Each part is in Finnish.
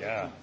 yeah.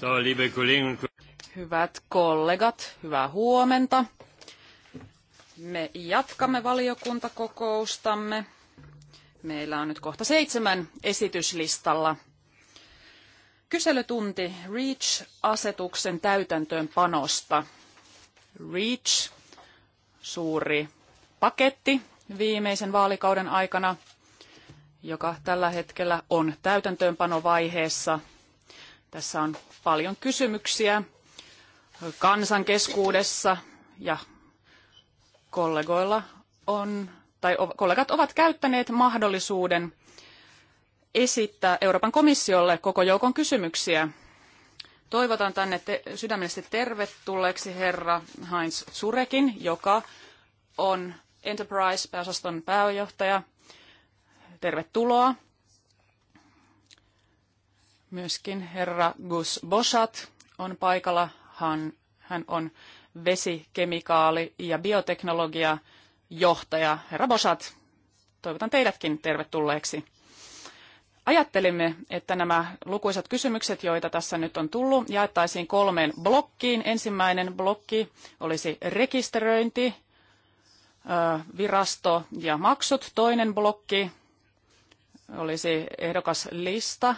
So, liebe Kollegen. Hyvät kollegat, hyvää huomenta. Me jatkamme valiokuntakokoustamme. Meillä on nyt kohta seitsemän esityslistalla. Kyselytunti REACH-asetuksen täytäntöönpanosta. REACH, suuri paketti viimeisen vaalikauden aikana, joka tällä hetkellä on täytäntöönpanovaiheessa – tässä on paljon kysymyksiä kansan keskuudessa ja kollegoilla on, tai kollegat ovat käyttäneet mahdollisuuden esittää Euroopan komissiolle koko joukon kysymyksiä. Toivotan tänne te- sydämellisesti tervetulleeksi herra Heinz Surekin, joka on Enterprise-pääosaston pääjohtaja. Tervetuloa. Myöskin herra Gus Bosat on paikalla. Hän, hän on vesikemikaali- ja bioteknologiajohtaja. Herra Bosat, toivotan teidätkin tervetulleeksi. Ajattelimme, että nämä lukuisat kysymykset, joita tässä nyt on tullut, jaettaisiin kolmeen blokkiin. Ensimmäinen blokki olisi rekisteröinti, virasto ja maksut. Toinen blokki olisi ehdokaslista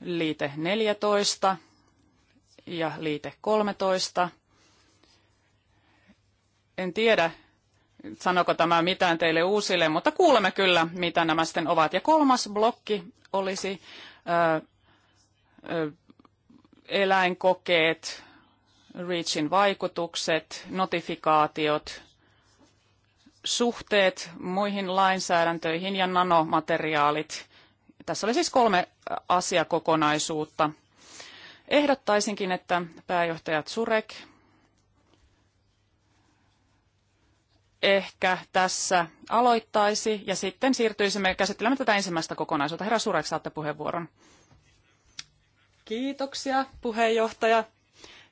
liite 14 ja liite 13. En tiedä, sanoko tämä mitään teille uusille, mutta kuulemme kyllä, mitä nämä sitten ovat. Ja kolmas blokki olisi ö, ö, eläinkokeet, REACHin vaikutukset, notifikaatiot, suhteet muihin lainsäädäntöihin ja nanomateriaalit – tässä oli siis kolme asiakokonaisuutta. Ehdottaisinkin, että pääjohtajat Surek ehkä tässä aloittaisi ja sitten siirtyisimme käsittelemään tätä ensimmäistä kokonaisuutta. Herra Surek, saatte puheenvuoron. Kiitoksia puheenjohtaja,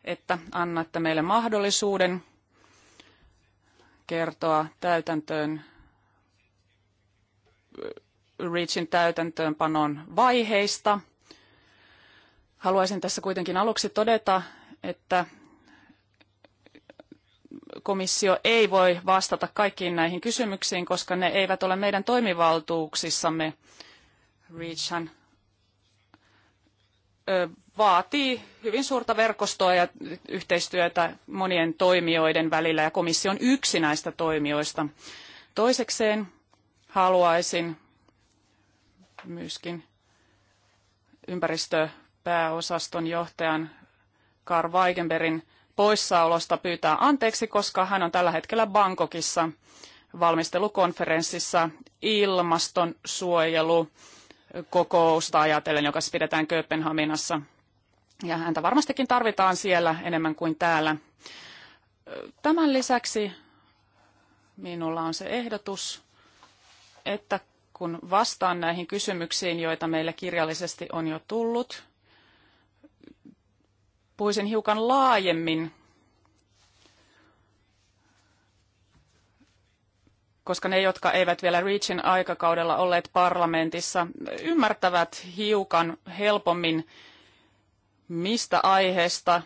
että annatte meille mahdollisuuden kertoa täytäntöön REACHin täytäntöönpanon vaiheista. Haluaisin tässä kuitenkin aluksi todeta, että komissio ei voi vastata kaikkiin näihin kysymyksiin, koska ne eivät ole meidän toimivaltuuksissamme. REACHhan vaatii hyvin suurta verkostoa ja yhteistyötä monien toimijoiden välillä ja komissio on yksi näistä toimijoista. Toisekseen haluaisin myöskin ympäristöpääosaston johtajan Karl Weigenbergin poissaolosta pyytää anteeksi, koska hän on tällä hetkellä Bangkokissa valmistelukonferenssissa ilmastonsuojelukokousta ajatellen, joka siis pidetään Kööpenhaminassa. Ja häntä varmastikin tarvitaan siellä enemmän kuin täällä. Tämän lisäksi minulla on se ehdotus, että kun vastaan näihin kysymyksiin, joita meillä kirjallisesti on jo tullut, puhuisin hiukan laajemmin, koska ne, jotka eivät vielä Reachin aikakaudella olleet parlamentissa, ymmärtävät hiukan helpommin, mistä aiheesta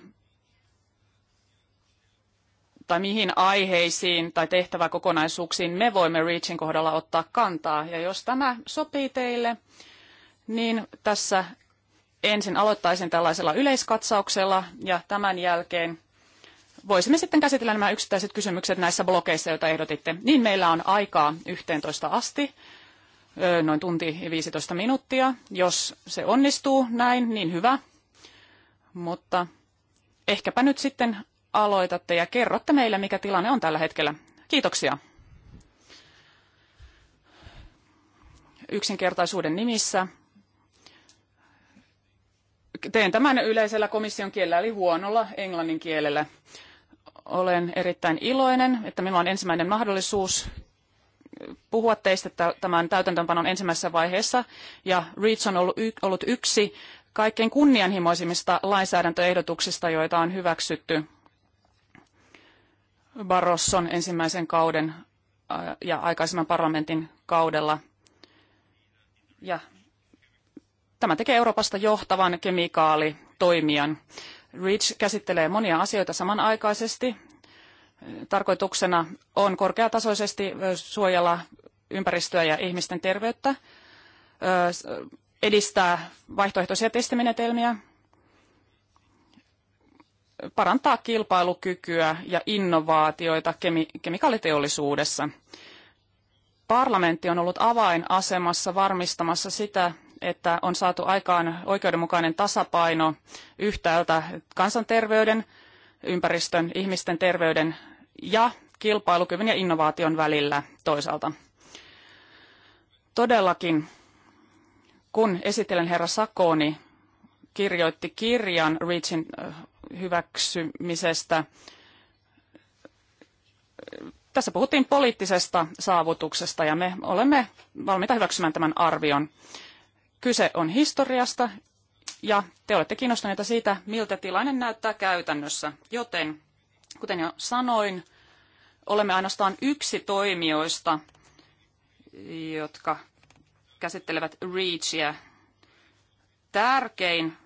tai mihin aiheisiin tai tehtäväkokonaisuuksiin me voimme REACHin kohdalla ottaa kantaa. Ja jos tämä sopii teille, niin tässä ensin aloittaisin tällaisella yleiskatsauksella ja tämän jälkeen voisimme sitten käsitellä nämä yksittäiset kysymykset näissä blokeissa, joita ehdotitte. Niin meillä on aikaa 11 asti, noin tunti ja 15 minuuttia. Jos se onnistuu näin, niin hyvä. Mutta ehkäpä nyt sitten aloitatte ja kerrotte meille, mikä tilanne on tällä hetkellä. Kiitoksia. Yksinkertaisuuden nimissä teen tämän yleisellä komission kielellä, eli huonolla englannin kielellä. Olen erittäin iloinen, että minulla on ensimmäinen mahdollisuus puhua teistä tämän täytäntöönpanon ensimmäisessä vaiheessa. Ja REACH on ollut yksi kaikkein kunnianhimoisimmista lainsäädäntöehdotuksista, joita on hyväksytty Barrosson ensimmäisen kauden äh, ja aikaisemman parlamentin kaudella. Ja tämä tekee Euroopasta johtavan kemikaalitoimijan. REACH käsittelee monia asioita samanaikaisesti. Tarkoituksena on korkeatasoisesti suojella ympäristöä ja ihmisten terveyttä, edistää vaihtoehtoisia testimenetelmiä, parantaa kilpailukykyä ja innovaatioita kemi- kemikaaliteollisuudessa. Parlamentti on ollut avainasemassa varmistamassa sitä, että on saatu aikaan oikeudenmukainen tasapaino yhtäältä kansanterveyden, ympäristön, ihmisten terveyden ja kilpailukyvyn ja innovaation välillä toisaalta. Todellakin, kun esittelen herra Sakoni kirjoitti kirjan Reaching hyväksymisestä. Tässä puhuttiin poliittisesta saavutuksesta ja me olemme valmiita hyväksymään tämän arvion. Kyse on historiasta ja te olette kiinnostuneita siitä, miltä tilanne näyttää käytännössä. Joten, kuten jo sanoin, olemme ainoastaan yksi toimijoista, jotka käsittelevät REACHia. Tärkein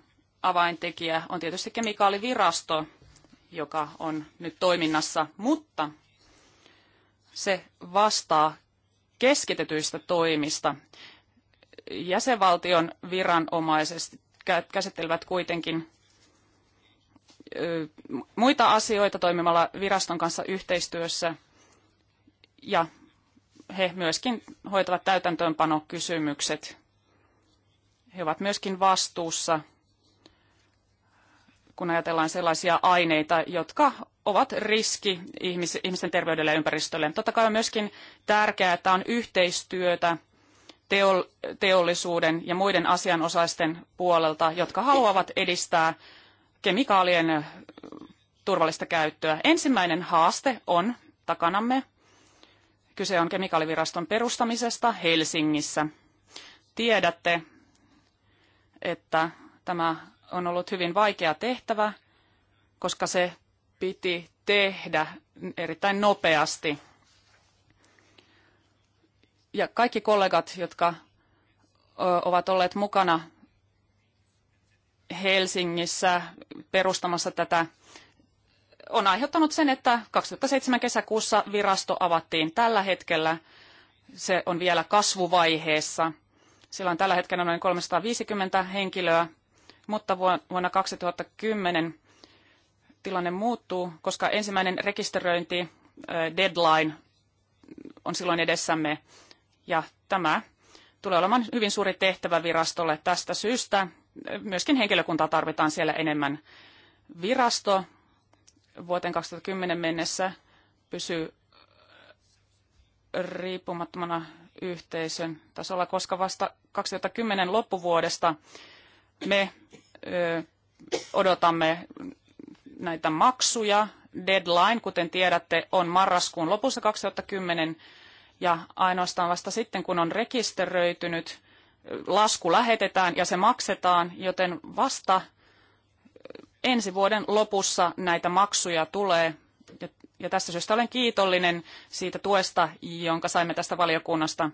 avaintekijä on tietysti kemikaalivirasto, joka on nyt toiminnassa, mutta se vastaa keskitetyistä toimista. Jäsenvaltion viranomaiset käsittelevät kuitenkin muita asioita toimimalla viraston kanssa yhteistyössä ja he myöskin hoitavat täytäntöönpanokysymykset. He ovat myöskin vastuussa kun ajatellaan sellaisia aineita, jotka ovat riski ihmisten terveydelle ja ympäristölle. Totta kai on myöskin tärkeää, että on yhteistyötä teollisuuden ja muiden asianosaisten puolelta, jotka haluavat edistää kemikaalien turvallista käyttöä. Ensimmäinen haaste on takanamme. Kyse on kemikaaliviraston perustamisesta Helsingissä. Tiedätte, että tämä on ollut hyvin vaikea tehtävä, koska se piti tehdä erittäin nopeasti. Ja kaikki kollegat, jotka ovat olleet mukana Helsingissä perustamassa tätä, on aiheuttanut sen, että 2007 kesäkuussa virasto avattiin. Tällä hetkellä se on vielä kasvuvaiheessa. Sillä on tällä hetkellä noin 350 henkilöä mutta vuonna 2010 tilanne muuttuu, koska ensimmäinen rekisteröinti deadline on silloin edessämme ja tämä tulee olemaan hyvin suuri tehtävä virastolle tästä syystä. Myöskin henkilökuntaa tarvitaan siellä enemmän. Virasto vuoteen 2010 mennessä pysyy riippumattomana yhteisön tasolla, koska vasta 2010 loppuvuodesta me odotamme näitä maksuja. Deadline, kuten tiedätte, on marraskuun lopussa 2010 ja ainoastaan vasta sitten, kun on rekisteröitynyt, lasku lähetetään ja se maksetaan, joten vasta ensi vuoden lopussa näitä maksuja tulee. Ja, ja tästä syystä olen kiitollinen siitä tuesta, jonka saimme tästä valiokunnasta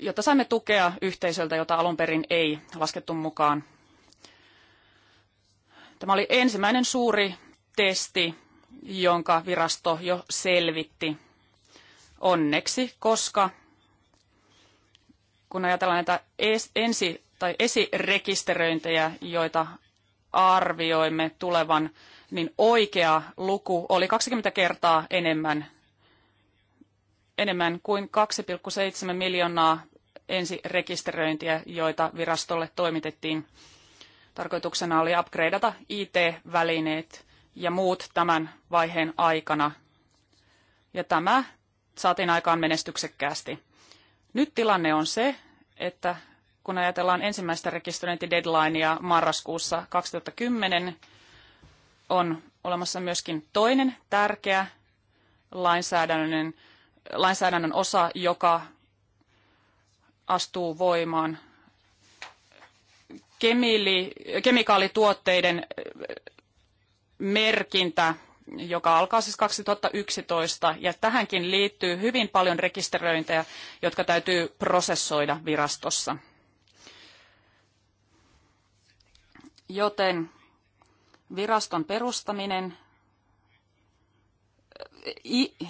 jotta saimme tukea yhteisöltä, jota alun perin ei laskettu mukaan. Tämä oli ensimmäinen suuri testi, jonka virasto jo selvitti. Onneksi, koska kun ajatellaan näitä ensi- tai esirekisteröintejä, joita arvioimme tulevan, niin oikea luku oli 20 kertaa enemmän enemmän kuin 2,7 miljoonaa ensirekisteröintiä, joita virastolle toimitettiin. Tarkoituksena oli upgradeata IT-välineet ja muut tämän vaiheen aikana. Ja tämä saatiin aikaan menestyksekkäästi. Nyt tilanne on se, että kun ajatellaan ensimmäistä rekisteröintideadlinea marraskuussa 2010, on olemassa myöskin toinen tärkeä lainsäädännön lainsäädännön osa, joka astuu voimaan kemiili, kemikaalituotteiden eh, merkintä, joka alkaa siis 2011, ja tähänkin liittyy hyvin paljon rekisteröintejä, jotka täytyy prosessoida virastossa. Joten viraston perustaminen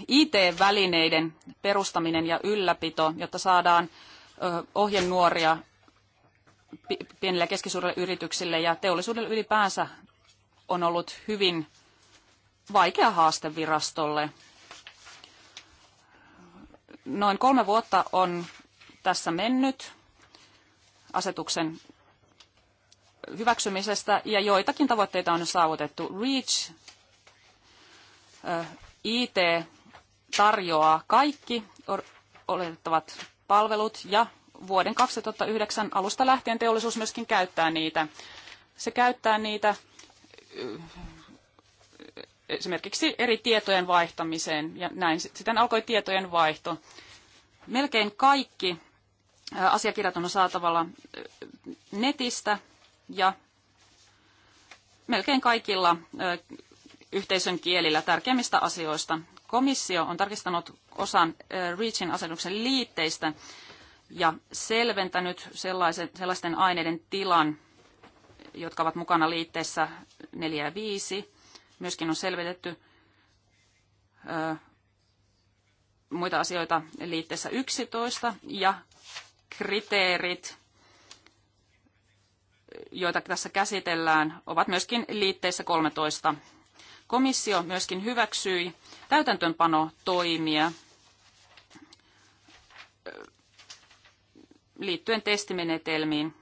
IT-välineiden perustaminen ja ylläpito, jotta saadaan ohjenuoria pienille ja keskisuurille yrityksille ja teollisuudelle ylipäänsä on ollut hyvin vaikea haaste virastolle. Noin kolme vuotta on tässä mennyt asetuksen hyväksymisestä ja joitakin tavoitteita on saavutettu. REACH IT tarjoaa kaikki oletettavat palvelut ja vuoden 2009 alusta lähtien teollisuus myöskin käyttää niitä. Se käyttää niitä esimerkiksi eri tietojen vaihtamiseen ja näin sitten alkoi tietojen vaihto. Melkein kaikki asiakirjat on saatavalla netistä ja melkein kaikilla yhteisön kielillä tärkeimmistä asioista. Komissio on tarkistanut osan eh, REACHin asetuksen liitteistä ja selventänyt sellaisten aineiden tilan, jotka ovat mukana liitteissä 4 ja 5. Myöskin on selvitetty eh, muita asioita liitteessä 11 ja kriteerit, joita tässä käsitellään, ovat myöskin liitteissä 13 Komissio myöskin hyväksyi täytäntöönpanotoimia liittyen testimenetelmiin.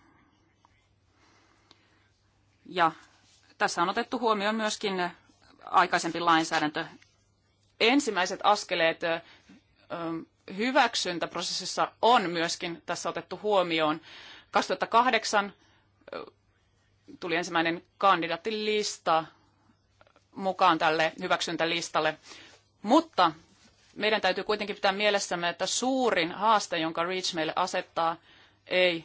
Ja tässä on otettu huomioon myöskin aikaisempi lainsäädäntö. Ensimmäiset askeleet hyväksyntäprosessissa on myöskin tässä otettu huomioon. 2008 tuli ensimmäinen kandidaattilista mukaan tälle hyväksyntälistalle. Mutta meidän täytyy kuitenkin pitää mielessämme, että suurin haaste, jonka REACH meille asettaa, ei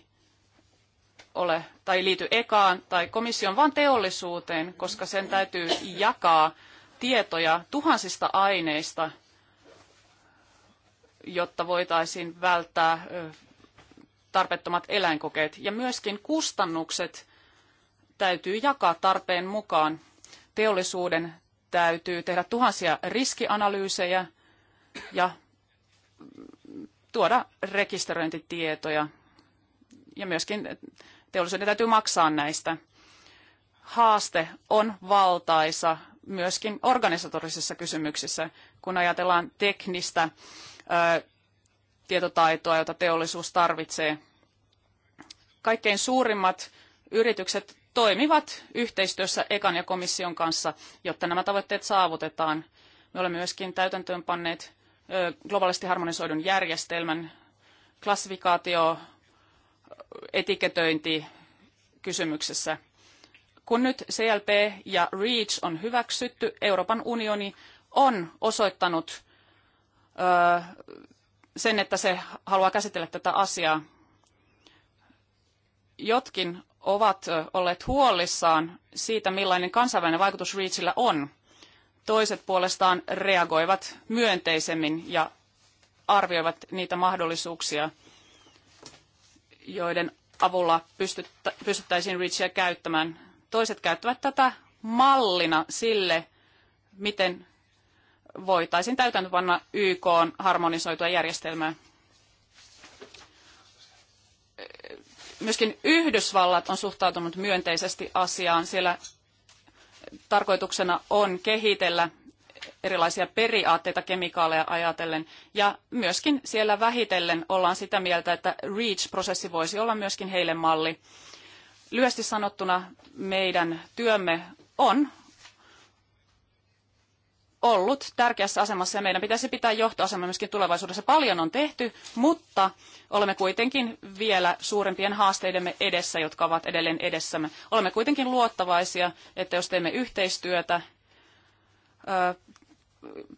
ole tai liity ekaan tai komission, vaan teollisuuteen, koska sen täytyy jakaa tietoja tuhansista aineista, jotta voitaisiin välttää tarpeettomat eläinkokeet. Ja myöskin kustannukset täytyy jakaa tarpeen mukaan teollisuuden täytyy tehdä tuhansia riskianalyysejä ja tuoda rekisteröintitietoja. Ja myöskin teollisuuden täytyy maksaa näistä. Haaste on valtaisa myöskin organisatorisissa kysymyksissä, kun ajatellaan teknistä ö, tietotaitoa, jota teollisuus tarvitsee. Kaikkein suurimmat yritykset toimivat yhteistyössä ekan ja komission kanssa, jotta nämä tavoitteet saavutetaan. Me olemme myöskin täytäntöönpanneet globaalisti harmonisoidun järjestelmän klassifikaatio, etiketöinti kysymyksessä. Kun nyt CLP ja REACH on hyväksytty, Euroopan unioni on osoittanut sen, että se haluaa käsitellä tätä asiaa. Jotkin ovat olleet huolissaan siitä, millainen kansainvälinen vaikutus REACHillä on. Toiset puolestaan reagoivat myönteisemmin ja arvioivat niitä mahdollisuuksia, joiden avulla pystyttäisiin REACHia käyttämään. Toiset käyttävät tätä mallina sille, miten voitaisiin täytäntöpanna YK harmonisoitua järjestelmää. myöskin Yhdysvallat on suhtautunut myönteisesti asiaan. Siellä tarkoituksena on kehitellä erilaisia periaatteita kemikaaleja ajatellen. Ja myöskin siellä vähitellen ollaan sitä mieltä, että REACH-prosessi voisi olla myöskin heille malli. Lyhyesti sanottuna meidän työmme on ollut tärkeässä asemassa ja meidän pitäisi pitää johtoasema myöskin tulevaisuudessa. Paljon on tehty, mutta olemme kuitenkin vielä suurempien haasteidemme edessä, jotka ovat edelleen edessämme. Olemme kuitenkin luottavaisia, että jos teemme yhteistyötä,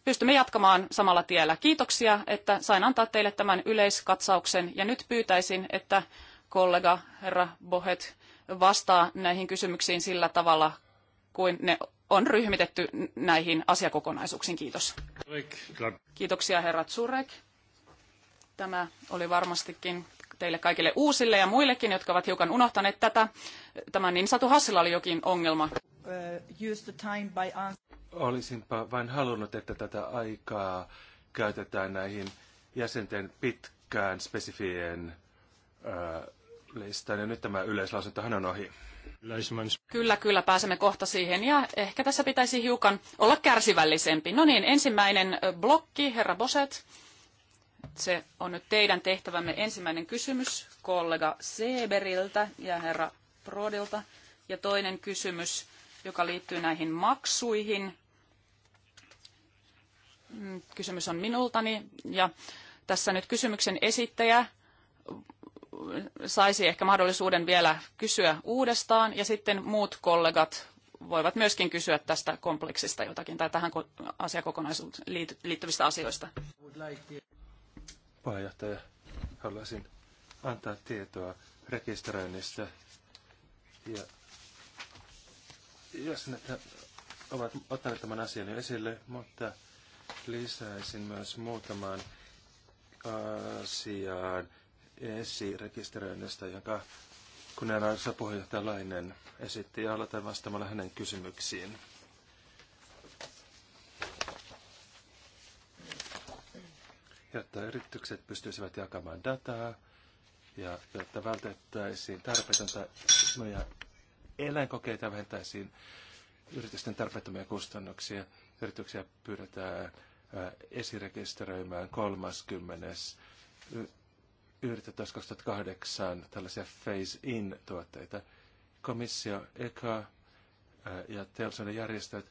pystymme jatkamaan samalla tiellä. Kiitoksia, että sain antaa teille tämän yleiskatsauksen ja nyt pyytäisin, että kollega herra Bohet vastaa näihin kysymyksiin sillä tavalla kuin ne on ryhmitetty näihin asiakokonaisuuksiin. Kiitos. Kiitoksia herrat Surek. Tämä oli varmastikin teille kaikille uusille ja muillekin, jotka ovat hiukan unohtaneet tätä. Tämä niin Satu Hassila oli jokin ongelma. Uh, Olisinpa vain halunnut, että tätä aikaa käytetään näihin jäsenten pitkään spesifien uh, listaan. Ja nyt tämä yleislausuntohan on ohi. Kyllä, kyllä, pääsemme kohta siihen. Ja ehkä tässä pitäisi hiukan olla kärsivällisempi. No niin, ensimmäinen blokki, herra Boset. Se on nyt teidän tehtävämme ensimmäinen kysymys kollega Seberiltä ja herra Prodilta. Ja toinen kysymys, joka liittyy näihin maksuihin. Mm, kysymys on minultani. Ja tässä nyt kysymyksen esittäjä saisi ehkä mahdollisuuden vielä kysyä uudestaan ja sitten muut kollegat voivat myöskin kysyä tästä kompleksista jotakin tai tähän asiakokonaisuuteen liittyvistä asioista. Puheenjohtaja, haluaisin antaa tietoa rekisteröinnistä ja jos ne ovat ottaneet tämän asian jo esille, mutta lisäisin myös muutamaan asiaan SI-rekisteröinnistä, jonka kunnianarvoisa puheenjohtaja Lainen esitti ja aloitan vastaamalla hänen kysymyksiin. Jotta yritykset pystyisivät jakamaan dataa ja jotta vältettäisiin tarpeetonta ja eläinkokeita vähentäisiin yritysten tarpeettomia kustannuksia, yrityksiä pyydetään esirekisteröimään 30 yritettäisiin 2008 tällaisia phase-in-tuotteita. Komissio, ECA ja teollisuuden järjestöt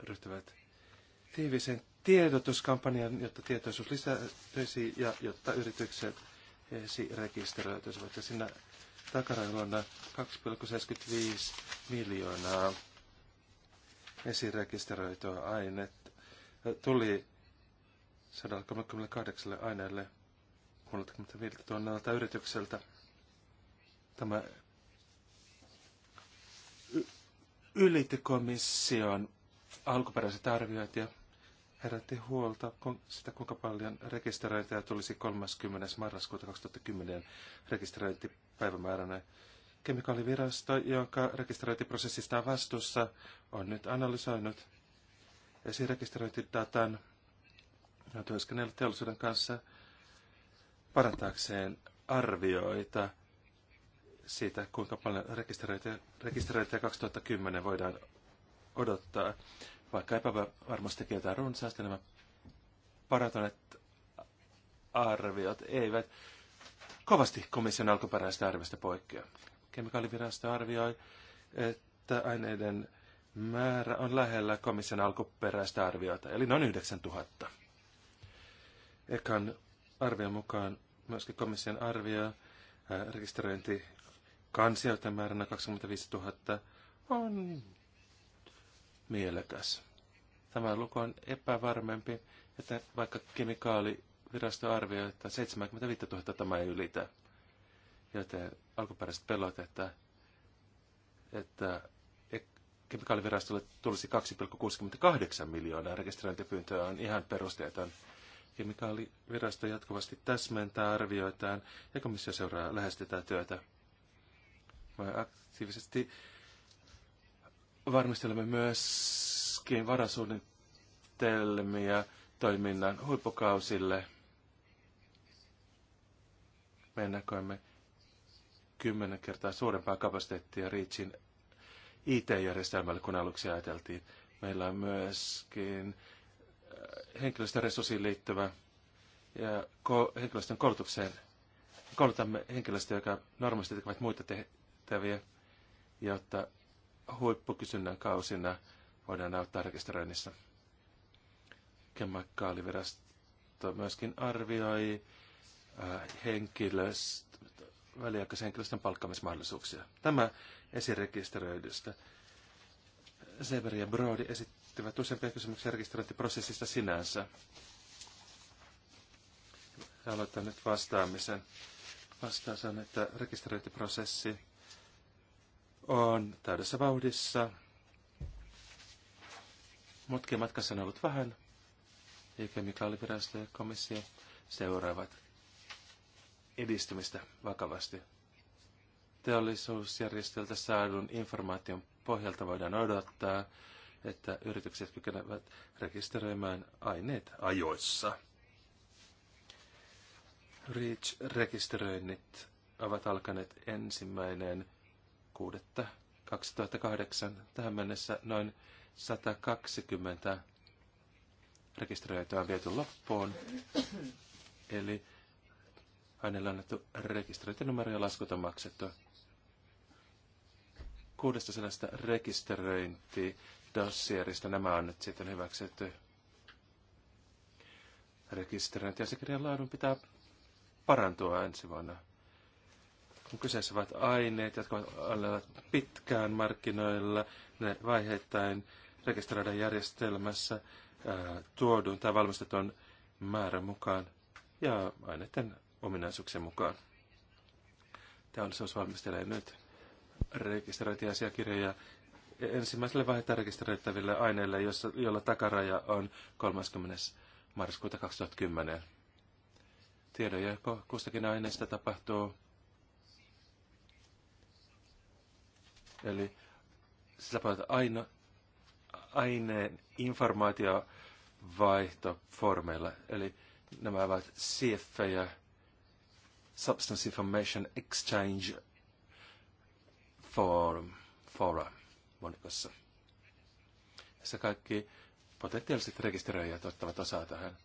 ryhtyvät tiivisen tiedotuskampanjan, jotta tietoisuus lisääntyisi ja jotta yritykset rekisteröityisivät. Ja siinä takarajalla on 2,75 miljoonaa esirekisteröityä ainet tuli 138 aineelle 35 tonnalta yritykseltä. Tämä ylitti komission alkuperäiset arviot ja herätti huolta sitä, kuinka paljon rekisteröintiä tulisi 30. marraskuuta 2010 rekisteröintipäivämääränä. Kemikaalivirasto, jonka rekisteröintiprosessista on vastuussa, on nyt analysoinut esirekisteröintidatan ja työskennellyt teollisuuden kanssa parantaakseen arvioita siitä, kuinka paljon rekisteröityjä, 2010 voidaan odottaa. Vaikka epävarmuustekijöitä jotain runsaasti, nämä parantuneet arviot eivät kovasti komission alkuperäistä arviosta poikkea. Kemikaalivirasto arvioi, että aineiden määrä on lähellä komission alkuperäistä arviota, eli noin 9000. Ekan arvion mukaan myöskin komission arvio rekisteröinti kansioiden määränä 25 000 on mielekäs. Tämä luku on epävarmempi, että vaikka kemikaalivirasto arvioi, että 75 000 tämä ei ylitä. Joten alkuperäiset pelot, että, että kemikaalivirastolle tulisi 2,68 miljoonaa rekisteröintipyyntöä on ihan perusteeton. Kemikaalivirasto jatkuvasti täsmentää arvioitaan ja komissio seuraa lähestytään työtä. Me aktiivisesti varmistelemme myöskin varasuunnitelmia toiminnan huippukausille. Me ennakoimme kymmenen kertaa suurempaa kapasiteettia Reachin IT-järjestelmälle, kun aluksi ajateltiin. Meillä on myöskin henkilöstöresurssiin liittyvä ja henkilöstön koulutukseen. Koulutamme henkilöstöä, joka normaalisti tekevät muita tehtäviä, jotta huippukysynnän kausina voidaan auttaa rekisteröinnissä. Kemakkaalivirasto myöskin arvioi äh, henkilöst väliaikaisen henkilöstön palkkaamismahdollisuuksia. Tämä esirekisteröidystä. Severi ja Brody esit- liittyvät useampia kysymyksiä rekisteröintiprosessista sinänsä. Aloitan nyt vastaamisen. Vastaus on, että rekisteröintiprosessi on täydessä vauhdissa. Mutkien matkassa on ollut vähän. Eikä Mikaalivirasto ja komissio seuraavat edistymistä vakavasti. Teollisuusjärjestöltä saadun informaation pohjalta voidaan odottaa, että yritykset kykenevät rekisteröimään aineet ajoissa. REACH-rekisteröinnit ovat alkaneet ensimmäinen 6.2008. Tähän mennessä noin 120 rekisteröityä on viety loppuun. Eli on annettu rekisteröintinumero ja laskut on maksettu. 600 rekisteröinti dossierista. Nämä on nyt sitten hyväksytty kirjan laadun pitää parantua ensi vuonna. Kun kyseessä ovat aineet, jotka ovat pitkään markkinoilla, ne vaiheittain rekisteröidään järjestelmässä ää, tuodun tai valmistetun määrän mukaan ja aineiden ominaisuuksien mukaan. Teollisuus valmistelee nyt rekisteröintiasiakirjoja ensimmäiselle vaiheessa rekisteröittäville aineille, jossa, jolla takaraja on 30. marraskuuta 2010. Tiedonjako kustakin aineesta tapahtuu. Eli sillä tapahtuu aino, aineen informaatiovaihtoformeilla, eli nämä ovat ja Substance Information Exchange Forum, Forum. Monikossa. Tässä kaikki potentiaaliset rekisteröijät ottavat osaa tähän.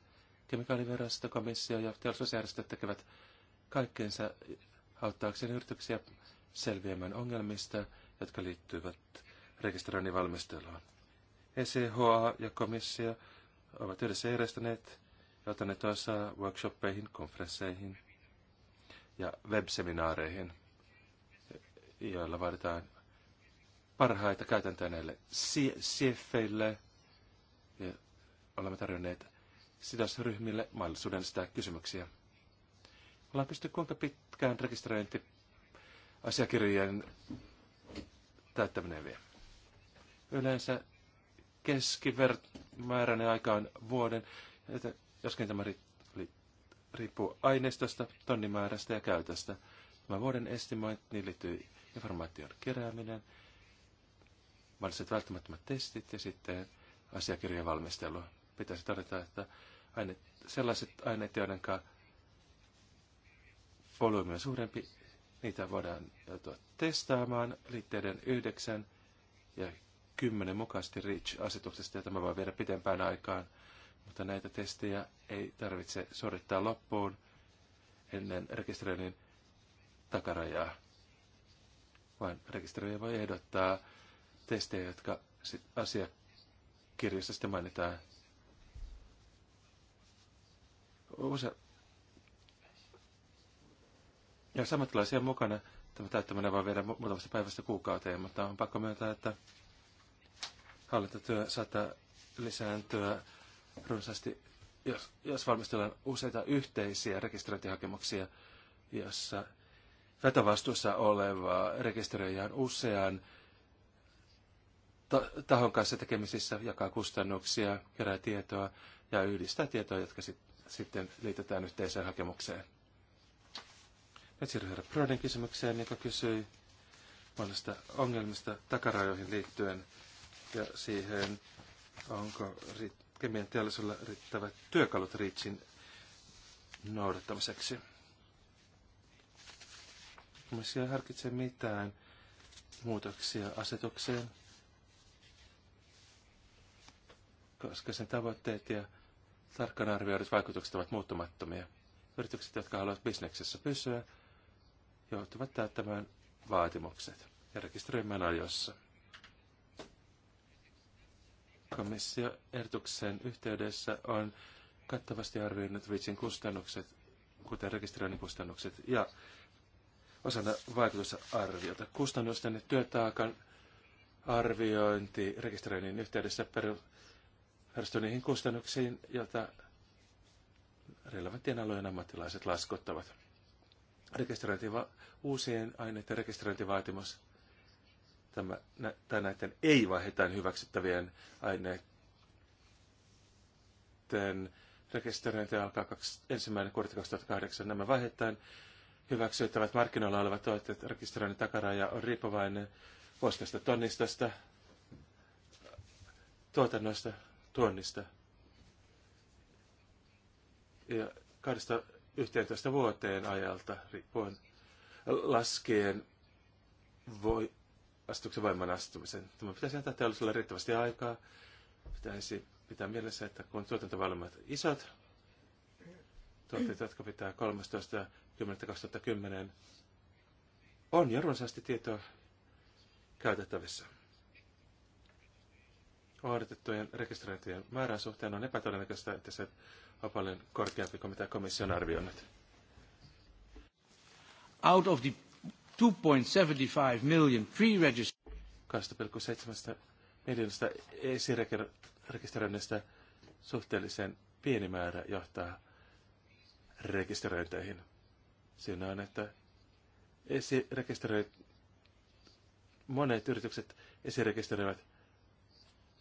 Kemikaalivirasto, komissio ja teollisuusjärjestöt tekevät kaikkeensa auttaakseen yrityksiä selviämään ongelmista, jotka liittyvät rekisteröinnin valmisteluun. ECHA ja komissio ovat yhdessä järjestäneet ja ottaneet osaa workshoppeihin, konferensseihin ja webseminaareihin, joilla vaaditaan parhaita käytäntöjä näille sieffeille ja olemme tarjonneet sidosryhmille mahdollisuuden sitä kysymyksiä. Ollaan pysty kuinka pitkään rekisteröinti asiakirjojen täyttäminen vie. Yleensä keskimääräinen aika on vuoden, joskin tämä riippuu aineistosta, tonnimäärästä ja käytöstä. Tämä vuoden estimointiin niin liittyy informaation kerääminen, mahdolliset välttämättömät testit ja sitten asiakirjan valmistelu. Pitäisi todeta, että aineet, sellaiset aineet, joiden volyymi on suurempi, niitä voidaan joutua testaamaan liitteiden 9 ja 10 mukaisesti REACH-asetuksesta, ja tämä voi viedä pitempään aikaan, mutta näitä testejä ei tarvitse suorittaa loppuun ennen rekisteröinnin takarajaa, vaan rekisteröijä voi ehdottaa testejä, jotka sit asiakirjassa sitten mainitaan. Osa. ja samatlaisia mukana. Tämä täyttäminen voi viedä muutamasta päivästä kuukauteen, mutta on pakko myöntää, että hallintotyö saattaa lisääntyä runsaasti, jos, jos valmistellaan useita yhteisiä rekisteröintihakemuksia, jossa vetovastuussa oleva rekisteröijä on usean tahon kanssa tekemisissä, jakaa kustannuksia, kerää tietoa ja yhdistää tietoa, jotka sit, sitten liitetään yhteiseen hakemukseen. Nyt siirrytään herra Broden kysymykseen, joka kysyi monesta ongelmista takarajoihin liittyen ja siihen, onko kemian teollisuudella riittävät työkalut Riitsin noudattamiseksi. Komissio harkitsee mitään muutoksia asetukseen koska sen tavoitteet ja tarkkaan arvioidut vaikutukset ovat muuttumattomia. Yritykset, jotka haluavat bisneksessä pysyä, joutuvat täyttämään vaatimukset ja rekisteröimään ajoissa. Komissio ehdotuksen yhteydessä on kattavasti arvioinut Vitsin kustannukset, kuten rekisteröinnin kustannukset, ja osana vaikutusarviota. Kustannusten ja työtaakan arviointi rekisteröinnin yhteydessä perustuu Harrastuu niihin kustannuksiin, joita relevanttien alojen ammattilaiset laskuttavat. Rekisteröintiva- uusien aineiden rekisteröintivaatimus tämä, nä, tai näiden ei-vaihdetaan hyväksyttävien aineiden rekisteröinti alkaa kaksi, ensimmäinen kuudetta 2008. Nämä vaihdetaan hyväksyttävät markkinoilla olevat tuotteet rekisteröinnin takaraja on riippuvainen vuosikaista tonnistosta, tuotannosta, tuonnista. Ja 11 vuoteen ajalta riippuen laskien voi, astuksen voiman astumisen. Tämä pitäisi antaa teollisuudelle riittävästi aikaa. Pitäisi pitää mielessä, että kun tuotantovalmiit isot tuotteet, jotka pitää 13.10.2010, on jo runsaasti tietoa käytettävissä odotettujen rekisteröintien määrän suhteen on epätodennäköistä, että se on paljon korkeampi kuin mitä komissio on arvioinut. Out of the 2.75 million pre miljoonasta esirekisteröinnistä suhteellisen pieni määrä johtaa rekisteröinteihin. Siinä on, että esirekisteröit, monet yritykset esirekisteröivät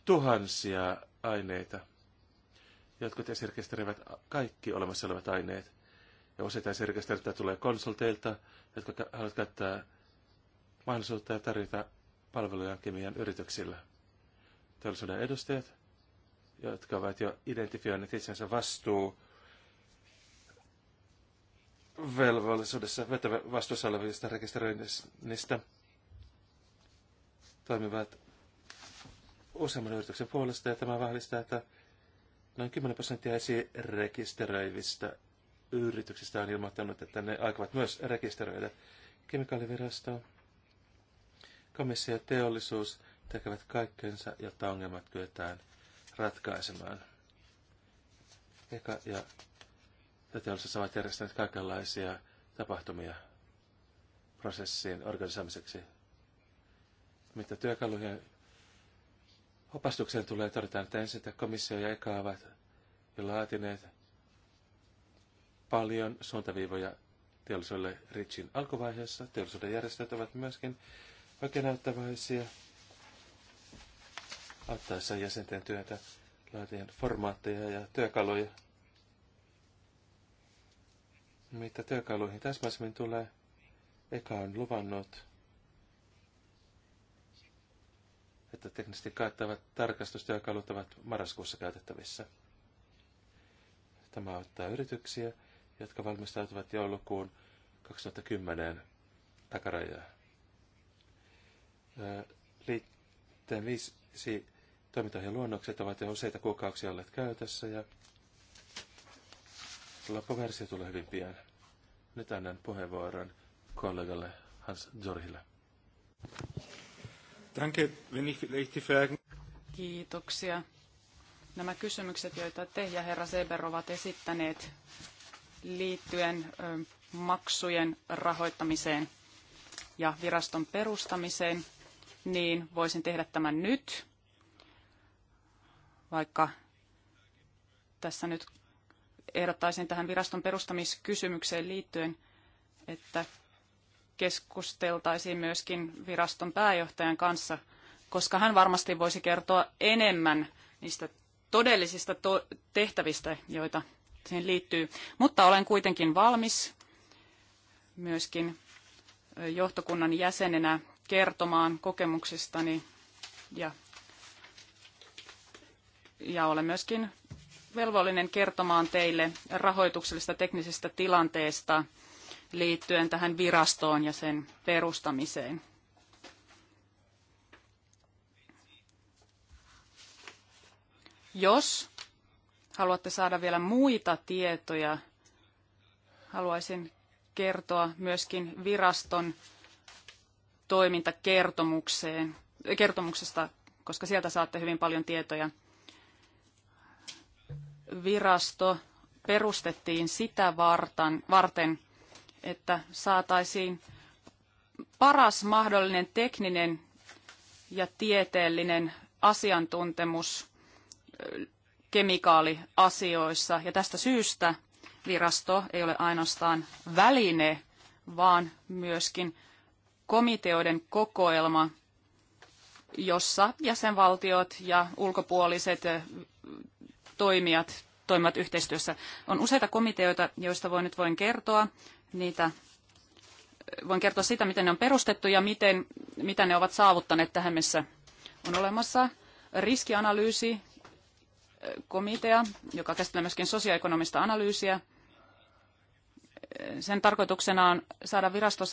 tuhansia aineita. Jotkut esirekisteröivät kaikki olemassa olevat aineet. Ja useita esirekisteröitä tulee konsulteilta, jotka haluavat käyttää mahdollisuutta ja tarjota palveluja kemian yrityksillä. Teollisuuden edustajat, jotka ovat jo identifioineet itsensä vastuu velvollisuudessa vastuussa olevista rekisteröinnistä, toimivat useamman yrityksen puolesta ja tämä vahvistaa, että noin 10 prosenttia esirekisteröivistä yrityksistä on ilmoittanut, että ne aikovat myös rekisteröidä. Kemikaalivirasto, komissio ja teollisuus tekevät kaikkensa, jotta ongelmat kyetään ratkaisemaan. Eka ja teollisuus ovat järjestäneet kaikenlaisia tapahtumia prosessiin organisoimiseksi. Mitä työkaluja Opastukseen tulee todeta, että ensin komissio ja EKA ovat jo laatineet paljon suuntaviivoja teollisuudelle Richin alkuvaiheessa. Teollisuuden järjestöt ovat myöskin oikein auttavaisia auttaessa jäsenten työtä laatien formaatteja ja työkaluja. Mitä työkaluihin täsmäisemmin tulee, Eka on luvannut että teknisesti käyttävät tarkastustyökalut ovat marraskuussa käytettävissä. Tämä auttaa yrityksiä, jotka valmistautuvat joulukuun 2010 takarajaa. Liitteen viisi toimintojen luonnokset ovat jo useita kuukausia olleet käytössä ja loppuversio tulee hyvin pian. Nyt annan puheenvuoron kollegalle Hans Jorhille. Danke, wenn ich vielleicht die Fragen... Kiitoksia. Nämä kysymykset, joita te ja herra Seber ovat esittäneet liittyen maksujen rahoittamiseen ja viraston perustamiseen, niin voisin tehdä tämän nyt, vaikka tässä nyt ehdottaisin tähän viraston perustamiskysymykseen liittyen, että keskusteltaisiin myöskin viraston pääjohtajan kanssa, koska hän varmasti voisi kertoa enemmän niistä todellisista to- tehtävistä, joita siihen liittyy. Mutta olen kuitenkin valmis myöskin johtokunnan jäsenenä kertomaan kokemuksistani ja, ja olen myöskin velvollinen kertomaan teille rahoituksellisesta teknisestä tilanteesta – liittyen tähän virastoon ja sen perustamiseen. Jos haluatte saada vielä muita tietoja, haluaisin kertoa myöskin viraston toimintakertomukseen, kertomuksesta, koska sieltä saatte hyvin paljon tietoja. Virasto perustettiin sitä varten, varten että saataisiin paras mahdollinen tekninen ja tieteellinen asiantuntemus kemikaaliasioissa. Ja tästä syystä virasto ei ole ainoastaan väline, vaan myöskin komiteoiden kokoelma, jossa jäsenvaltiot ja ulkopuoliset toimijat toimivat yhteistyössä. On useita komiteoita, joista voi nyt voin kertoa niitä, voin kertoa sitä, miten ne on perustettu ja miten, mitä ne ovat saavuttaneet tähän missä On olemassa riskianalyysi, komitea, joka käsittelee myöskin sosioekonomista analyysiä. Sen tarkoituksena on saada virasto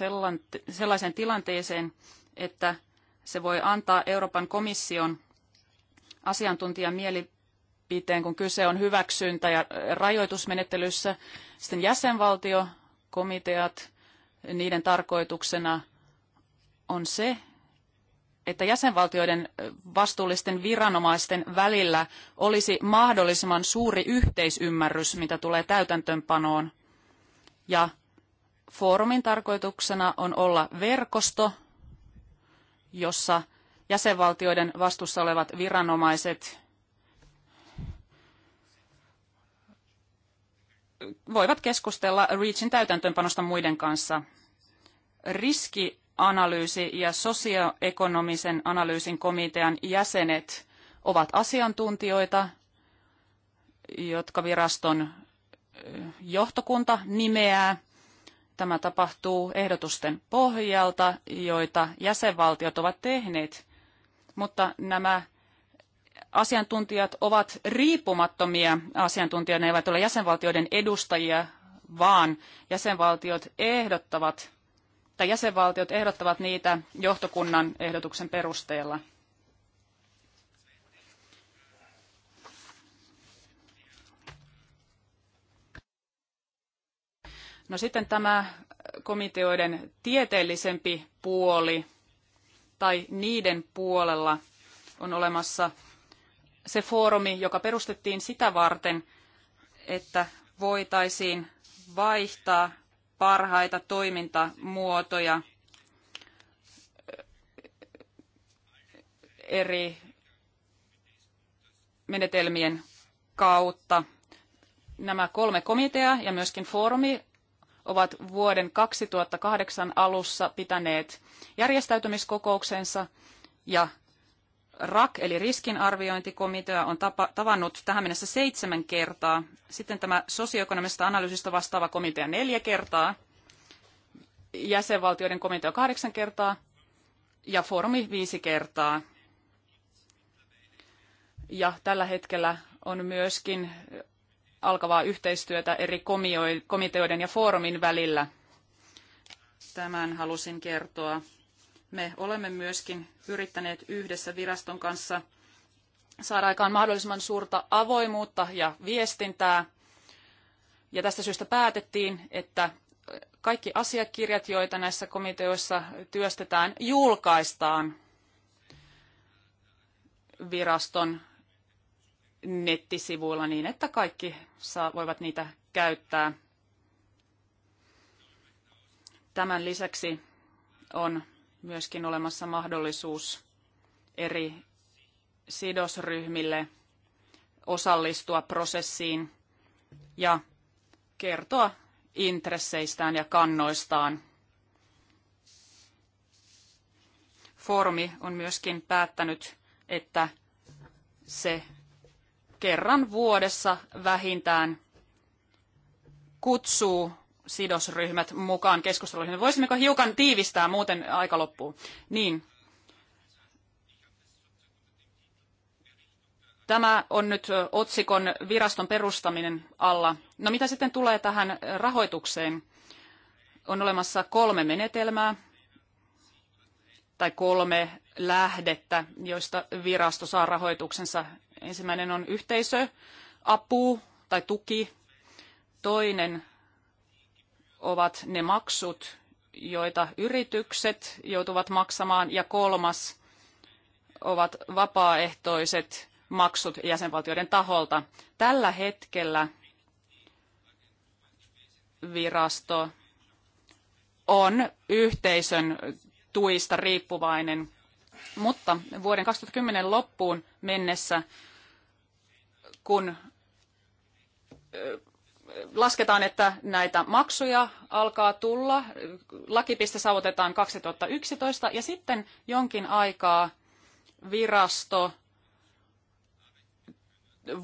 sellaiseen tilanteeseen, että se voi antaa Euroopan komission asiantuntijan mielipiteen, kun kyse on hyväksyntä- ja rajoitusmenettelyssä. Sitten jäsenvaltio komiteat, niiden tarkoituksena on se, että jäsenvaltioiden vastuullisten viranomaisten välillä olisi mahdollisimman suuri yhteisymmärrys, mitä tulee täytäntöönpanoon. Ja foorumin tarkoituksena on olla verkosto, jossa jäsenvaltioiden vastuussa olevat viranomaiset voivat keskustella REACHin täytäntöönpanosta muiden kanssa. Riskianalyysi ja sosioekonomisen analyysin komitean jäsenet ovat asiantuntijoita, jotka viraston eh, johtokunta nimeää. Tämä tapahtuu ehdotusten pohjalta, joita jäsenvaltiot ovat tehneet, mutta nämä asiantuntijat ovat riippumattomia asiantuntijoita, ne eivät ole jäsenvaltioiden edustajia, vaan jäsenvaltiot ehdottavat tai jäsenvaltiot ehdottavat niitä johtokunnan ehdotuksen perusteella. No sitten tämä komiteoiden tieteellisempi puoli tai niiden puolella on olemassa se foorumi, joka perustettiin sitä varten, että voitaisiin vaihtaa parhaita toimintamuotoja eri menetelmien kautta. Nämä kolme komiteaa ja myöskin foorumi ovat vuoden 2008 alussa pitäneet järjestäytymiskokouksensa ja RAK eli riskinarviointikomitea on tapa, tavannut tähän mennessä seitsemän kertaa. Sitten tämä sosioekonomisesta analyysistä vastaava komitea neljä kertaa, jäsenvaltioiden komitea kahdeksan kertaa ja foorumi viisi kertaa. Ja tällä hetkellä on myöskin alkavaa yhteistyötä eri komiteoiden ja foorumin välillä. Tämän halusin kertoa me olemme myöskin yrittäneet yhdessä viraston kanssa saada aikaan mahdollisimman suurta avoimuutta ja viestintää. Ja tästä syystä päätettiin, että kaikki asiakirjat, joita näissä komiteoissa työstetään, julkaistaan viraston nettisivuilla niin, että kaikki saa, voivat niitä käyttää. Tämän lisäksi on myöskin olemassa mahdollisuus eri sidosryhmille osallistua prosessiin ja kertoa intresseistään ja kannoistaan. Foorumi on myöskin päättänyt, että se kerran vuodessa vähintään kutsuu sidosryhmät mukaan keskusteluihin. Voisimmeko hiukan tiivistää, muuten aika loppuu. Niin. Tämä on nyt otsikon viraston perustaminen alla. No mitä sitten tulee tähän rahoitukseen? On olemassa kolme menetelmää tai kolme lähdettä, joista virasto saa rahoituksensa. Ensimmäinen on yhteisö, apu tai tuki. Toinen ovat ne maksut, joita yritykset joutuvat maksamaan, ja kolmas ovat vapaaehtoiset maksut jäsenvaltioiden taholta. Tällä hetkellä virasto on yhteisön tuista riippuvainen, mutta vuoden 2010 loppuun mennessä, kun lasketaan, että näitä maksuja alkaa tulla. Lakipiste saavutetaan 2011 ja sitten jonkin aikaa virasto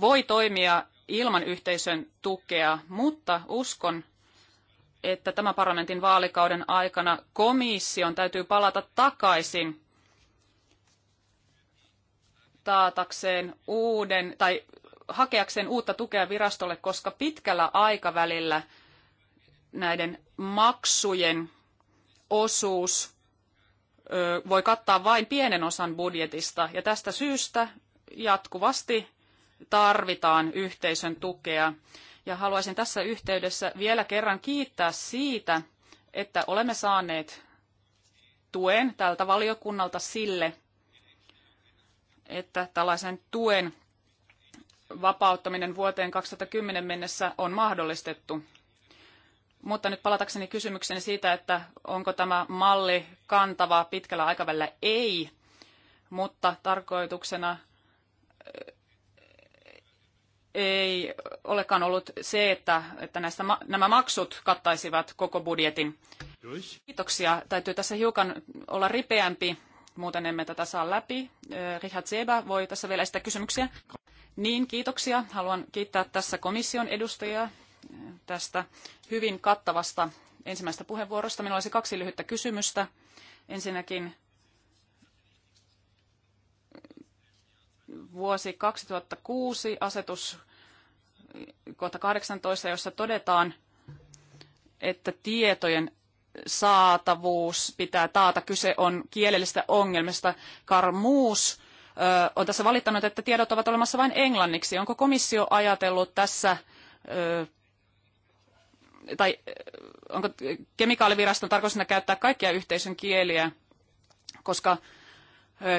voi toimia ilman yhteisön tukea, mutta uskon, että tämän parlamentin vaalikauden aikana komission täytyy palata takaisin taatakseen uuden tai hakeakseen uutta tukea virastolle, koska pitkällä aikavälillä näiden maksujen osuus voi kattaa vain pienen osan budjetista ja tästä syystä jatkuvasti tarvitaan yhteisön tukea. Ja haluaisin tässä yhteydessä vielä kerran kiittää siitä, että olemme saaneet tuen tältä valiokunnalta sille, että tällaisen tuen vapauttaminen vuoteen 2010 mennessä on mahdollistettu. Mutta nyt palatakseni kysymykseen siitä, että onko tämä malli kantava pitkällä aikavälillä? Ei, mutta tarkoituksena eh, ei olekaan ollut se, että, että näistä, nämä maksut kattaisivat koko budjetin. Kiitoksia. Täytyy tässä hiukan olla ripeämpi, muuten emme tätä saa läpi. Eh, Richard Seba voi tässä vielä esittää kysymyksiä. Niin, kiitoksia. Haluan kiittää tässä komission edustajia eh, tästä hyvin kattavasta ensimmäisestä puheenvuorosta. Minulla olisi kaksi lyhyttä kysymystä. Ensinnäkin eh, vuosi 2006 asetus eh, kohta 18, jossa todetaan, että tietojen saatavuus pitää taata. Kyse on kielellistä ongelmista. Karl Muus on tässä valittanut, että tiedot ovat olemassa vain englanniksi. Onko komissio ajatellut tässä tai onko kemikaaliviraston tarkoitus käyttää kaikkia yhteisön kieliä, koska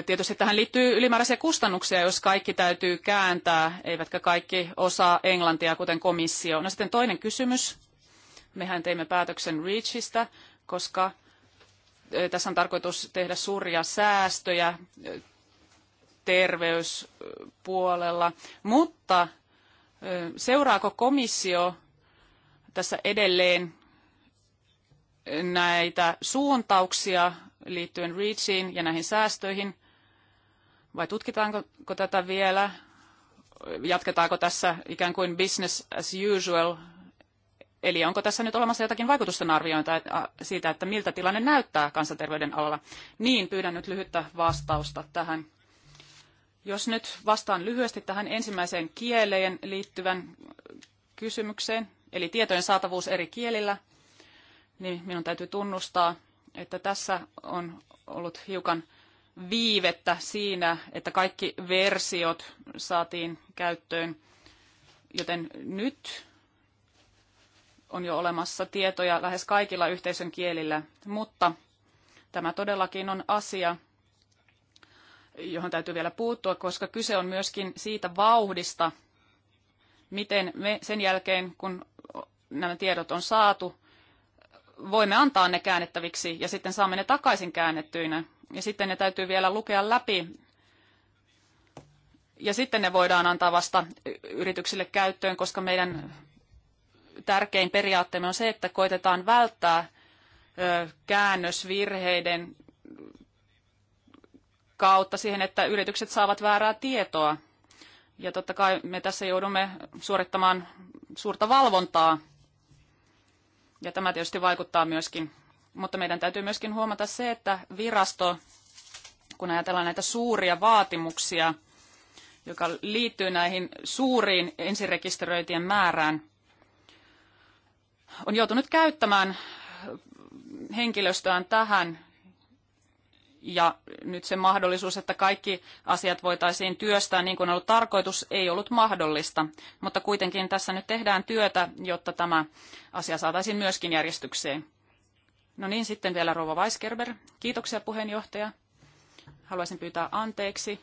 tietysti tähän liittyy ylimääräisiä kustannuksia, jos kaikki täytyy kääntää, eivätkä kaikki osaa englantia, kuten komissio. No sitten toinen kysymys. Mehän teimme päätöksen REACHista, koska tässä on tarkoitus tehdä suuria säästöjä terveyspuolella, mutta seuraako komissio tässä edelleen näitä suuntauksia liittyen REACHiin ja näihin säästöihin, vai tutkitaanko tätä vielä? Jatketaanko tässä ikään kuin business as usual? Eli onko tässä nyt olemassa jotakin vaikutusten arviointia siitä, että miltä tilanne näyttää kansanterveyden alalla? Niin, pyydän nyt lyhyttä vastausta tähän. Jos nyt vastaan lyhyesti tähän ensimmäiseen kieleen liittyvän kysymykseen, eli tietojen saatavuus eri kielillä, niin minun täytyy tunnustaa, että tässä on ollut hiukan viivettä siinä, että kaikki versiot saatiin käyttöön, joten nyt on jo olemassa tietoja lähes kaikilla yhteisön kielillä, mutta tämä todellakin on asia, johon täytyy vielä puuttua, koska kyse on myöskin siitä vauhdista, miten me sen jälkeen, kun nämä tiedot on saatu, voimme antaa ne käännettäviksi ja sitten saamme ne takaisin käännettyinä. Ja sitten ne täytyy vielä lukea läpi. Ja sitten ne voidaan antaa vasta yrityksille käyttöön, koska meidän tärkein periaatteemme on se, että koitetaan välttää käännösvirheiden kautta siihen, että yritykset saavat väärää tietoa. Ja totta kai me tässä joudumme suorittamaan suurta valvontaa. Ja tämä tietysti vaikuttaa myöskin. Mutta meidän täytyy myöskin huomata se, että virasto, kun ajatellaan näitä suuria vaatimuksia, joka liittyy näihin suuriin ensirekisteröitien määrään, on joutunut käyttämään henkilöstöään tähän ja nyt se mahdollisuus, että kaikki asiat voitaisiin työstää niin kuin on ollut tarkoitus, ei ollut mahdollista. Mutta kuitenkin tässä nyt tehdään työtä, jotta tämä asia saataisiin myöskin järjestykseen. No niin, sitten vielä Rova Weisgerber. Kiitoksia puheenjohtaja. Haluaisin pyytää anteeksi.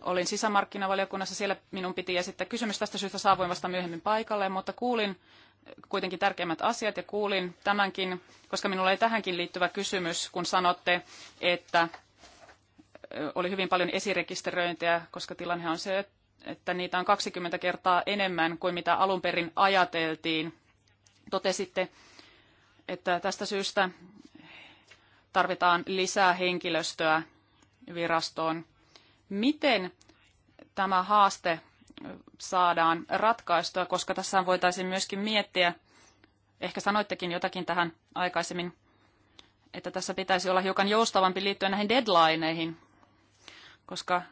Olin sisämarkkinavaliokunnassa, siellä minun piti esittää kysymys tästä syystä saavuin vasta myöhemmin paikalle, mutta kuulin kuitenkin tärkeimmät asiat ja kuulin tämänkin, koska minulla oli tähänkin liittyvä kysymys, kun sanotte, että oli hyvin paljon esirekisteröintejä, koska tilanne on se, että niitä on 20 kertaa enemmän kuin mitä alun perin ajateltiin. Totesitte, että tästä syystä tarvitaan lisää henkilöstöä virastoon. Miten tämä haaste saadaan ratkaistua, koska tässä voitaisiin myöskin miettiä, ehkä sanoittekin jotakin tähän aikaisemmin, että tässä pitäisi olla hiukan joustavampi liittyen näihin deadlineihin, koska,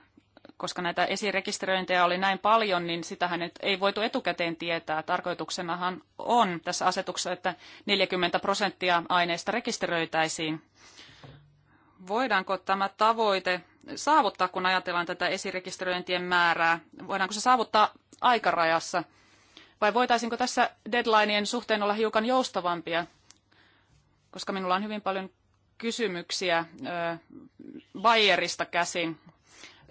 koska näitä esirekisteröintejä oli näin paljon, niin sitähän ei voitu etukäteen tietää. Tarkoituksenahan on tässä asetuksessa, että 40 prosenttia aineista rekisteröitäisiin voidaanko tämä tavoite saavuttaa, kun ajatellaan tätä esirekisteröintien määrää? Voidaanko se saavuttaa aikarajassa? Vai voitaisinko tässä deadlineien suhteen olla hiukan joustavampia? Koska minulla on hyvin paljon kysymyksiä Bayerista käsin.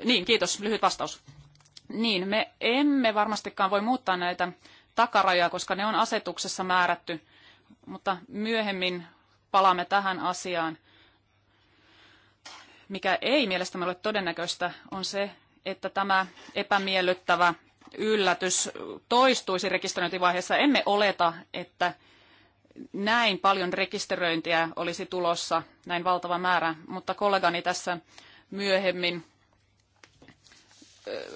Niin, kiitos. Lyhyt vastaus. Niin, me emme varmastikaan voi muuttaa näitä takarajoja, koska ne on asetuksessa määrätty, mutta myöhemmin palaamme tähän asiaan mikä ei mielestäni ole todennäköistä, on se, että tämä epämiellyttävä yllätys toistuisi rekisteröintivaiheessa. Emme oleta, että näin paljon rekisteröintiä olisi tulossa, näin valtava määrä, mutta kollegani tässä myöhemmin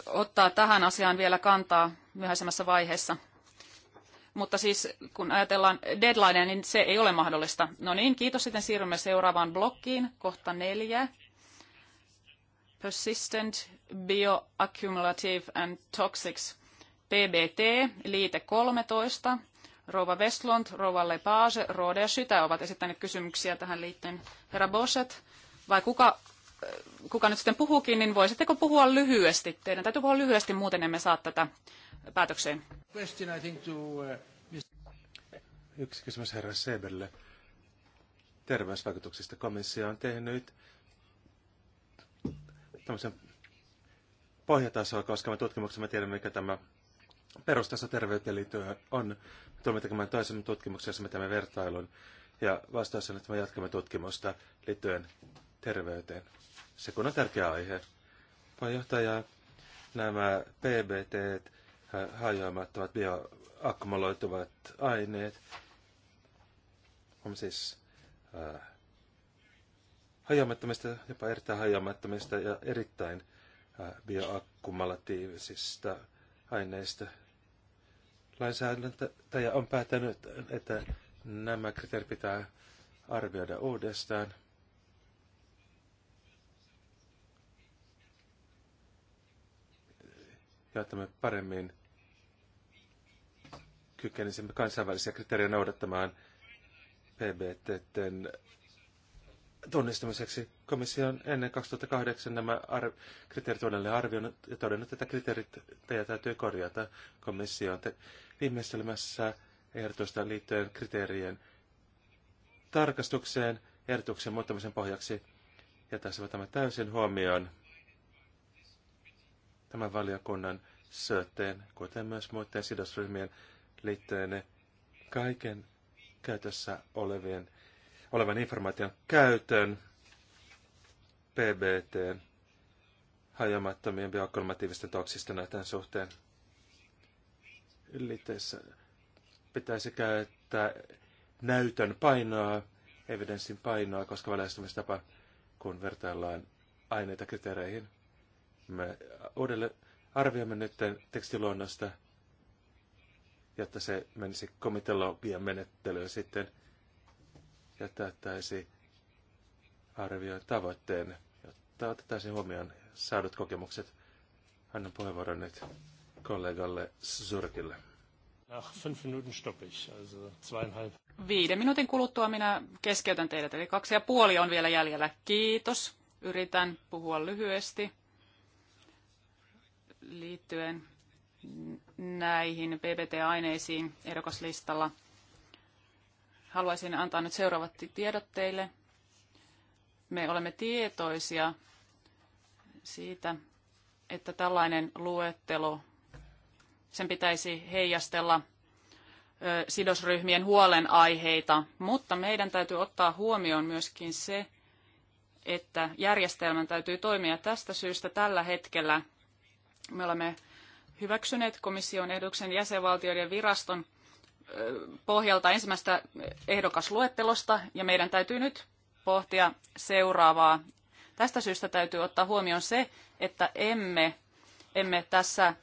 ottaa tähän asiaan vielä kantaa myöhäisemmässä vaiheessa. Mutta siis kun ajatellaan deadlinea, niin se ei ole mahdollista. No niin, kiitos. Sitten siirrymme seuraavaan blokkiin, kohta neljä. Persistent Bioaccumulative and Toxics, PBT, liite 13. Rouva Westlund, Rouva Lepage, Rode ja Sytä ovat esittäneet kysymyksiä tähän liitteen Herra Boschet, vai kuka, äh, kuka nyt sitten puhuukin, niin voisitteko puhua lyhyesti? Teidän täytyy puhua lyhyesti, muuten emme saa tätä päätökseen. Uh, Yksi kysymys herra Seberille. Terveysvaikutuksista komissio on tehnyt tämmöisen pohjatasoa me tutkimuksen. Me tiedämme, mikä tämä perustaso terveyteen liittyen on. Me tulemme tekemään toisen tutkimuksen, jossa me teemme vertailun. Ja vastaus on, että me jatkamme tutkimusta liittyen terveyteen. Se kun on tärkeä aihe. Puheenjohtaja, nämä PBT, äh, hajoamattomat bioakkumuloituvat aineet, on siis äh, hajamattomista, jopa erittäin hajamattomista ja erittäin bioakkumulatiivisista aineista. Lainsäädäntäjä on päättänyt, että nämä kriteerit pitää arvioida uudestaan. Ja että me paremmin kykenisimme kansainvälisiä kriteerejä noudattamaan PBTn tunnistamiseksi. Komissio on ennen 2008 nämä ar- kriteerit uudelleen arvioinut ja todennut, että kriteerit täytyy korjata. Komissio on viimeistelemässä ehdotusta liittyen kriteerien tarkastukseen ehdotuksen muuttamisen pohjaksi. Ja tässä otamme täysin huomioon tämän valiokunnan syötteen, kuten myös muiden sidosryhmien liittyen kaiken käytössä olevien olevan informaation käytön PBT hajamattomien bioakkumulatiivisten toksisten suhteen. Liteissä pitäisi käyttää näytön painoa, evidenssin painoa koska lähestymistapa, kun vertaillaan aineita kriteereihin. Me uudelleen arvioimme nyt tekstiluonnosta, jotta se menisi komiteologian menettelyyn sitten – ja täyttäisi arvioi tavoitteen, jotta otettaisiin huomioon saadut kokemukset. Annan puheenvuoron nyt kollegalle Zurkille. Viiden minuutin kuluttua minä keskeytän teidät, eli kaksi ja puoli on vielä jäljellä. Kiitos. Yritän puhua lyhyesti liittyen näihin ppt aineisiin ehdokaslistalla – haluaisin antaa nyt seuraavat tiedot teille. Me olemme tietoisia siitä, että tällainen luettelo, sen pitäisi heijastella sidosryhmien huolenaiheita, mutta meidän täytyy ottaa huomioon myöskin se, että järjestelmän täytyy toimia tästä syystä tällä hetkellä. Me olemme hyväksyneet komission eduksen jäsenvaltioiden viraston pohjalta ensimmäistä ehdokasluettelosta ja meidän täytyy nyt pohtia seuraavaa. Tästä syystä täytyy ottaa huomioon se, että emme, emme tässä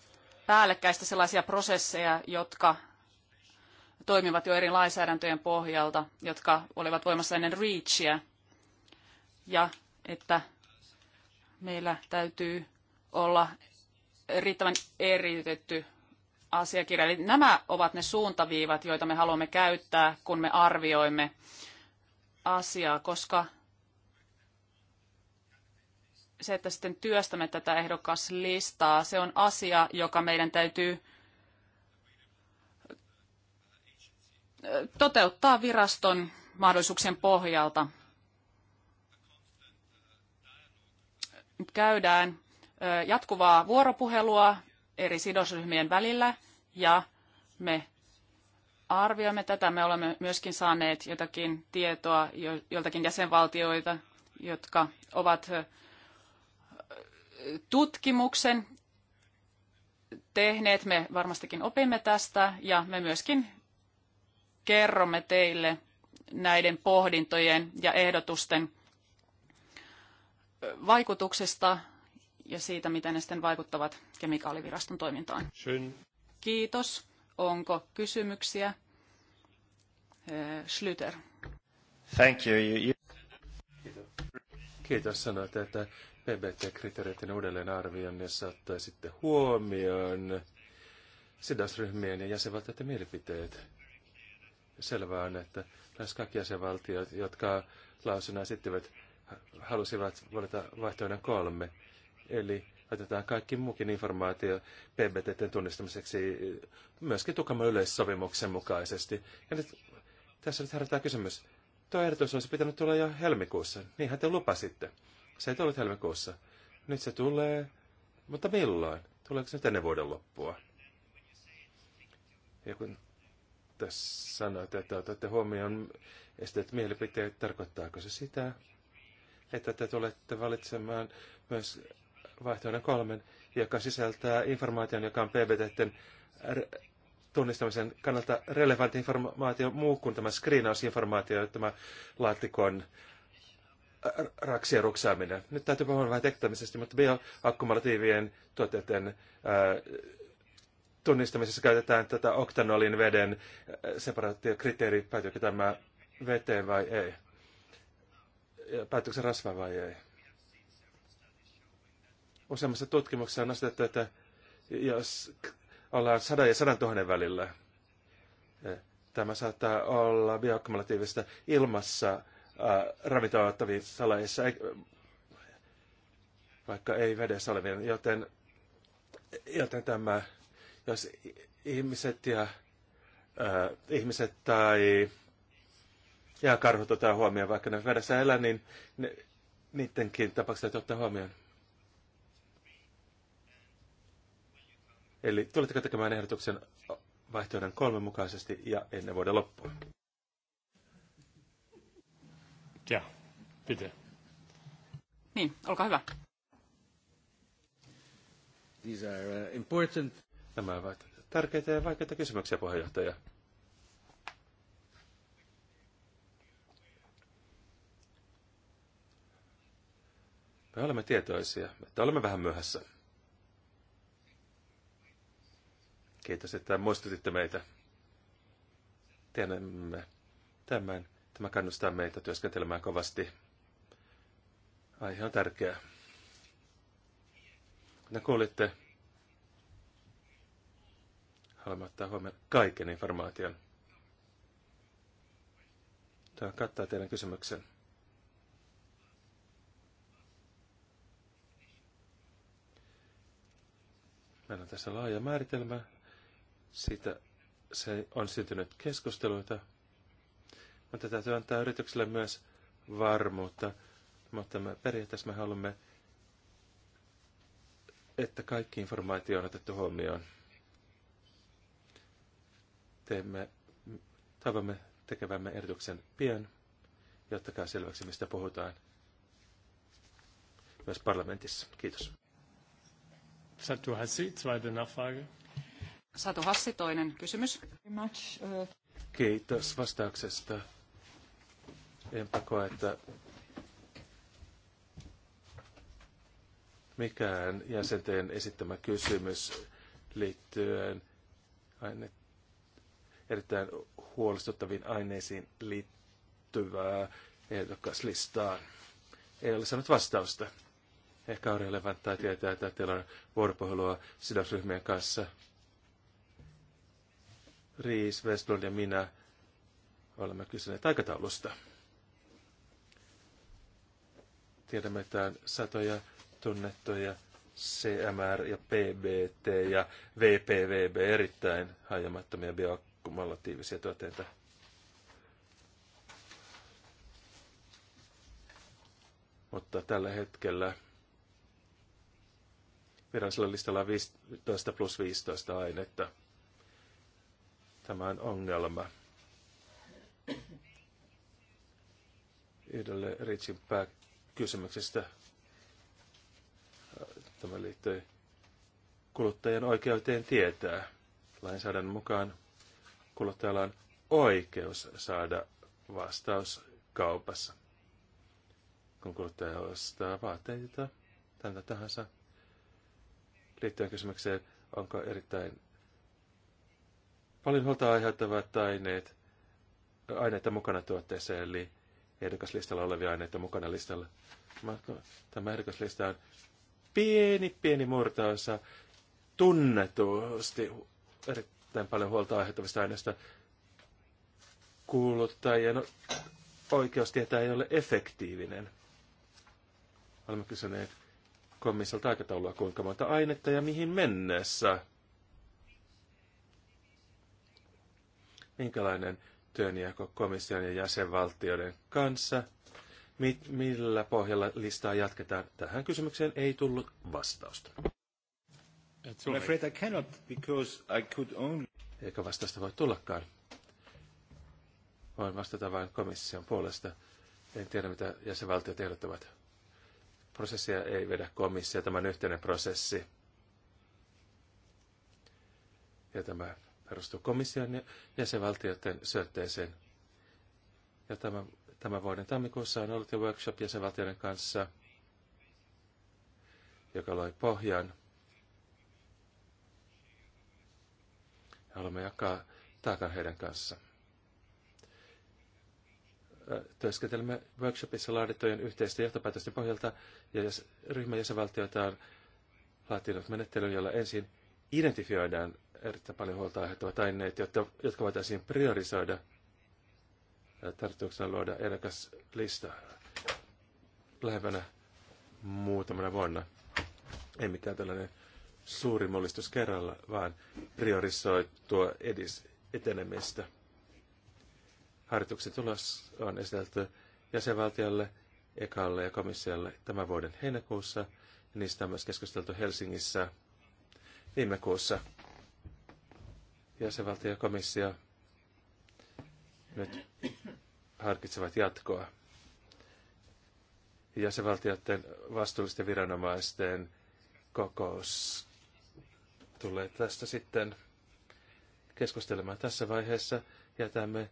päällekkäistä sellaisia prosesseja, jotka toimivat jo eri lainsäädäntöjen pohjalta, jotka olivat voimassa ennen REACHia. Ja että meillä täytyy olla riittävän eriytetty asiakirja. Eli nämä ovat ne suuntaviivat, joita me haluamme käyttää, kun me arvioimme asiaa, koska se, että sitten työstämme tätä ehdokaslistaa, se on asia, joka meidän täytyy toteuttaa viraston mahdollisuuksien pohjalta. Nyt käydään jatkuvaa vuoropuhelua eri sidosryhmien välillä ja me arvioimme tätä. Me olemme myöskin saaneet jotakin tietoa joiltakin jäsenvaltioita, jotka ovat tutkimuksen tehneet. Me varmastikin opimme tästä ja me myöskin kerromme teille näiden pohdintojen ja ehdotusten vaikutuksesta ja siitä, miten ne sitten vaikuttavat kemikaaliviraston toimintaan. Schön. Kiitos. Onko kysymyksiä? Schlüter. Thank you. you, you... Kiitos. sanoit, että PBT-kriteereiden uudelleenarvioinnissa ottaisitte huomioon sidosryhmien ja jäsenvaltioiden mielipiteet. Selvää on, että lähes kaikki jäsenvaltiot, jotka lausunnan esittivät, halusivat valita vaihtoehdon kolme, Eli laitetaan kaikki muukin informaatio PBTn tunnistamiseksi myöskin Tukama yleissopimuksen mukaisesti. Ja nyt, tässä nyt herätään kysymys. Tuo ehdotus olisi pitänyt tulla jo helmikuussa. Niinhän te lupasitte. Se ei tullut helmikuussa. Nyt se tulee, mutta milloin? Tuleeko se nyt ennen vuoden loppua? Ja kun tässä sanoit, että otatte huomioon esteet mielipiteet, tarkoittaako se sitä, että te tulette valitsemaan myös vaihtoehdon kolmen, joka sisältää informaation, joka on PBTten tunnistamisen kannalta relevantti informaatio muu kuin tämä screenausinformaatio, tämä laatikon raksien ruksaaminen. Nyt täytyy puhua vähän teknisestä, mutta bioakkumulatiivien tuotteiden tunnistamisessa käytetään tätä oktanolin veden separaatiokriteeri, päätyykö tämä veteen vai ei, päätyykö se rasva vai ei. Useammassa tutkimuksessa on että jos ollaan sadan ja sadan tuhannen välillä, e, tämä saattaa olla bioakkumulatiivista ilmassa ravintoa ottavissa vaikka ei vedessä olevien, joten, joten tämä, jos ihmiset ja ää, ihmiset tai ja karhut otetaan huomioon, vaikka ne vedessä elää, niin ne, niidenkin tapauksessa täytyy ottaa huomioon. Eli tuletteko tekemään ehdotuksen vaihtoehdon kolmen mukaisesti ja ennen vuoden loppua? Ja, pitää. Niin, olkaa hyvä. These are uh, important. Nämä ovat tärkeitä ja vaikeita kysymyksiä, puheenjohtaja. Me olemme tietoisia, että olemme vähän myöhässä. Kiitos, että muistutitte meitä. Tiedämme tämän. Tämä kannustaa meitä työskentelemään kovasti. Aihe on tärkeä. Kuten kuulitte, haluamme ottaa huomioon kaiken informaation. Tämä kattaa teidän kysymyksen. Meillä on tässä laaja määritelmä siitä se on syntynyt keskusteluita, mutta täytyy antaa yritykselle myös varmuutta. Mutta me, periaatteessa me haluamme, että kaikki informaatio on otettu huomioon. Teemme, toivomme tekevämme erityksen pian, jotta käy selväksi, mistä puhutaan myös parlamentissa. Kiitos. Satu Hassi, zweite Nachfrage. Satu Hassi, toinen kysymys. Kiitos vastauksesta. Enpä koe, että mikään jäsenten esittämä kysymys liittyen aine, erittäin huolestuttaviin aineisiin liittyvää ehdokaslistaa. Ei ole saanut vastausta. Ehkä on relevanttia tietää, että teillä on vuoropuhelua sidosryhmien kanssa Riis, Westlund ja minä olemme kysyneet aikataulusta. Tiedämme, että on satoja tunnettuja CMR ja PBT ja VPVB, erittäin hajamattomia bioakkumulatiivisia tuotteita. Mutta tällä hetkellä virallisella listalla on 15 plus 15 ainetta – Tämä on ongelma. Yhdelle Ritsin pääkysymyksestä tämä liittyy kuluttajan oikeuteen tietää. Lainsäädännön mukaan kuluttajalla on oikeus saada vastaus kaupassa. Kun kuluttaja ostaa vaatteita, tänä tahansa, liittyen kysymykseen, onko erittäin paljon huolta aiheuttavat aineet, aineita mukana tuotteessa, eli ehdokaslistalla olevia aineita mukana listalla. Tämä ehdokaslista on pieni, pieni murtaosa tunnetusti erittäin paljon huolta aiheuttavista aineista. Kuuluttajien oikeus tietää ei ole efektiivinen. Olemme kysyneet komissalta aikataulua, kuinka monta ainetta ja mihin mennessä – minkälainen työnjako komission ja jäsenvaltioiden kanssa, mit, millä pohjalla listaa jatketaan. Tähän kysymykseen ei tullut vastausta. I'm afraid I cannot, because I could only... Eikä vastausta voi tullakaan. Voin vastata vain komission puolesta. En tiedä, mitä jäsenvaltiot ehdottavat. Prosessia ei vedä komissio, tämä on yhteinen prosessi. Ja tämä perustuu komission ja jäsenvaltioiden syötteeseen. Ja tämä, tämän vuoden tammikuussa on ollut jo workshop jäsenvaltioiden kanssa, joka loi pohjan. haluamme jakaa taakan heidän kanssa. Työskentelemme workshopissa laadittujen yhteisten johtopäätösten pohjalta ja ryhmän jäsenvaltioita on laatinut menettelyn, jolla ensin identifioidaan erittäin paljon huolta aiheuttavat aineet, jotta, jotka voitaisiin priorisoida tarkoituksena luoda erikas lista lähempänä muutamana vuonna. Ei mikään tällainen suuri mullistus kerralla, vaan priorisoitua edis etenemistä. Harjoituksen tulos on esitelty jäsenvaltiolle, Ekalle ja komissiolle tämän vuoden heinäkuussa. Ja niistä on myös keskusteltu Helsingissä viime kuussa jäsenvaltio ja komissio nyt harkitsevat jatkoa. Jäsenvaltioiden vastuullisten viranomaisten kokous tulee tästä sitten keskustelemaan tässä vaiheessa. Jätämme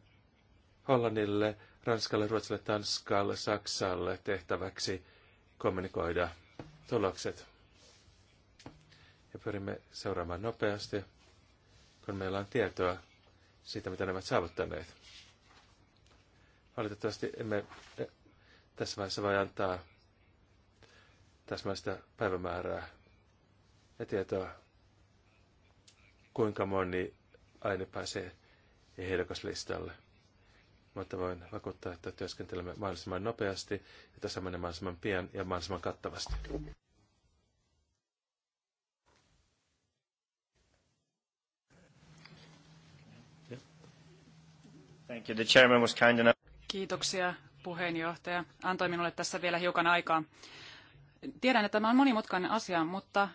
Hollannille, Ranskalle, Ruotsille, Tanskalle, Saksalle tehtäväksi kommunikoida tulokset. Ja pyrimme seuraamaan nopeasti kun meillä on tietoa siitä, mitä ne ovat saavuttaneet. Valitettavasti emme eh, tässä vaiheessa voi antaa täsmäistä päivämäärää ja tietoa, kuinka moni aine pääsee ehdokaslistalle. Mutta voin vakuuttaa, että työskentelemme mahdollisimman nopeasti ja tässä mahdollisimman pian ja mahdollisimman kattavasti. Thank you. The chairman was kind enough. Kiitoksia puheenjohtaja. Antoi minulle tässä vielä hiukan aikaa. Tiedän, että tämä on monimutkainen asia, mutta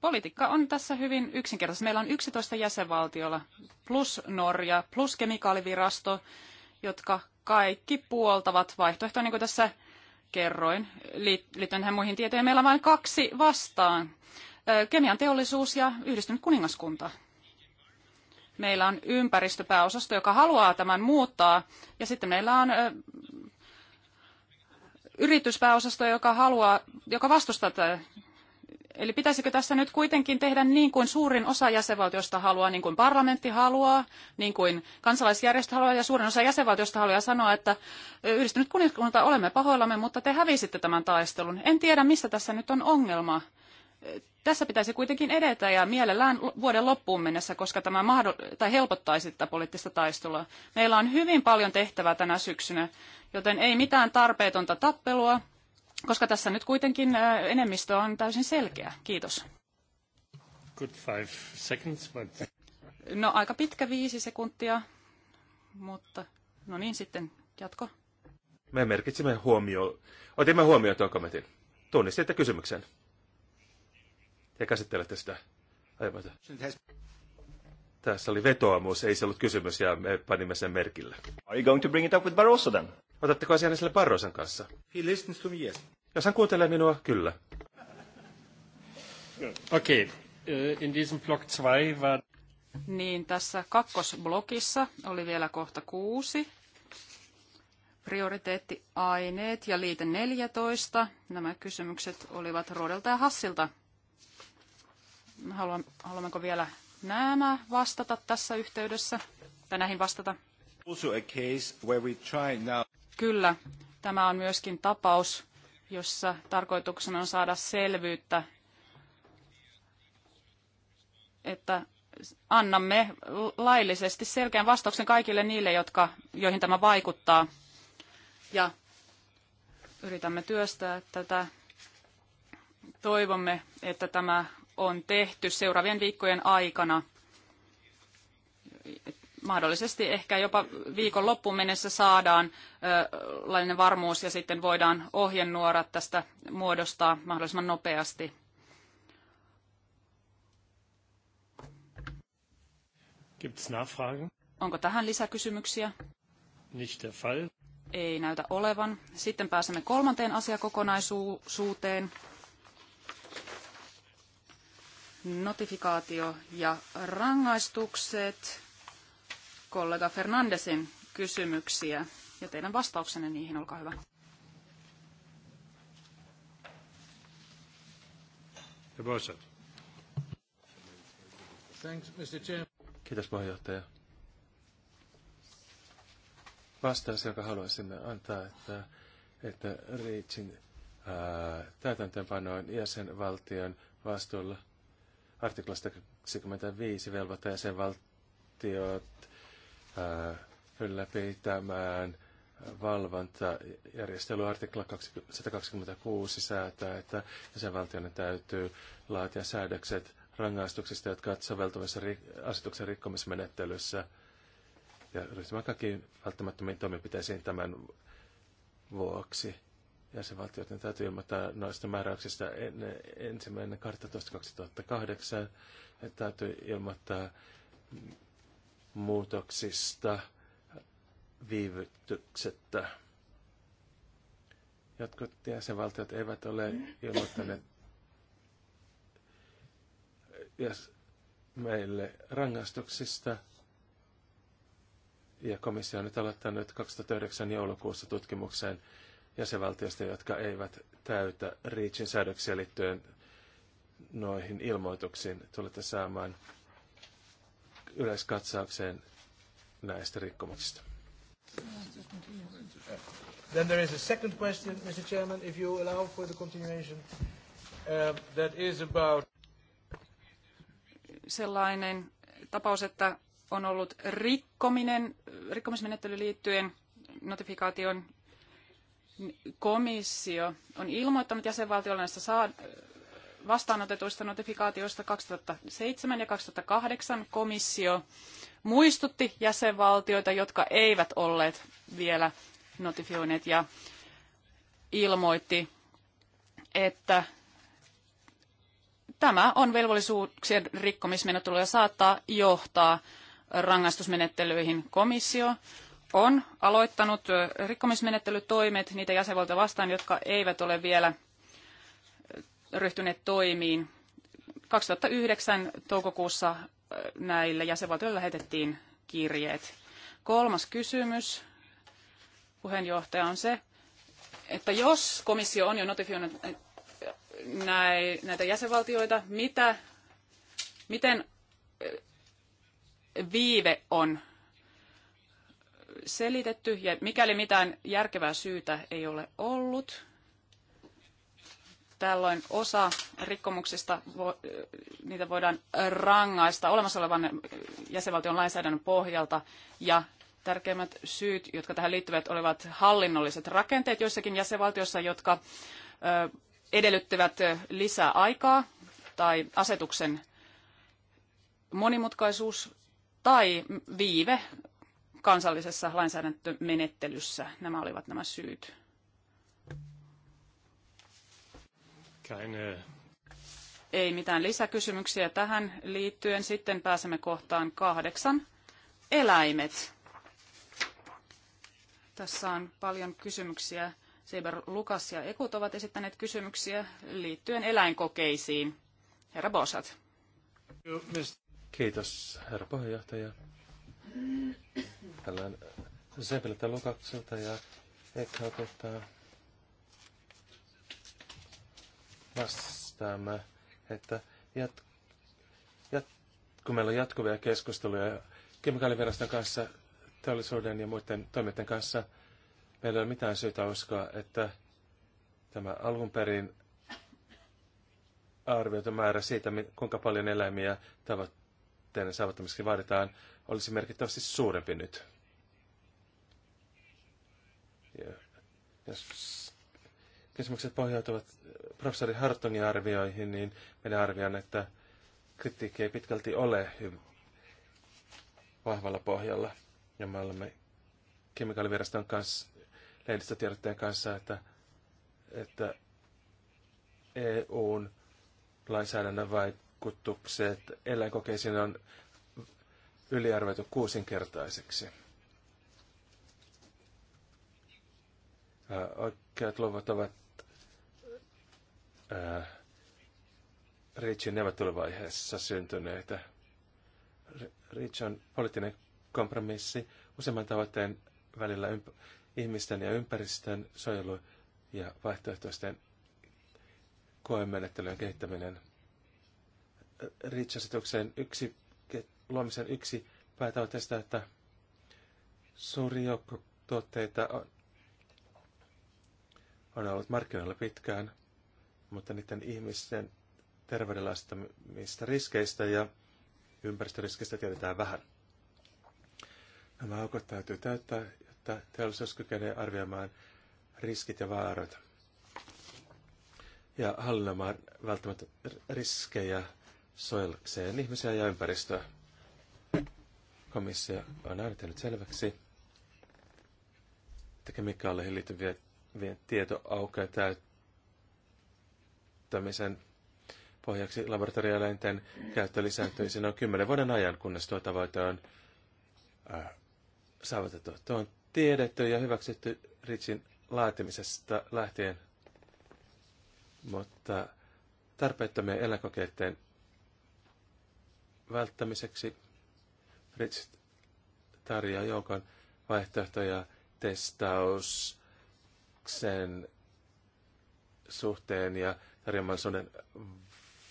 politiikka on tässä hyvin yksinkertaista. Meillä on 11 jäsenvaltiolla plus Norja plus kemikaalivirasto, jotka kaikki puoltavat vaihtoehtoa, niin kuin tässä kerroin, liittyen tähän muihin tietoihin. Meillä on vain kaksi vastaan. Kemian teollisuus ja yhdistynyt kuningaskunta. Meillä on ympäristöpääosasto, joka haluaa tämän muuttaa. Ja sitten meillä on yrityspääosasto, joka, haluaa, joka vastustaa tätä. Eli pitäisikö tässä nyt kuitenkin tehdä niin kuin suurin osa jäsenvaltiosta haluaa, niin kuin parlamentti haluaa, niin kuin kansalaisjärjestö haluaa ja suurin osa jäsenvaltiosta haluaa sanoa, että yhdistynyt kuningaskunta olemme pahoillamme, mutta te hävisitte tämän taistelun. En tiedä, missä tässä nyt on ongelma tässä pitäisi kuitenkin edetä ja mielellään vuoden loppuun mennessä, koska tämä mahdoll- tai helpottaisi tätä poliittista taistelua. Meillä on hyvin paljon tehtävää tänä syksynä, joten ei mitään tarpeetonta tappelua, koska tässä nyt kuitenkin enemmistö on täysin selkeä. Kiitos. Good five seconds, but... No aika pitkä viisi sekuntia, mutta no niin sitten jatko. Me merkitsimme huomioon, otimme huomioon tuon kommentin. Tunnistitte kysymyksen ja käsittelette sitä Tässä oli vetoamus, ei se ollut kysymys ja me panimme sen merkille. Are you going to bring it up with Barroso then? Otatteko asian esille Barrosan kanssa? He listens to me, yes. Jos hän kuuntelee minua, kyllä. Okei, okay. uh, in this block 2 war... Niin, tässä kakkosblokissa oli vielä kohta kuusi. Prioriteettiaineet ja liite 14. Nämä kysymykset olivat Rodelta ja Hassilta. Haluammeko vielä nämä vastata tässä yhteydessä, tai näihin vastata? Kyllä, tämä on myöskin tapaus, jossa tarkoituksena on saada selvyyttä, että annamme laillisesti selkeän vastauksen kaikille niille, jotka, joihin tämä vaikuttaa. Ja yritämme työstää tätä. Toivomme, että tämä on tehty seuraavien viikkojen aikana. Mahdollisesti ehkä jopa viikon loppuun mennessä saadaan lainen varmuus ja sitten voidaan ohjenuorat tästä muodostaa mahdollisimman nopeasti. Gibt's Nachfragen? Onko tähän lisäkysymyksiä? Nicht der Fall. Ei näytä olevan. Sitten pääsemme kolmanteen asiakokonaisuuteen notifikaatio ja rangaistukset, kollega Fernandesin kysymyksiä ja teidän vastauksenne niihin, olkaa hyvä. Kiitos puheenjohtaja. Vastaus, jonka haluaisimme antaa, että, että Reachin täytäntöönpanoon jäsenvaltion vastuulla – artiklasta 25 velvoittaa jäsenvaltiot ää, äh, ylläpitämään valvontajärjestely artikla 126 säätää, että jäsenvaltion täytyy laatia säädökset rangaistuksista, jotka ovat soveltuvissa ri- asetuksen rikkomismenettelyssä ja ryhtymään kaikkiin välttämättömiin toimenpiteisiin tämän vuoksi jäsenvaltioiden täytyy ilmoittaa noista määräyksistä ensimmäinen 2008. että täytyy ilmoittaa muutoksista viivytyksettä. Jotkut jäsenvaltiot eivät ole ilmoittaneet meille rangaistuksista, ja komissio on nyt aloittanut 2009 joulukuussa tutkimukseen jäsenvaltioista, jotka eivät täytä REACHin säädöksiä liittyen noihin ilmoituksiin. Tulette saamaan yleiskatsaukseen näistä rikkomuksista. Then there is a second question, Mr. Chairman, if you allow for the continuation, uh, that is about... Sellainen tapaus, että on ollut rikkominen, rikkomismenettely liittyen notifikaation komissio on ilmoittanut jäsenvaltioille näistä vastaanotetuista notifikaatioista 2007 ja 2008 komissio muistutti jäsenvaltioita, jotka eivät olleet vielä notifioineet ja ilmoitti, että tämä on velvollisuuksien rikkomismenettely ja saattaa johtaa rangaistusmenettelyihin. Komissio on aloittanut rikkomismenettelytoimet niitä jäsenvaltioita vastaan, jotka eivät ole vielä ryhtyneet toimiin. 2009 toukokuussa näille jäsenvaltioille lähetettiin kirjeet. Kolmas kysymys puheenjohtaja on se, että jos komissio on jo notifioinut näitä jäsenvaltioita, mitä, miten viive on selitetty ja mikäli mitään järkevää syytä ei ole ollut, tällöin osa rikkomuksista, niitä voidaan rangaista olemassa olevan jäsenvaltion lainsäädännön pohjalta ja tärkeimmät syyt, jotka tähän liittyvät, olivat hallinnolliset rakenteet joissakin jäsenvaltioissa, jotka edellyttävät lisää aikaa tai asetuksen monimutkaisuus tai viive kansallisessa lainsäädäntömenettelyssä. Nämä olivat nämä syyt. Keine. Ei mitään lisäkysymyksiä tähän liittyen. Sitten pääsemme kohtaan kahdeksan. Eläimet. Tässä on paljon kysymyksiä. Seiber Lukas ja Ekut ovat esittäneet kysymyksiä liittyen eläinkokeisiin. Herra Bosat. Kiitos, herra puheenjohtaja. Tällä on Sepiltä Lukakselta ja Eckhartilta vastaamme, että jat, jat, kun meillä on jatkuvia keskusteluja kemikaaliviraston kanssa, teollisuuden ja muiden toimijoiden kanssa, meillä ei ole mitään syytä uskoa, että tämä alun perin arvioitu määrä siitä, kuinka paljon eläimiä tavoittaa tavoitteiden saavuttamiseksi vaaditaan, olisi merkittävästi suurempi nyt. Ja, jos kysymykset pohjautuvat professori Hartongin arvioihin, niin meidän arvioin, että kritiikki ei pitkälti ole vahvalla pohjalla. Ja me olemme kemikaaliviraston kanssa, lehdistötiedotteen kanssa, että, että EUn lainsäädännön vai vaikutukset eläinkokeisiin on yliarvoitu kuusinkertaiseksi. Oikeat luvut ovat Richin neuvotteluvaiheessa syntyneitä. Rich on poliittinen kompromissi useamman tavoitteen välillä ymp- ihmisten ja ympäristön suojelu ja vaihtoehtoisten koemenettelyjen kehittäminen – Riitsasetuksen yksi, luomisen yksi päätavoitteesta, että suuri joukko tuotteita on, on ollut markkinoilla pitkään, mutta niiden ihmisten terveydenlaistamista riskeistä ja ympäristöriskeistä tiedetään vähän. Nämä aukot täytyy täyttää, jotta teollisuus kykenee arvioimaan riskit ja vaarat ja hallinnoimaan välttämättä riskejä suojelukseen ihmisiä ja ympäristöä. Komissio on määritellyt selväksi, että kemikaaleihin liittyviä tietoaukoja täyttämisen pohjaksi laboratorioeläinten käyttö lisääntyy siinä on kymmenen vuoden ajan, kunnes tuo tavoite on äh, saavutettu. Tuo on tiedetty ja hyväksytty Ritsin laatimisesta lähtien, mutta tarpeettomien eläkokeiden välttämiseksi Fritz tarjoaa joukon vaihtoehtoja testauksen suhteen ja sellainen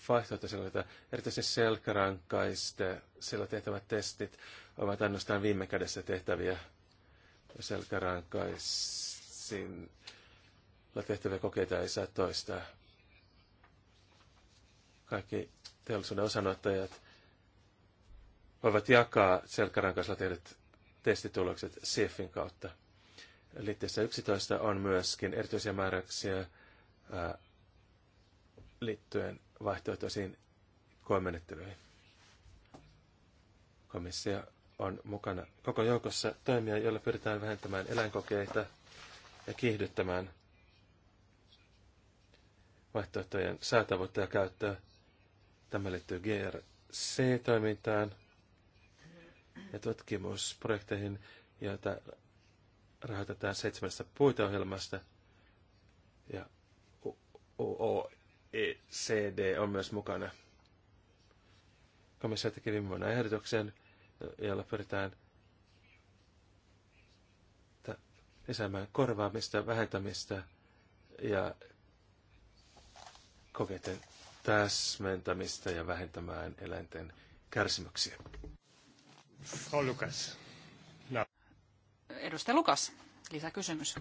vaihtoehto, että erityisesti selkärankaiste, sillä tehtävät testit ovat ainoastaan viime kädessä tehtäviä selkärankaisin tehtäviä kokeita ei saa toistaa. Kaikki teollisuuden osanottajat voivat jakaa selkärankaisella tehdyt testitulokset SIFin kautta. Liitteessä 11 on myöskin erityisiä määräyksiä ää, liittyen vaihtoehtoisiin koemenettelyihin. Komissio on mukana koko joukossa toimia, joilla pyritään vähentämään eläinkokeita ja kiihdyttämään vaihtoehtojen saatavuutta ja käyttöä. Tämä liittyy GRC-toimintaan – ja tutkimusprojekteihin, joita rahoitetaan seitsemästä puiteohjelmasta. Ja OECD on myös mukana. Komissio teki viime vuonna ehdotuksen, jolla pyritään lisäämään korvaamista, vähentämistä ja kokeiden täsmentämistä ja vähentämään eläinten kärsimyksiä. Frau Lukas. No. Edustaja Lukas, lisäkysymys.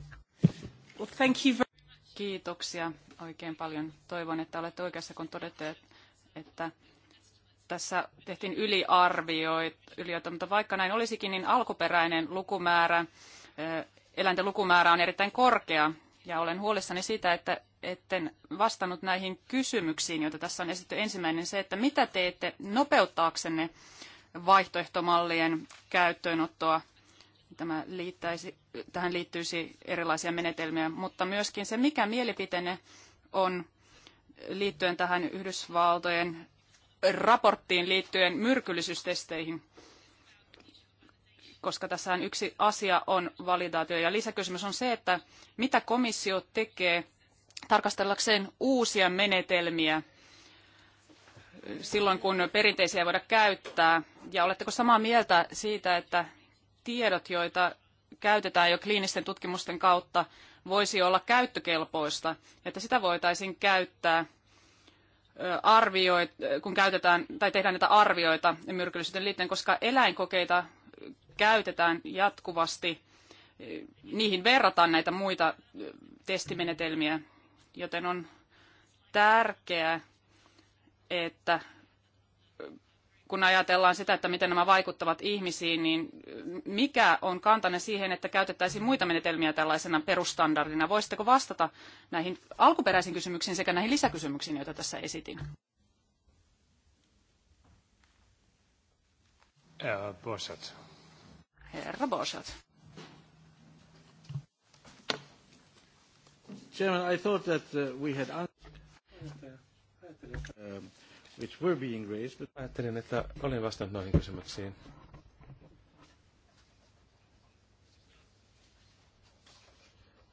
Well, thank you very Kiitoksia oikein paljon. Toivon, että olette oikeassa, kun todette, että tässä tehtiin yliarvioita, mutta vaikka näin olisikin, niin alkuperäinen lukumäärä, eh, eläinten lukumäärä on erittäin korkea. Ja olen huolissani siitä, että etten vastannut näihin kysymyksiin, joita tässä on esitetty. Ensimmäinen se, että mitä teette nopeuttaaksenne vaihtoehtomallien käyttöönottoa. Tämä liittäisi, tähän liittyisi erilaisia menetelmiä, mutta myöskin se, mikä mielipiteenne on liittyen tähän Yhdysvaltojen raporttiin liittyen myrkyllisyystesteihin, koska tässä yksi asia on validaatio. Ja lisäkysymys on se, että mitä komissio tekee tarkastellakseen uusia menetelmiä silloin, kun perinteisiä voida käyttää ja oletteko samaa mieltä siitä, että tiedot, joita käytetään jo kliinisten tutkimusten kautta, voisi olla käyttökelpoista, että sitä voitaisiin käyttää arvioit, kun käytetään tai tehdään näitä arvioita myrkyllisyyteen liittyen, koska eläinkokeita käytetään jatkuvasti, niihin verrataan näitä muita testimenetelmiä, joten on tärkeää, että kun ajatellaan sitä, että miten nämä vaikuttavat ihmisiin, niin mikä on kantanne siihen, että käytettäisiin muita menetelmiä tällaisena perustandardina? Voisitteko vastata näihin alkuperäisiin kysymyksiin sekä näihin lisäkysymyksiin, joita tässä esitin? Herra Borsat. Herra Borsat. Chairman, I thought that uh, we had which were being raised. But... Ajattelin, että olin vastannut noihin kysymyksiin.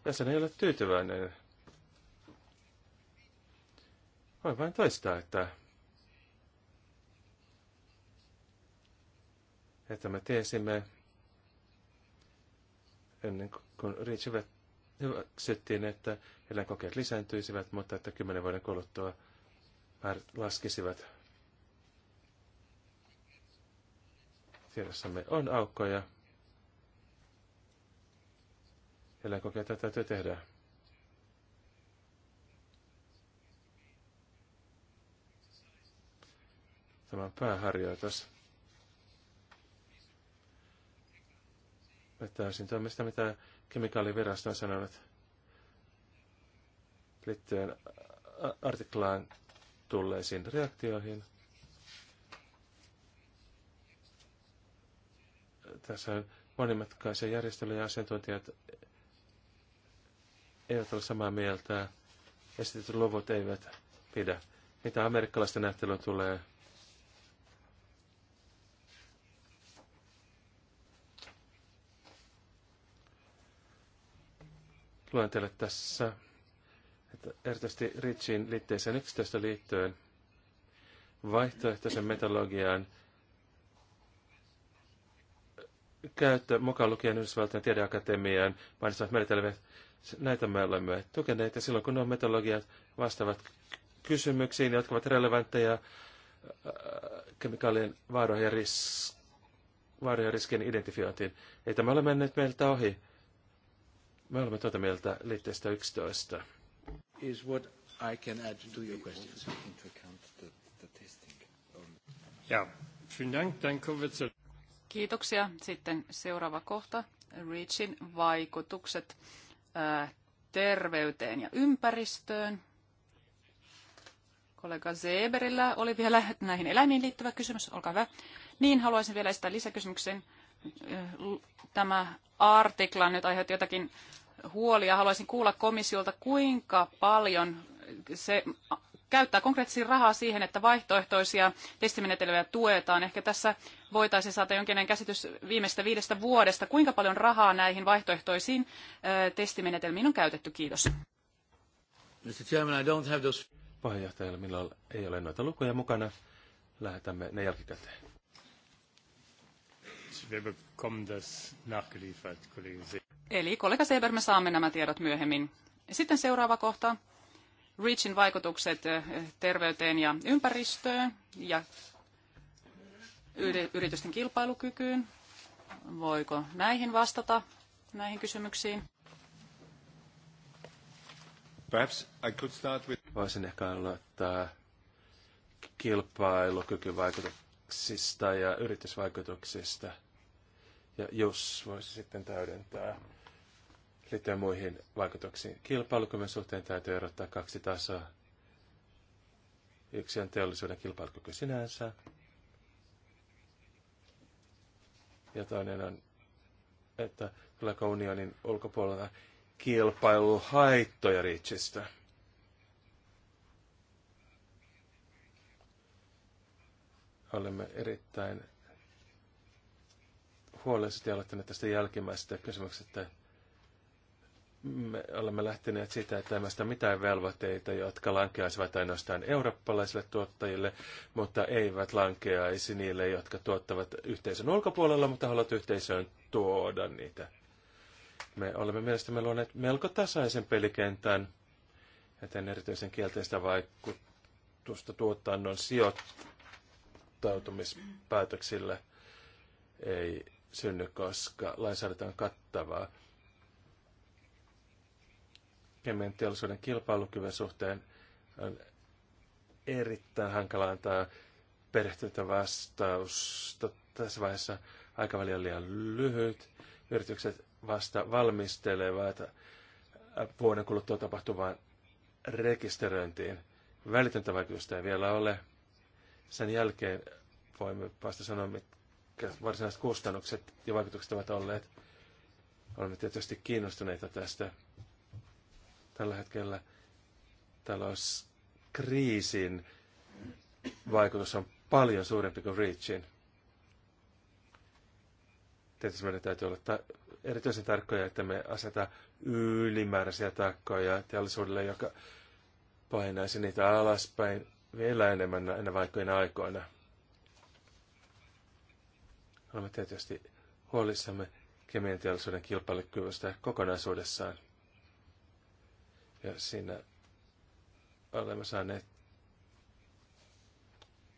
Tässä ei ole tyytyväinen. Voin vain toistaa, että, että me tiesimme ennen kuin Rich hyväksyttiin, että eläinkokeet lisääntyisivät, mutta että kymmenen vuoden kuluttua – laskisivat. Tiedossamme on aukkoja. Eläinkokeita täytyy tehdä. Tämä on pääharjoitus. Mä täysin toimista, mitä kemikaalivirasto on sanonut liittyen artiklaan tulleisiin reaktioihin. Tässä on monimutkaisia järjestelyjä asiantuntijat eivät ole samaa mieltä. Esitetyt luvut eivät pidä. Mitä amerikkalaisten näyttelyä tulee, luen teille tässä erityisesti Ritsin liitteeseen 11 liittyen vaihtoehtoisen metodologian käyttö mukaan lukien Yhdysvaltain tiedeakatemian mainitsevat menetelmät, näitä me olemme tukeneet ja silloin kun nuo metodologiat vastaavat kysymyksiin, jotka ovat relevantteja äh, kemikaalien vaaroihin ja, ris- ja riskien identifiointiin. Ei tämä ole mennyt meiltä ohi. Me olemme tuota mieltä liitteestä 11 is what I can add to your questions. Um, vielen Dank. Dann kommen wir Kiitoksia. Sitten seuraava kohta. REACHin vaikutukset terveyteen ja ympäristöön. Kollega Zeberillä oli vielä näihin eläimiin liittyvä kysymys. Olkaa hyvä. Niin, haluaisin vielä esittää lisäkysymyksen. Tämä artikla nyt aiheutti jotakin Huoli ja Haluaisin kuulla komissiolta, kuinka paljon se käyttää konkreettisesti rahaa siihen, että vaihtoehtoisia testimenetelmiä tuetaan. Ehkä tässä voitaisiin saada jonkinlainen käsitys viimeistä viidestä vuodesta, kuinka paljon rahaa näihin vaihtoehtoisiin testimenetelmiin on käytetty. Kiitos. Mr. Chairman, I don't have those... Puheenjohtajalla, minulla ei ole noita lukuja mukana, lähetämme ne jälkikäteen. Wir bekommen das nachgeliefert, Kollege Eli kollega Seber, me saamme nämä tiedot myöhemmin. Sitten seuraava kohta. REACHin vaikutukset eh, terveyteen ja ympäristöön ja yritysten kilpailukykyyn. Voiko näihin vastata, näihin kysymyksiin? Perhaps I could start with... Voisin ehkä aloittaa kilpailukykyvaikutuksista ja yritysvaikutuksista – ja jos voisi sitten täydentää liittyen muihin vaikutuksiin. Kilpailukyvyn suhteen täytyy erottaa kaksi tasoa. Yksi on teollisuuden kilpailukyky sinänsä. Ja toinen on, että tuleeko unionin ulkopuolella kilpailuhaittoja riitsistä. Olemme erittäin huolellisesti aloittaneet tästä jälkimmäisestä kysymyksestä. Me olemme lähteneet siitä, että ei mitään velvoitteita, jotka lankeaisivat ainoastaan eurooppalaisille tuottajille, mutta eivät lankeaisi niille, jotka tuottavat yhteisön ulkopuolella, mutta haluavat yhteisöön tuoda niitä. Me olemme mielestämme luoneet melko tasaisen pelikentän, joten erityisen kielteistä vaikutusta tuottannon sijoittautumispäätöksille ei synny, koska lainsäädäntö on kattavaa. Kemian teollisuuden kilpailukyvyn suhteen on erittäin hankala antaa perehtyntä vastausta tässä vaiheessa aikaväli on liian lyhyt. Yritykset vasta valmistelevat vuoden kuluttua tapahtuvaan rekisteröintiin. Välitöntä vaikutusta ei vielä ole. Sen jälkeen voimme vasta sanoa, mitkä varsinaiset kustannukset ja vaikutukset ovat olleet. Olemme tietysti kiinnostuneita tästä tällä hetkellä talouskriisin vaikutus on paljon suurempi kuin REACHin. Tietysti meidän täytyy olla ta- erityisen tarkkoja, että me aseta ylimääräisiä takkoja teollisuudelle, joka painaisi niitä alaspäin vielä enemmän näinä vaikeina aikoina. Olemme tietysti huolissamme teollisuuden kilpailukyvystä kokonaisuudessaan. Ja siinä olemme saaneet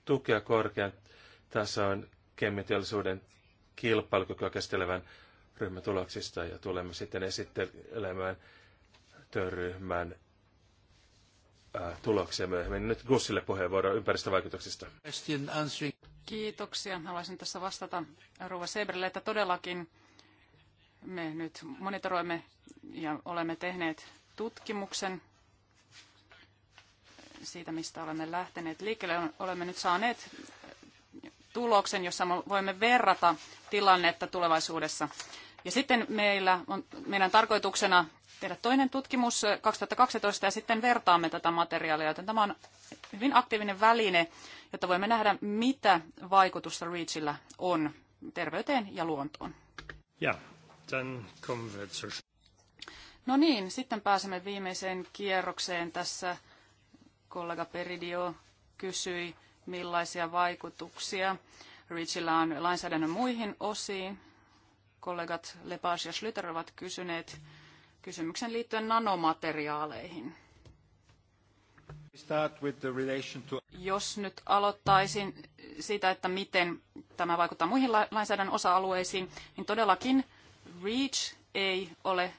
tukea korkean tason teollisuuden kilpailukykyä käsittelevän ryhmätuloksista ja tulemme sitten esittelemään työryhmän äh, tuloksia myöhemmin. Nyt Gussille puheenvuoro ympäristövaikutuksista. Kiitoksia. Haluaisin tässä vastata Ruva Seberille, että todellakin me nyt monitoroimme ja olemme tehneet tutkimuksen siitä, mistä olemme lähteneet liikkeelle. Olemme nyt saaneet tuloksen, jossa voimme verrata tilannetta tulevaisuudessa. Ja sitten meillä on meidän tarkoituksena tehdä toinen tutkimus 2012 ja sitten vertaamme tätä materiaalia, joten tämä on hyvin aktiivinen väline, jotta voimme nähdä, mitä vaikutusta REACHillä on terveyteen ja luontoon. Ja, No niin, sitten pääsemme viimeiseen kierrokseen. Tässä kollega Peridio kysyi, millaisia vaikutuksia REACHillä on lainsäädännön muihin osiin. Kollegat Lepage ja Slyter ovat kysyneet kysymyksen liittyen nanomateriaaleihin. Jos nyt aloittaisin siitä, että miten tämä vaikuttaa muihin lainsäädännön osa-alueisiin, niin todellakin REACH ei ole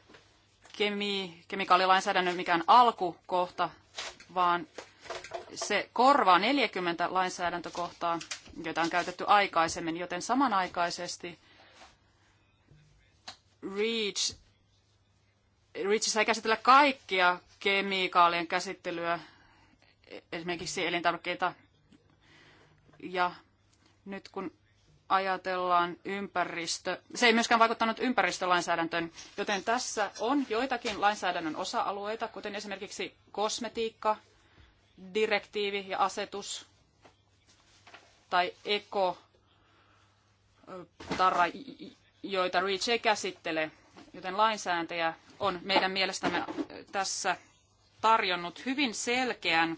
kemi, kemikaalilainsäädännön mikään alkukohta, vaan se korvaa 40 lainsäädäntökohtaa, joita on käytetty aikaisemmin, joten samanaikaisesti REACH, REACHissa ei käsitellä kaikkia kemikaalien käsittelyä esimerkiksi elintarvikkeita. Ja nyt kun ajatellaan ympäristö, se ei myöskään vaikuttanut ympäristölainsäädäntöön, joten tässä on joitakin lainsäädännön osa-alueita, kuten esimerkiksi kosmetiikka, direktiivi ja asetus tai eko, tarra, joita REACH ei käsittele, joten lainsääntäjä on meidän mielestämme tässä tarjonnut hyvin selkeän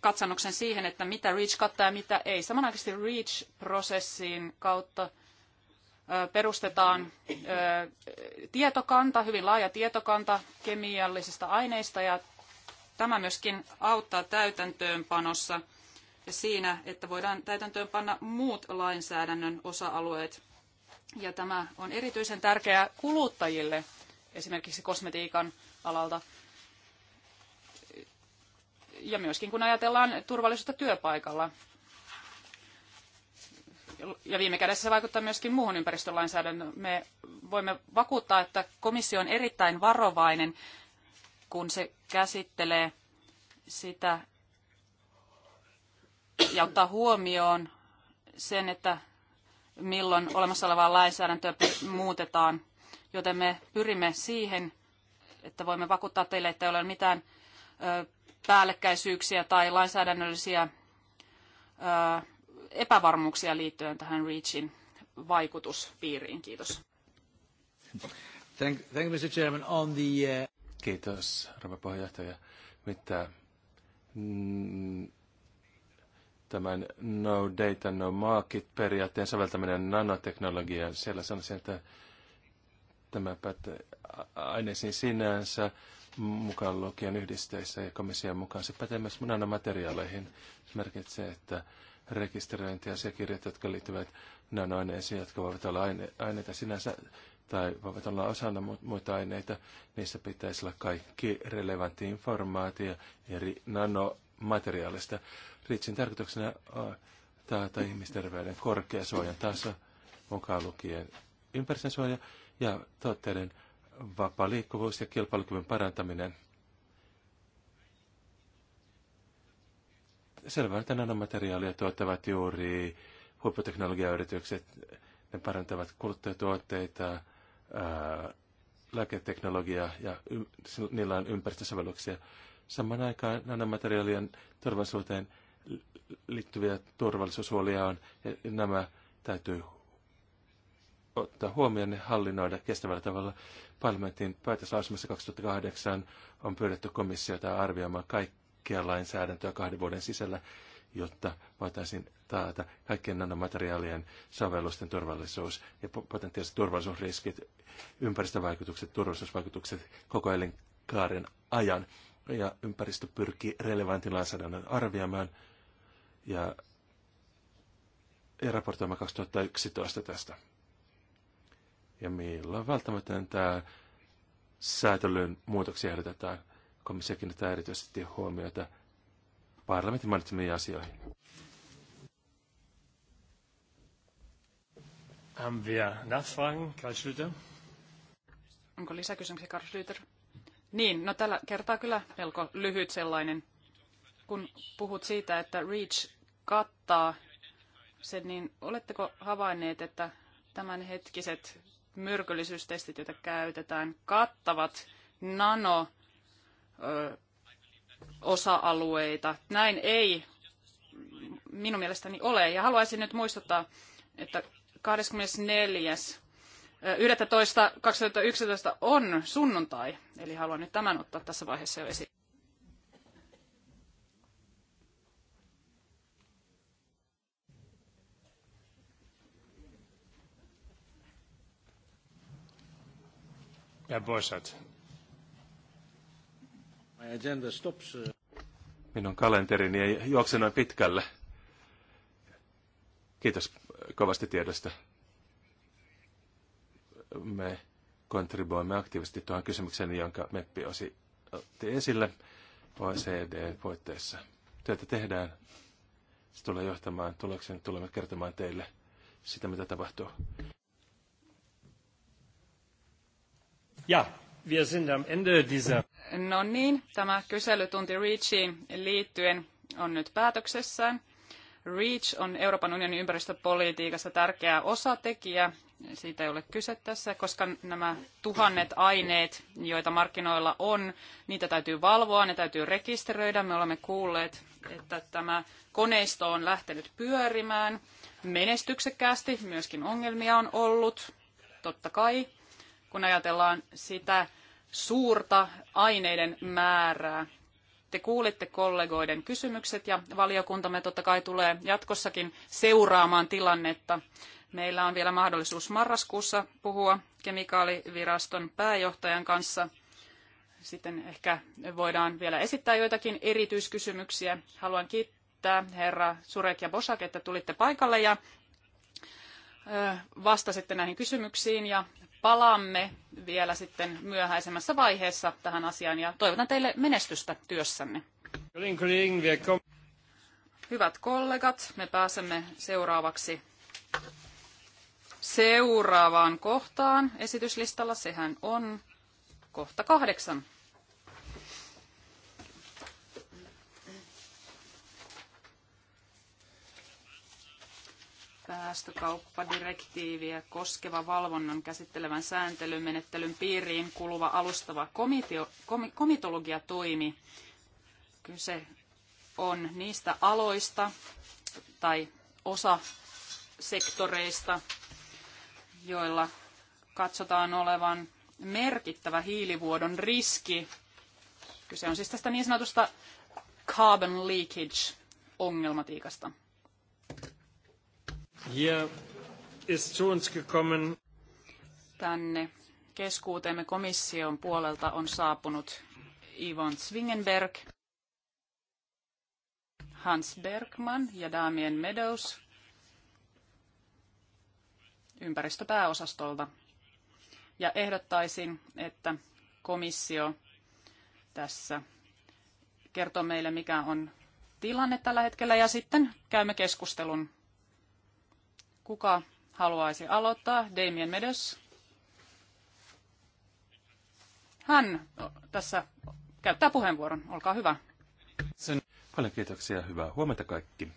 katsannuksen siihen, että mitä REACH kattaa ja mitä ei. Samanaikaisesti REACH-prosessin kautta perustetaan tietokanta, hyvin laaja tietokanta kemiallisista aineista ja tämä myöskin auttaa täytäntöönpanossa ja siinä, että voidaan täytäntöönpanna muut lainsäädännön osa-alueet. Ja tämä on erityisen tärkeää kuluttajille esimerkiksi kosmetiikan alalta ja myöskin kun ajatellaan turvallisuutta työpaikalla. Ja viime kädessä se vaikuttaa myöskin muuhun ympäristölainsäädäntöön. Me voimme vakuuttaa, että komissio on erittäin varovainen, kun se käsittelee sitä ja ottaa huomioon sen, että milloin olemassa olevaa lainsäädäntöä muutetaan. Joten me pyrimme siihen, että voimme vakuuttaa teille, että ei ole mitään päällekkäisyyksiä tai lainsäädännöllisiä epävarmuuksia liittyen tähän REACHin vaikutuspiiriin. Kiitos. Thank, thank Mr. Chairman. On the, uh... Kiitos, rouva puheenjohtaja. Mitä mm, tämän no data, no market periaatteen soveltaminen nanoteknologiaan, siellä sanoisin, että tämä pätee aineisiin sinänsä, mukaan lukien yhdisteissä ja komission mukaan. Se pätee myös nanomateriaaleihin. Se merkitsee, että sekirjat, jotka liittyvät nanoaineisiin, jotka voivat olla aine- aineita sinänsä tai voivat olla osana muita aineita, niissä pitäisi olla kaikki relevantti informaatio eri nanomateriaalista. Riitsin tarkoituksena on taata ihmisterveyden korkea suojan taso, mukaan lukien ympäristönsuoja ja tuotteiden vapaa liikkuvuus ja kilpailukyvyn parantaminen. Selvä, että nanomateriaalia tuottavat juuri huipputeknologiayritykset. Ne parantavat kuluttajatuotteita, lääketeknologiaa ja niillä on ympäristösovelluksia. Samaan aikaan nanomateriaalien turvallisuuteen liittyviä turvallisuushuolia on, ja nämä täytyy ottaa huomioon ja hallinnoida kestävällä tavalla. Parlamentin päätöslausumassa 2008 on pyydetty komissiota arvioimaan kaikkia lainsäädäntöä kahden vuoden sisällä, jotta voitaisiin taata kaikkien nanomateriaalien sovellusten turvallisuus ja potentiaaliset turvallisuusriskit, ympäristövaikutukset, turvallisuusvaikutukset koko elinkaaren ajan. Ja ympäristö pyrkii relevantin lainsäädännön arvioimaan ja, ja raportoimaan 2011 tästä ja milloin tämä säätelyn muutoksia ehdotetaan. Komissio kiinnittää erityisesti huomiota parlamentin mainitsemiin asioihin. Onko lisäkysymyksiä, Karl Schlüter? Niin, no tällä kertaa kyllä melko lyhyt sellainen. Kun puhut siitä, että REACH kattaa sen, niin oletteko havainneet, että tämänhetkiset myrkyllisyystestit, joita käytetään, kattavat nano osa-alueita. Näin ei minun mielestäni ole. Ja haluaisin nyt muistuttaa, että 24. 11.2011 on sunnuntai, eli haluan nyt tämän ottaa tässä vaiheessa jo esiin. My agenda stops. Uh, Minun kalenterini ei juokse noin pitkälle. Kiitos kovasti tiedosta. Me kontribuoimme aktiivisesti tuohon kysymykseen, jonka Meppi osi, otti esille OECD-puitteissa. Työtä tehdään. Se tulee johtamaan tuloksen. Tulemme kertomaan teille sitä, mitä tapahtuu. Ja, wir sind am Ende dieser... No niin, tämä kyselytunti REACHiin liittyen on nyt päätöksessään. REACH on Euroopan unionin ympäristöpolitiikassa tärkeä osatekijä. Siitä ei ole kyse tässä, koska nämä tuhannet aineet, joita markkinoilla on, niitä täytyy valvoa, ne täytyy rekisteröidä. Me olemme kuulleet, että tämä koneisto on lähtenyt pyörimään menestyksekkäästi. Myöskin ongelmia on ollut, totta kai kun ajatellaan sitä suurta aineiden määrää. Te kuulitte kollegoiden kysymykset ja valiokuntamme totta kai tulee jatkossakin seuraamaan tilannetta. Meillä on vielä mahdollisuus marraskuussa puhua kemikaaliviraston pääjohtajan kanssa. Sitten ehkä voidaan vielä esittää joitakin erityiskysymyksiä. Haluan kiittää herra Surek ja Bosak, että tulitte paikalle ja vastasitte näihin kysymyksiin ja palaamme vielä sitten myöhäisemmässä vaiheessa tähän asiaan ja toivotan teille menestystä työssänne. Hyvät kollegat, me pääsemme seuraavaksi seuraavaan kohtaan esityslistalla. Sehän on kohta kahdeksan. päästökauppadirektiiviä koskeva valvonnan käsittelevän sääntelymenettelyn piiriin kuuluva alustava komitio, kom, komitologiatoimi. Kyse on niistä aloista tai osasektoreista, joilla katsotaan olevan merkittävä hiilivuodon riski. Kyse on siis tästä niin sanotusta carbon leakage ongelmatiikasta. Tänne keskuuteemme komission puolelta on saapunut Ivan Swingenberg, Hans Bergman ja Damien Meadows ympäristöpääosastolta. Ja ehdottaisin, että komissio tässä kertoo meille, mikä on tilanne tällä hetkellä, ja sitten käymme keskustelun Kuka haluaisi aloittaa? Damien Medes. Hän tässä käyttää puheenvuoron. Olkaa hyvä. Sen paljon kiitoksia ja hyvää huomenta kaikki.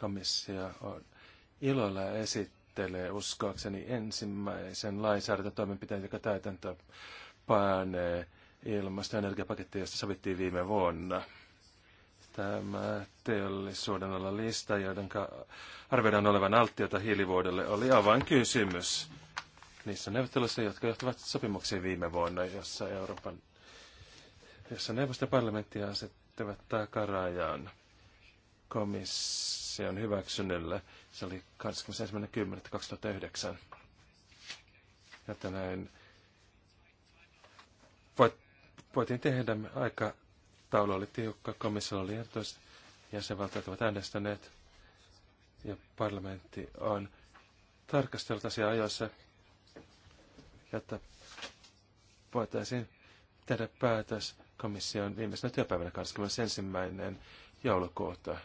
Komissio on ilolla esittelee uskoakseni ensimmäisen lainsäädäntötoimenpiteen, joka täytäntö panee ilmasto- ja energiapakettia, josta sovittiin viime vuonna. Tämä teollisuuden alla lista, joiden arvioidaan olevan alttiota hiilivuodelle, oli avainkysymys niissä neuvotteluissa, jotka johtavat sopimuksiin viime vuonna, jossa Euroopan jossa neuvoston parlamentti asettavat takarajan komission hyväksynnölle. Se oli 21.10.2009. Joten näin voit, voitiin tehdä aika taulu oli tiukka, komissio oli ehdotus, jäsenvaltiot ovat äänestäneet ja parlamentti on tarkastellut asiaa ajoissa, jotta voitaisiin tehdä päätös komission viimeisenä työpäivänä 21. joulukuuta.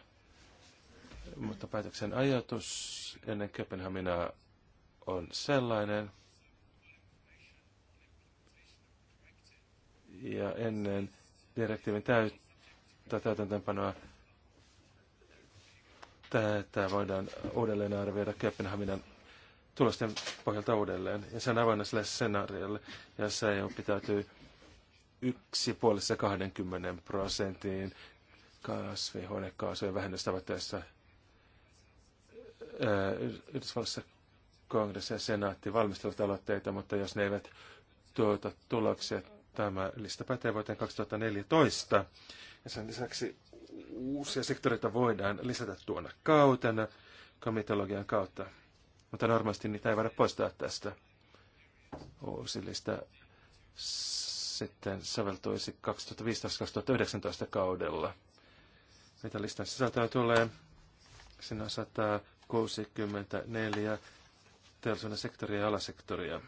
Mutta päätöksen ajatus ennen Kööpenhaminaa on sellainen, ja ennen direktiivin täyttä täytäntöönpanoa. Tätä voidaan uudelleen arvioida Kööpenhaminan tulosten pohjalta uudelleen. Ja se on avoinna sille skenaariolle, jossa EU pitäytyy puolessa 20 prosentin kasvihuonekaasujen vähennystavoitteessa Yhdysvalloissa kongressi ja senaatti valmistelut aloitteita, mutta jos ne eivät tuota tuloksia Tämä lista pätee vuoteen 2014. Ja sen lisäksi uusia sektoreita voidaan lisätä tuona kautena, komitologian kautta. Mutta normaalisti niitä ei voida poistaa tästä. Uusi lista sitten soveltuisi 2015-2019 kaudella. Mitä listan sisältöä tulee? Siinä on 164 teollisuuden sektoria ja alasektoria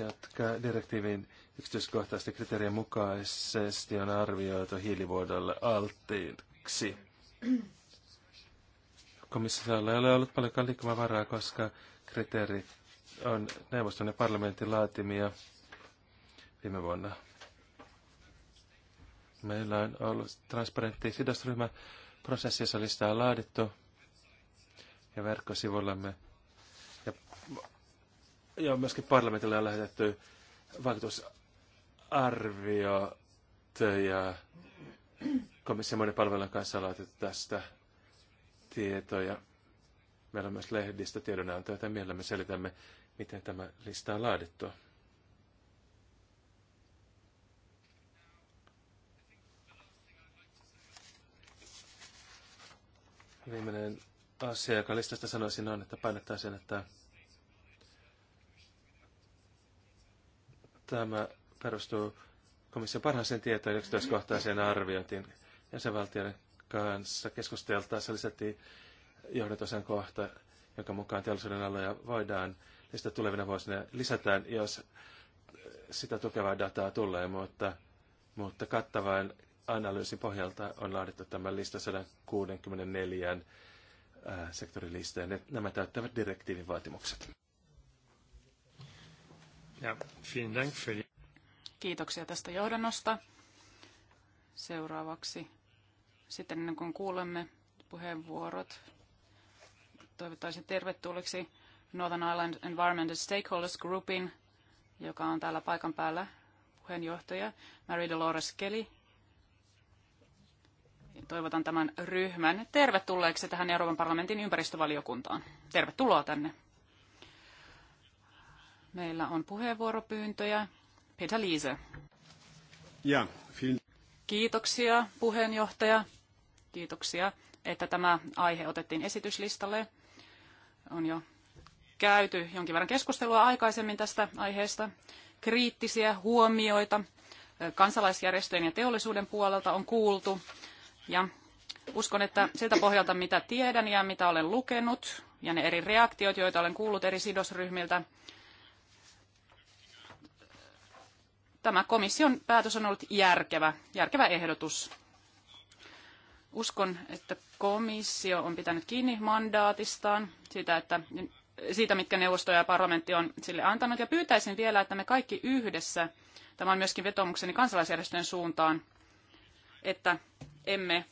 jotka direktiivin yksityiskohtaisten kriteerien mukaisesti on arvioitu hiilivuodolle alttiiksi. Komissiolla ei ole ollut paljonkaan liikkumavaraa, koska kriteerit on neuvoston ja parlamentin laatimia viime vuonna. Meillä on ollut transparentti sidosryhmä prosessissa listaa laadittu ja verkkosivullamme ja ja myöskin parlamentille on lähetetty vaikutusarviot ja komission muiden palvelujen kanssa on laitettu tästä tietoja. Meillä on myös lehdistä tiedonantoja, että mielellä me selitämme, miten tämä lista on laadittu. Viimeinen asia, joka listasta sanoisin, on, että painettaisiin, että Tämä perustuu komission parhaaseen tietoon yksityiskohtaiseen arviointiin jäsenvaltioiden kanssa keskusteltaessa lisättiin johdotosan kohta, jonka mukaan teollisuuden aloja voidaan lisätä tulevina vuosina lisätään, jos sitä tukevaa dataa tulee, mutta, mutta kattavan analyysin pohjalta on laadittu tämä lista 164 sektorilistaan. Nämä täyttävät direktiivin vaatimukset. Ja, vielen Dank für die... Kiitoksia tästä johdannosta. Seuraavaksi, sitten ennen kuin kuulemme puheenvuorot, toivottaisin tervetulleeksi Northern Island Environment and Stakeholders Groupin, joka on täällä paikan päällä puheenjohtaja Mary Dolores Kelly. Toivotan tämän ryhmän tervetulleeksi tähän Euroopan parlamentin ympäristövaliokuntaan. Tervetuloa tänne. Meillä on puheenvuoropyyntöjä. Peter Liese. Ja, Kiitoksia puheenjohtaja. Kiitoksia, että tämä aihe otettiin esityslistalle. On jo käyty jonkin verran keskustelua aikaisemmin tästä aiheesta. Kriittisiä huomioita kansalaisjärjestöjen ja teollisuuden puolelta on kuultu. Ja uskon, että siltä pohjalta, mitä tiedän ja mitä olen lukenut, ja ne eri reaktiot, joita olen kuullut eri sidosryhmiltä, tämä komission päätös on ollut järkevä, järkevä ehdotus. Uskon, että komissio on pitänyt kiinni mandaatistaan siitä, että, siitä mitkä neuvosto ja parlamentti on sille antanut. Ja pyytäisin vielä, että me kaikki yhdessä, tämä on myöskin vetomukseni kansalaisjärjestöjen suuntaan, että emme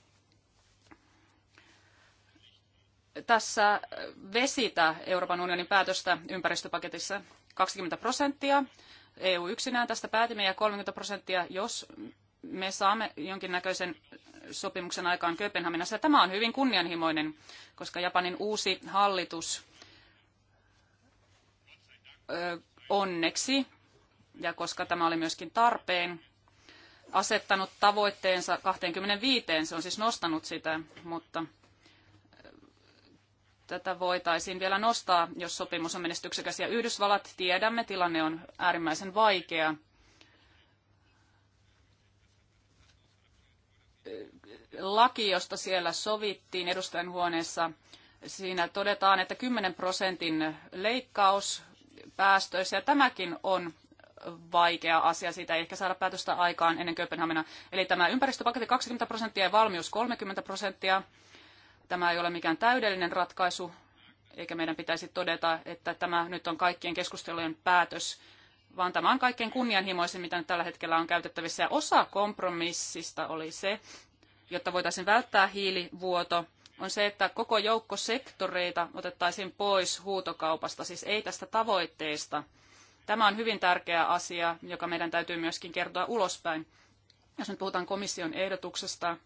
tässä vesitä Euroopan unionin päätöstä ympäristöpaketissa 20 prosenttia EU yksinään tästä päätti ja 30 prosenttia, jos me saamme jonkinnäköisen sopimuksen aikaan Kööpenhaminassa. Tämä on hyvin kunnianhimoinen, koska Japanin uusi hallitus onneksi, ja koska tämä oli myöskin tarpeen, asettanut tavoitteensa 25, se on siis nostanut sitä, mutta tätä voitaisiin vielä nostaa, jos sopimus on menestyksekäs. Ja Yhdysvallat, tiedämme, tilanne on äärimmäisen vaikea. Laki, josta siellä sovittiin edustajan huoneessa, siinä todetaan, että 10 prosentin leikkaus päästöissä, ja tämäkin on vaikea asia, siitä ei ehkä saada päätöstä aikaan ennen Kööpenhaminaa. Eli tämä ympäristöpaketti 20 prosenttia ja valmius 30 prosenttia, Tämä ei ole mikään täydellinen ratkaisu, eikä meidän pitäisi todeta, että tämä nyt on kaikkien keskustelujen päätös, vaan tämä on kaikkein kunnianhimoisin, mitä nyt tällä hetkellä on käytettävissä. Ja osa kompromissista oli se, jotta voitaisiin välttää hiilivuoto, on se, että koko joukko sektoreita otettaisiin pois huutokaupasta, siis ei tästä tavoitteesta. Tämä on hyvin tärkeä asia, joka meidän täytyy myöskin kertoa ulospäin. Jos nyt puhutaan komission ehdotuksesta,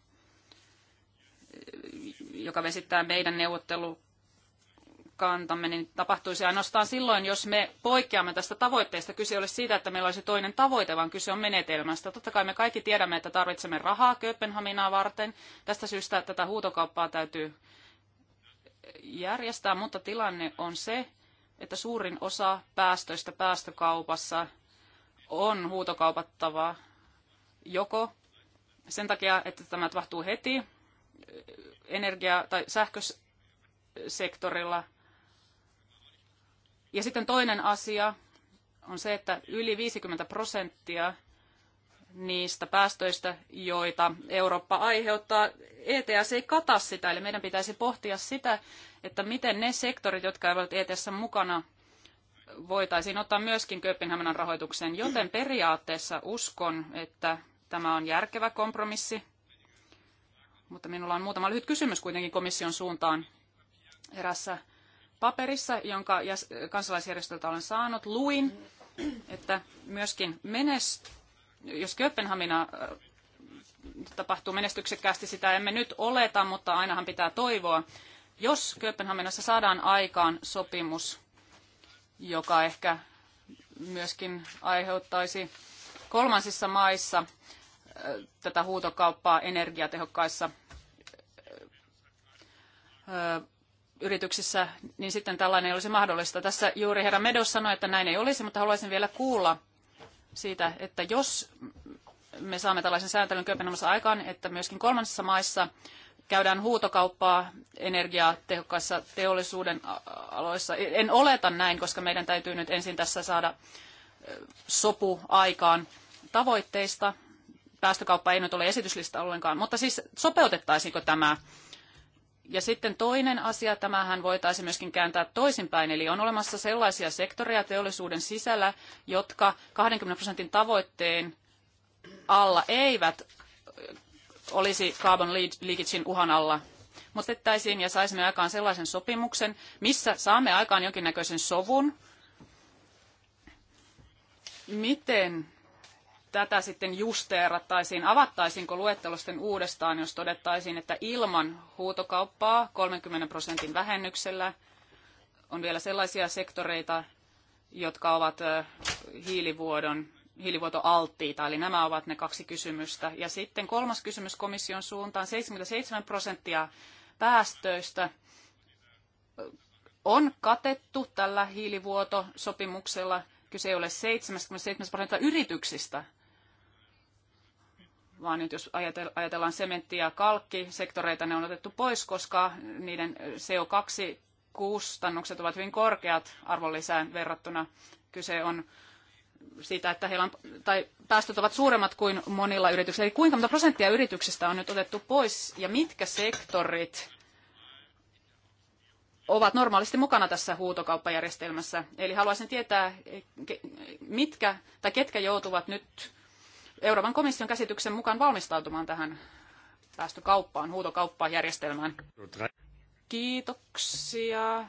joka vesittää meidän neuvottelukantamme, niin tapahtuisi ainoastaan silloin, jos me poikkeamme tästä tavoitteesta. Kyse ole siitä, että meillä olisi toinen tavoite, vaan kyse on menetelmästä. Totta kai me kaikki tiedämme, että tarvitsemme rahaa Kööpenhaminaa varten. Tästä syystä tätä huutokauppaa täytyy järjestää, mutta tilanne on se, että suurin osa päästöistä päästökaupassa on huutokaupattavaa joko sen takia, että tämä tapahtuu heti, energia- tai sähkösektorilla. Ja sitten toinen asia on se, että yli 50 prosenttia niistä päästöistä, joita Eurooppa aiheuttaa, ETS ei kata sitä. Eli meidän pitäisi pohtia sitä, että miten ne sektorit, jotka eivät ETS e mukana, voitaisiin ottaa myöskin Kööpenhaminan rahoitukseen. Joten periaatteessa uskon, että tämä on järkevä kompromissi mutta minulla on muutama lyhyt kysymys kuitenkin komission suuntaan. Erässä paperissa, jonka kansalaisjärjestöltä olen saanut, luin, että myöskin menest, jos Kööpenhamina tapahtuu menestyksekkäästi, sitä emme nyt oleta, mutta ainahan pitää toivoa. Jos Kööpenhaminassa saadaan aikaan sopimus, joka ehkä myöskin aiheuttaisi kolmansissa maissa tätä huutokauppaa energiatehokkaissa yrityksissä, niin sitten tällainen ei olisi mahdollista. Tässä juuri herra Medos sanoi, että näin ei olisi, mutta haluaisin vielä kuulla siitä, että jos me saamme tällaisen sääntelyn Kööpenhamassa aikaan, että myöskin kolmansissa maissa käydään huutokauppaa tehokkaissa teollisuuden aloissa. En oleta näin, koska meidän täytyy nyt ensin tässä saada sopu aikaan tavoitteista. Päästökauppa ei nyt ole esityslista ollenkaan, mutta siis sopeutettaisiinko tämä ja sitten toinen asia, tämähän voitaisiin myöskin kääntää toisinpäin, eli on olemassa sellaisia sektoreja teollisuuden sisällä, jotka 20 prosentin tavoitteen alla eivät olisi carbon leakagein uhan alla. Mutta tettäisiin ja saisimme aikaan sellaisen sopimuksen, missä saamme aikaan jonkinnäköisen sovun, miten tätä sitten justeerattaisiin, avattaisiinko luettelosten uudestaan, jos todettaisiin, että ilman huutokauppaa 30 prosentin vähennyksellä on vielä sellaisia sektoreita, jotka ovat hiilivuodon, hiilivuotoalttiita, eli nämä ovat ne kaksi kysymystä. Ja sitten kolmas kysymys komission suuntaan, 77 prosenttia päästöistä on katettu tällä hiilivuotosopimuksella. Kyse ei ole 77 prosenttia yrityksistä, vaan nyt jos ajatellaan sementti- ja kalkkisektoreita, ne on otettu pois, koska niiden CO2-kustannukset ovat hyvin korkeat arvonlisään verrattuna. Kyse on siitä, että heillä on, tai päästöt ovat suuremmat kuin monilla yrityksillä. Eli kuinka monta prosenttia yrityksistä on nyt otettu pois ja mitkä sektorit ovat normaalisti mukana tässä huutokauppajärjestelmässä. Eli haluaisin tietää, mitkä tai ketkä joutuvat nyt Euroopan komission käsityksen mukaan valmistautumaan tähän päästökauppaan, huutokauppajärjestelmään. Kiitoksia.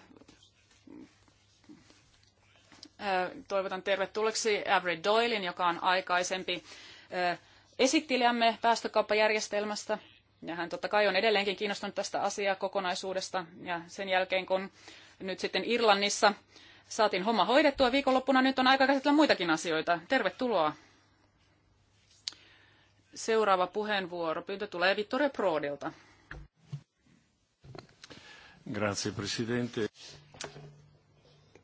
Toivotan tervetulleeksi Avery Doylin, joka on aikaisempi esittelijämme päästökauppajärjestelmästä. Ja hän totta kai on edelleenkin kiinnostunut tästä asiaa kokonaisuudesta. Ja sen jälkeen, kun nyt sitten Irlannissa saatiin homma hoidettua viikonloppuna, nyt on aika käsitellä muitakin asioita. Tervetuloa. Seuraava puheenvuoropyyntö tulee Vittore Grazie, Presidente.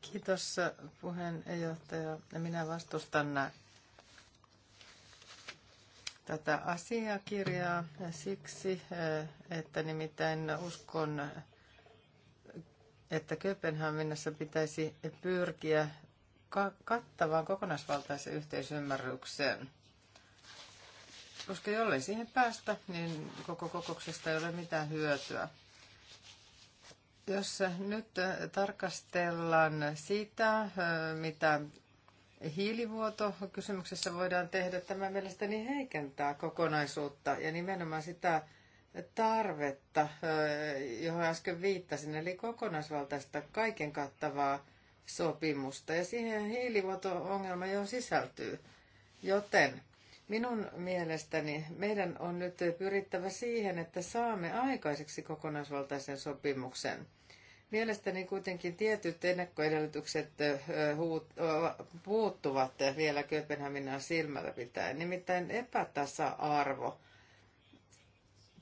Kiitos puheenjohtaja. Minä vastustan tätä asiakirjaa siksi, että nimittäin uskon, että Kööpenhaminassa pitäisi pyrkiä kattavaan kokonaisvaltaiseen yhteisymmärrykseen koska jollei siihen päästä, niin koko kokouksesta ei ole mitään hyötyä. Jos nyt äh, tarkastellaan sitä, äh, mitä hiilivuoto kysymyksessä voidaan tehdä, tämä mielestäni heikentää kokonaisuutta ja nimenomaan sitä tarvetta, äh, johon äsken viittasin, eli kokonaisvaltaista kaiken kattavaa sopimusta. Ja siihen hiilivuoto-ongelma jo sisältyy. Joten Minun mielestäni meidän on nyt pyrittävä siihen, että saamme aikaiseksi kokonaisvaltaisen sopimuksen. Mielestäni kuitenkin tietyt ennakkoedellytykset puuttuvat vielä Kööpenhaminaan silmällä pitäen, nimittäin epätasa-arvo.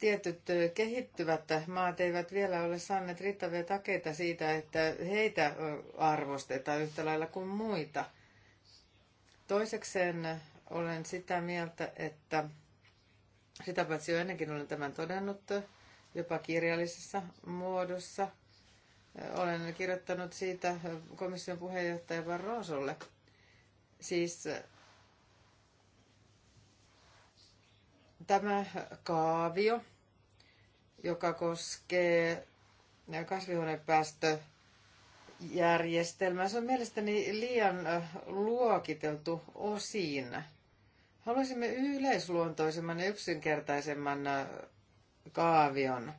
Tietyt kehittyvät maat eivät vielä ole saaneet riittäviä takeita siitä, että heitä arvostetaan yhtä lailla kuin muita. Toisekseen olen sitä mieltä, että sitä paitsi jo ennenkin olen tämän todennut, jopa kirjallisessa muodossa. Olen kirjoittanut siitä komission puheenjohtaja Barrosolle. Siis tämä kaavio, joka koskee järjestelmä. se on mielestäni liian luokiteltu osiin – Haluaisimme yleisluontoisemman ja yksinkertaisemman äh, kaavion.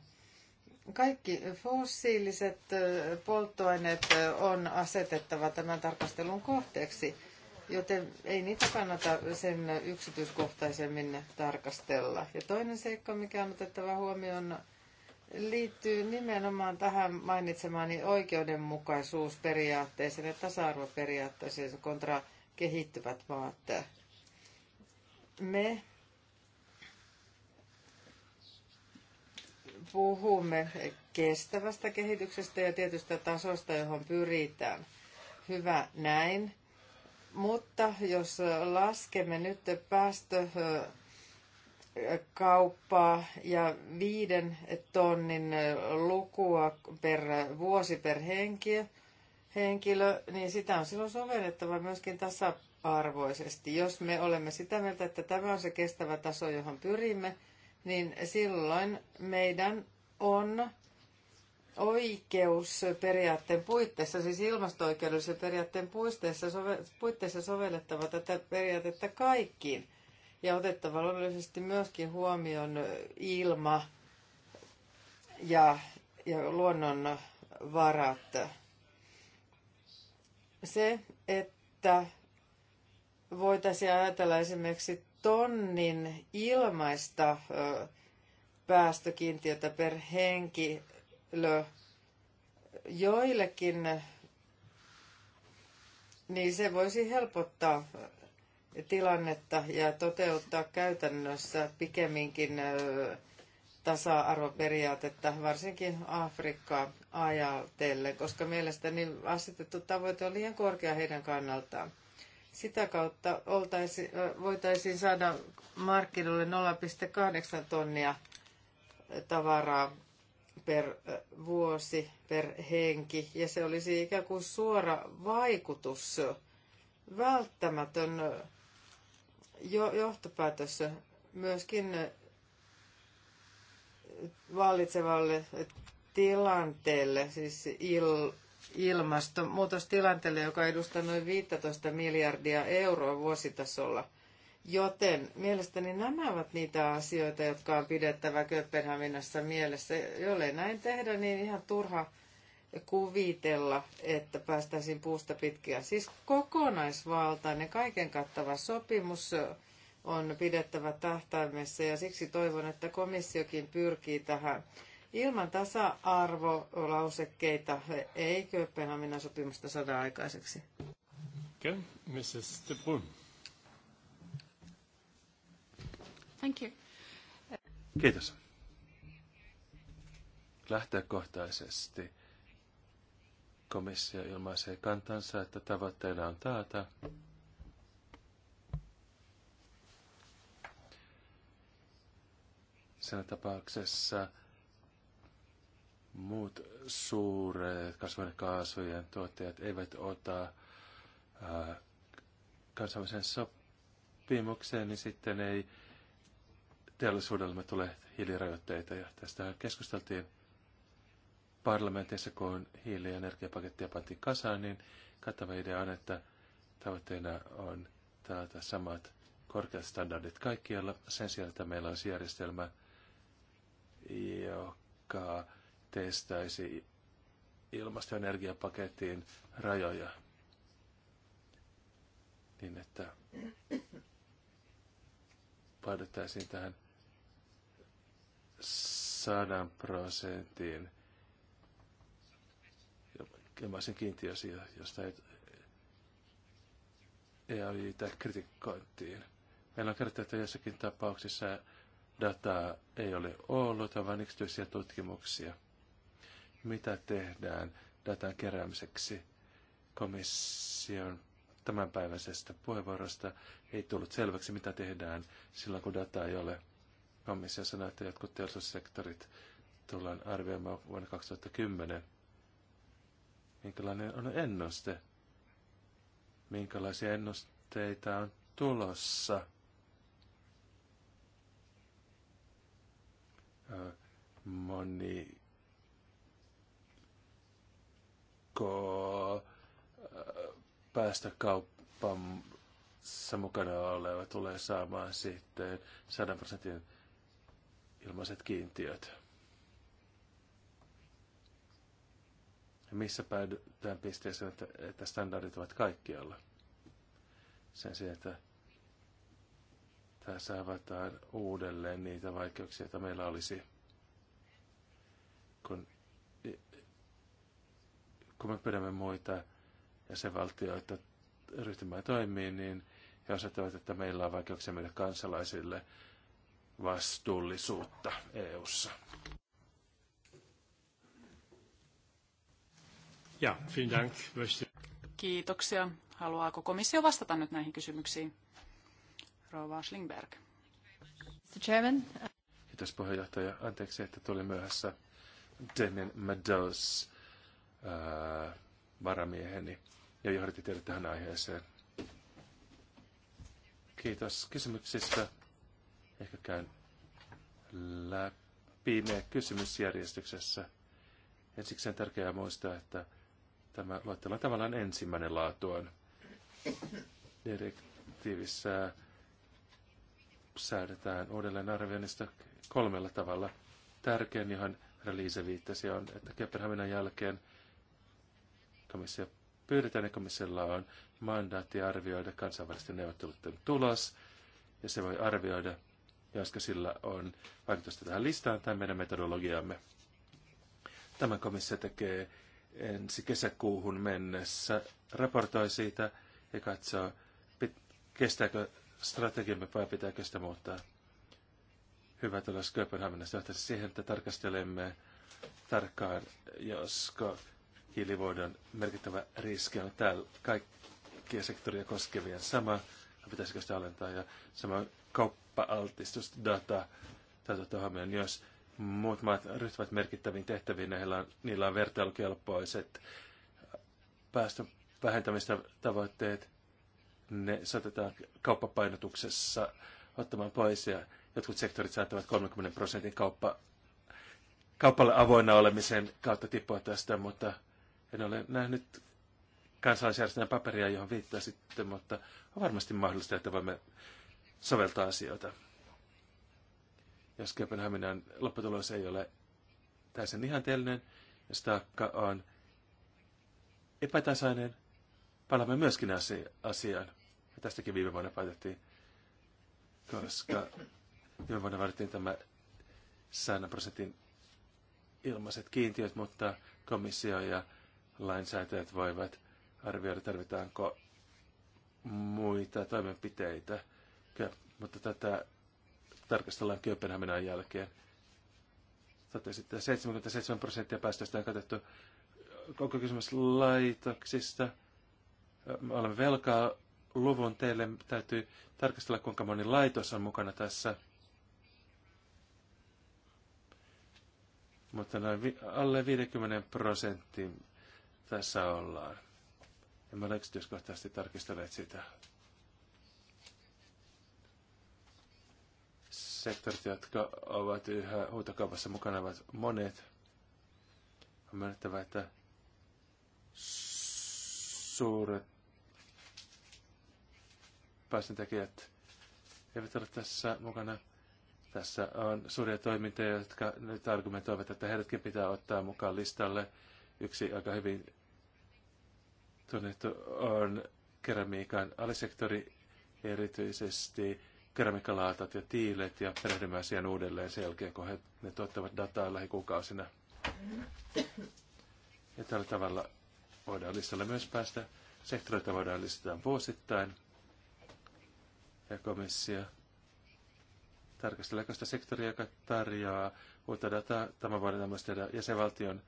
Kaikki fossiiliset äh, polttoaineet äh, on asetettava tämän tarkastelun kohteeksi, joten ei niitä kannata sen yksityiskohtaisemmin tarkastella. Ja toinen seikka, mikä on otettava huomioon, liittyy nimenomaan tähän mainitsemaani oikeudenmukaisuusperiaatteeseen ja tasa-arvoperiaatteeseen kontra kehittyvät maat. Me puhumme kestävästä kehityksestä ja tietystä tasosta, johon pyritään. Hyvä näin. Mutta jos laskemme nyt päästökauppaa ja viiden tonnin lukua per vuosi per henkilö, henkilö, niin sitä on silloin sovellettava myöskin tässä arvoisesti. Jos me olemme sitä mieltä, että tämä on se kestävä taso, johon pyrimme, niin silloin meidän on oikeus periaatteen puitteissa, siis ilmasto-oikeudellisen periaatteen puitteissa, sove, puitteissa sovellettava tätä periaatetta kaikkiin ja otettava luonnollisesti myöskin huomioon ilma ja, ja luonnonvarat. Se, että voitaisiin ajatella esimerkiksi tonnin ilmaista päästökiintiötä per henkilö. Joillekin niin se voisi helpottaa tilannetta ja toteuttaa käytännössä pikemminkin tasa-arvoperiaatetta, varsinkin Afrikkaa ajatellen, koska mielestäni asetettu tavoite on liian korkea heidän kannaltaan. Sitä kautta oltaisi, voitaisiin saada markkinoille 0,8 tonnia tavaraa per vuosi, per henki, ja se olisi ikään kuin suora vaikutus, välttämätön johtopäätös myöskin vallitsevalle tilanteelle, siis il, ilmastonmuutostilanteelle, joka edustaa noin 15 miljardia euroa vuositasolla. Joten mielestäni nämä ovat niitä asioita, jotka on pidettävä Kööpenhaminassa mielessä. Jollei näin tehdä, niin ihan turha kuvitella, että päästäisiin puusta pitkiä. Siis kokonaisvaltainen, kaiken kattava sopimus on pidettävä tähtäimessä ja siksi toivon, että komissiokin pyrkii tähän Ilman tasa-arvolausekkeita ei Kööpenhaminan sopimusta saada aikaiseksi. Okay. Mrs. De Bruyne. Thank you. Kiitos. Lähtökohtaisesti komissio ilmaisee kantansa, että tavoitteena on taata sen tapauksessa muut suuret kasvihuonekaasujen tuottajat eivät ota äh, kansainvälisen sopimukseen, niin sitten ei teollisuudelle tule hiilirajoitteita. Ja tästä keskusteltiin parlamentissa, kun hiili- ja energiapakettia pantiin kasaan, niin kattava idea on, että tavoitteena on taata samat korkeat standardit kaikkialla sen sijaan, että meillä olisi järjestelmä, joka testaisi ilmasto- energiapakettiin rajoja niin, että päädyttäisiin tähän sadan prosentin ilmaisen kiintiösiä, josta ei, ei ajita kritikointiin. Meillä on kerrottu, että jossakin tapauksissa dataa ei ole ollut, vaan yksityisiä tutkimuksia – mitä tehdään datan keräämiseksi. Komission tämänpäiväisestä puheenvuorosta ei tullut selväksi, mitä tehdään silloin, kun dataa ei ole. Komissio sanoi, että jotkut teollisuussektorit tullaan arvioimaan vuonna 2010. Minkälainen on ennuste? Minkälaisia ennusteita on tulossa? Moni Äh, päästä kauppaan mukana oleva tulee saamaan sitten 100 prosentin ilmaiset kiintiöt. Ja missä päädytään pisteeseen, että, että standardit ovat kaikkialla. Sen sijaan, että tässä avataan uudelleen niitä vaikeuksia, joita meillä olisi, kun kun me pidämme muita että ryhtymään toimiin, niin he osoittavat, että meillä on vaikeuksia meille kansalaisille vastuullisuutta EU-ssa. Ja, vielen Dank. Kiitoksia. Haluaako komissio vastata nyt näihin kysymyksiin? Rova Schlingberg. Mr. Chairman. Uh- Kiitos puheenjohtaja. Anteeksi, että tuli myöhässä. Damien Meadows varamieheni ja johdatti teidät tähän aiheeseen. Kiitos kysymyksistä. Ehkä käyn läpi me kysymysjärjestyksessä. Ensiksi on tärkeää muistaa, että tämä luettelo on tavallaan ensimmäinen laatuaan. Direktiivissä säädetään uudelleen arvioinnista kolmella tavalla. Tärkein, johon Release viittasi, on, että Kööpenhaminan jälkeen komissio pyydetään ja komissiolla on mandaatti arvioida kansainvälisten neuvottelujen tulos ja se voi arvioida, josko sillä on vaikutusta tähän listaan tai meidän metodologiamme. Tämä komissio tekee ensi kesäkuuhun mennessä, raportoi siitä ja katsoo, kestääkö strategiamme vai pitääkö sitä muuttaa. Hyvä tulos Kööpenhaminassa johtaisi siihen, että tarkastelemme tarkkaan, josko hiilivuodon merkittävä riski on täällä kaikkia sektoria koskevien sama, pitäisikö sitä alentaa, ja sama kauppa-altistusdata täytyy huomioon, jos muut maat ryhtyvät merkittäviin tehtäviin, heillä on, niillä on vertailukelpoiset päästön vähentämistä tavoitteet, ne saatetaan kauppapainotuksessa ottamaan pois, ja jotkut sektorit saattavat 30 prosentin kauppa, kaupalle avoinna olemisen kautta tippua tästä, mutta en ole nähnyt kansalaisjärjestelmän paperia, johon viittaa sitten, mutta on varmasti mahdollista, että voimme soveltaa asioita. Jos Kööpenhaminan lopputulos ei ole täysin ihanteellinen, jos taakka on epätasainen, palaamme myöskin asiaan. Ja tästäkin viime vuonna päätettiin, koska viime vuonna vaadittiin tämä 100 prosentin ilmaiset kiintiöt, mutta komissio ja lainsäätäjät voivat arvioida, tarvitaanko muita toimenpiteitä, mutta tätä tarkastellaan Kööpenhaminan jälkeen. Totesi, että 77 prosenttia päästöistä on katettu. Onko kysymys laitoksista? Me olemme velkaa luvun teille. Täytyy tarkastella, kuinka moni laitos on mukana tässä. Mutta noin alle 50 prosenttia tässä ollaan. Emme ole yksityiskohtaisesti tarkistaneet sitä. Sektorit, jotka ovat yhä huutokaupassa mukana, ovat monet. On myönnettävä, että suuret päästöntekijät eivät ole tässä mukana. Tässä on suuria toimintoja, jotka nyt argumentoivat, että heidätkin pitää ottaa mukaan listalle. Yksi aika hyvin tunnettu on keramiikan alisektori, erityisesti keramiikkalaatat ja tiilet, ja perehdymään siihen uudelleen sen jälkeen, kun he, ne tuottavat dataa lähikuukausina. Ja tällä tavalla voidaan listalle myös päästä. Sektoreita voidaan listata vuosittain. Ja komissio tarkastelee sitä sektoria, joka tarjoaa uutta dataa. Tämä voidaan myös tehdä jäsenvaltion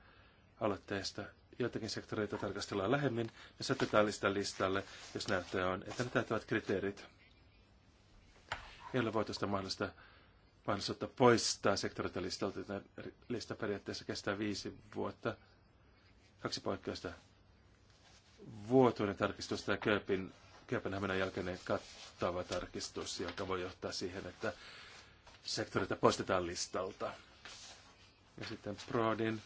aloitteesta joitakin sektoreita tarkastellaan lähemmin ja saatetaan listan listalle, jos näyttöä on, että ne täyttävät kriteerit. Ei ole voitosta mahdollista mahdollisuutta poistaa sektoreita listalta. että lista periaatteessa kestää viisi vuotta. Kaksi poikkeusta. Vuotuinen tarkistus tai Kööpin, Kööpenhaminan jälkeinen kattava tarkistus, joka voi johtaa siihen, että sektoreita poistetaan listalta. Ja sitten Prodin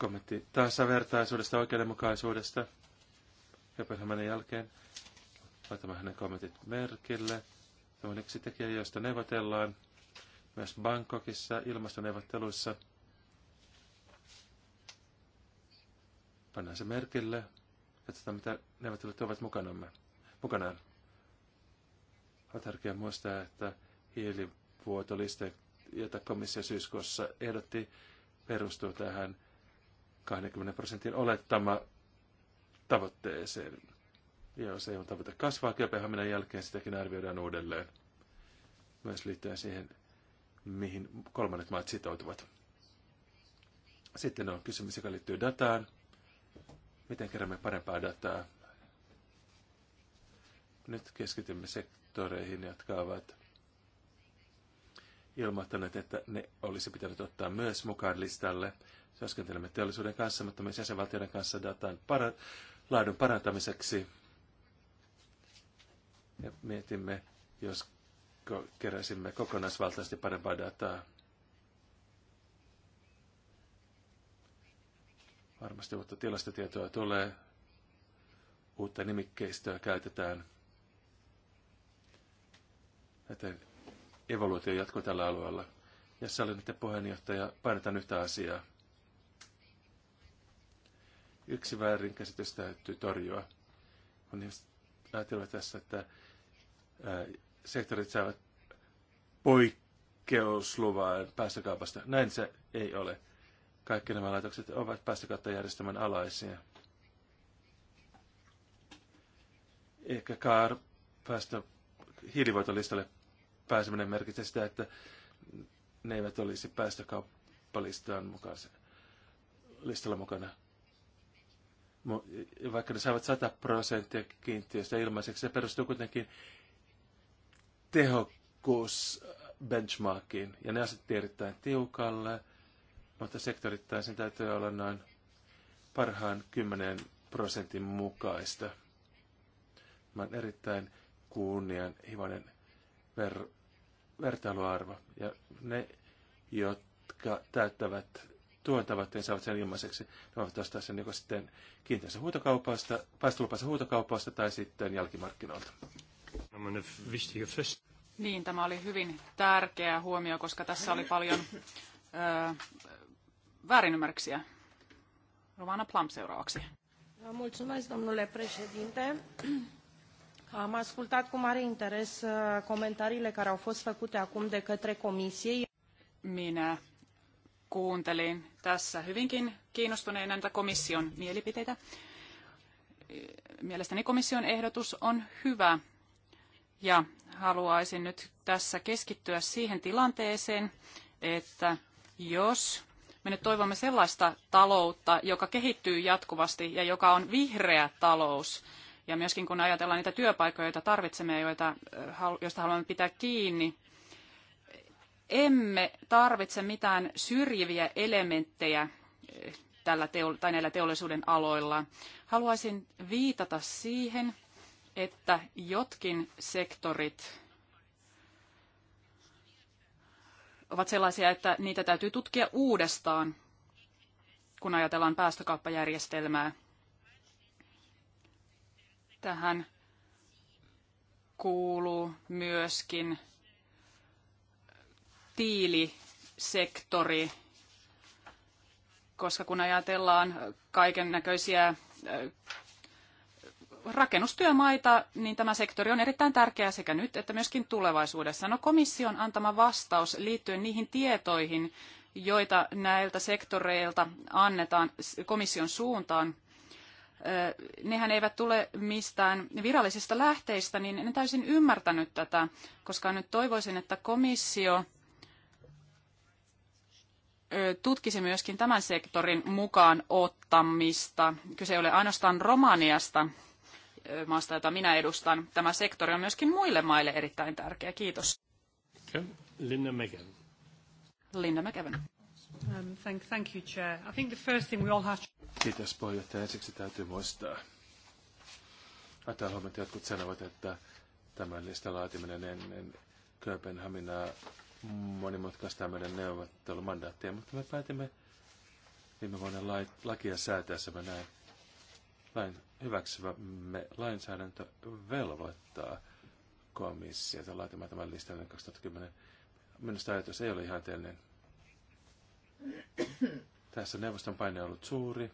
kommentti tasavertaisuudesta, oikeudenmukaisuudesta. Kööpenhaminan jälkeen laitamme hänen kommentit merkille. Se on yksi tekijä, josta neuvotellaan myös Bangkokissa ilmastoneuvotteluissa. Pannaan se merkille. Katsotaan, mitä neuvottelut ovat mukanamme. mukanaan. On tärkeää muistaa, että hiilivuotoliste, jota komissio syyskuussa ehdotti, perustuu tähän – 20 prosentin olettama tavoitteeseen. ja Jos EUn tavoite kasvaa Kööpenhaminan jälkeen, sitäkin arvioidaan uudelleen. Myös liittyen siihen, mihin kolmannet maat sitoutuvat. Sitten on kysymys, joka liittyy dataan. Miten keräämme parempaa dataa? Nyt keskitymme sektoreihin, jotka ovat ilmoittaneet, että ne olisi pitänyt ottaa myös mukaan listalle – Työskentelemme teollisuuden kanssa, mutta myös jäsenvaltioiden kanssa datan para- laadun parantamiseksi. Ja mietimme, jos keräsimme kokonaisvaltaisesti parempaa dataa. Varmasti uutta tilastotietoa tulee, uutta nimikkeistöä käytetään. että evoluutio jatkuu tällä alueella. Ja salin, että puheenjohtaja, painetaan yhtä asiaa. Yksi väärinkäsitys täytyy torjua. On ajatella tässä, että sektorit saavat poikkeusluvan päästökaupasta. Näin se ei ole. Kaikki nämä laitokset ovat päästökauttajärjestelmän alaisia. Ehkä kaar päästö hiilivuotolistalle pääseminen merkitsee sitä, että ne eivät olisi päästökauppalistaan mukaan listalla mukana vaikka ne saavat 100 prosenttia kiintiöstä ilmaiseksi, se perustuu kuitenkin tehokkuusbenchmarkiin. benchmarkiin. Ja ne asettiin erittäin tiukalle, mutta sektorittain sen täytyy olla noin parhaan 10 prosentin mukaista. Mä oon erittäin kunnianhimoinen ver- vertailuarvo. Ja ne, jotka täyttävät tuon tavoitteen saavat sen ilmaiseksi. Ne no, voivat ostaa sen joko sitten kiinteässä huutokaupasta, päästölupaansa huutokaupasta tai sitten jälkimarkkinoilta. Niin, tämä oli hyvin tärkeä huomio, koska tässä oli paljon öö, väärinymmärryksiä. Rovana Plam seuraavaksi. Mulțumesc, domnule președinte. Am ascultat cu mare interes uh, comentariile care au fost făcute acum de către comisie. Minä kuuntelin tässä hyvinkin kiinnostuneena näitä komission mielipiteitä. Mielestäni komission ehdotus on hyvä ja haluaisin nyt tässä keskittyä siihen tilanteeseen, että jos me nyt toivomme sellaista taloutta, joka kehittyy jatkuvasti ja joka on vihreä talous, ja myöskin kun ajatellaan niitä työpaikkoja, joita tarvitsemme ja joista haluamme pitää kiinni, emme tarvitse mitään syrjiviä elementtejä eh, tällä teo- tai näillä teollisuuden aloilla. Haluaisin viitata siihen, että jotkin sektorit ovat sellaisia, että niitä täytyy tutkia uudestaan, kun ajatellaan päästökauppajärjestelmää. Tähän kuuluu myöskin tekstiilisektori, koska kun ajatellaan kaiken näköisiä rakennustyömaita, niin tämä sektori on erittäin tärkeä sekä nyt että myöskin tulevaisuudessa. No komission antama vastaus liittyen niihin tietoihin, joita näiltä sektoreilta annetaan komission suuntaan, nehän eivät tule mistään virallisista lähteistä, niin en täysin ymmärtänyt tätä, koska nyt toivoisin, että komissio tutkisi myöskin tämän sektorin mukaan ottamista. Kyse ei ole ainoastaan Romaniasta, maasta, jota minä edustan. Tämä sektori on myöskin muille maille erittäin tärkeä. Kiitos. Linda Megan. Linda Megan. Um, thank, thank you, Chair. I think the first thing we all have to... Kiitos puheenjohtaja. Ensiksi täytyy muistaa. Ajattelen huomioon, että jotkut sanovat, että tämän listan laatiminen ennen Kööpenhaminaa monimutkaistaa meidän neuvottelumandaattia, mutta me päätimme viime vuonna lait, lakia me näin. Lain hyväksyvämme lainsäädäntö velvoittaa komissiota laatimaan tämän listan 2010. Minusta ajatus ei ole ihan ihanteellinen. Tässä neuvoston paine on ollut suuri,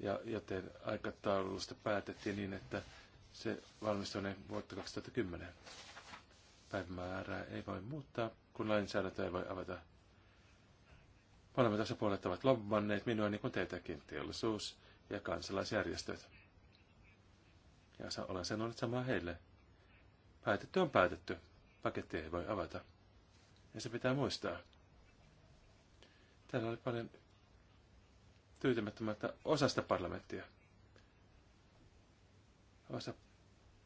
ja joten aikataulusta päätettiin niin, että se valmistuu vuotta 2010. Päivämäärää ei voi muuttaa, kun lainsäädäntö ei voi avata. Molemmat osapuolet ovat lobbanneet minua niin kuin teitäkin, teollisuus ja kansalaisjärjestöt. Ja olen sanonut samaa heille. Päätetty on päätetty. Paketti ei voi avata. Ja se pitää muistaa. Täällä oli paljon tyytymättömältä osasta parlamenttia. Osa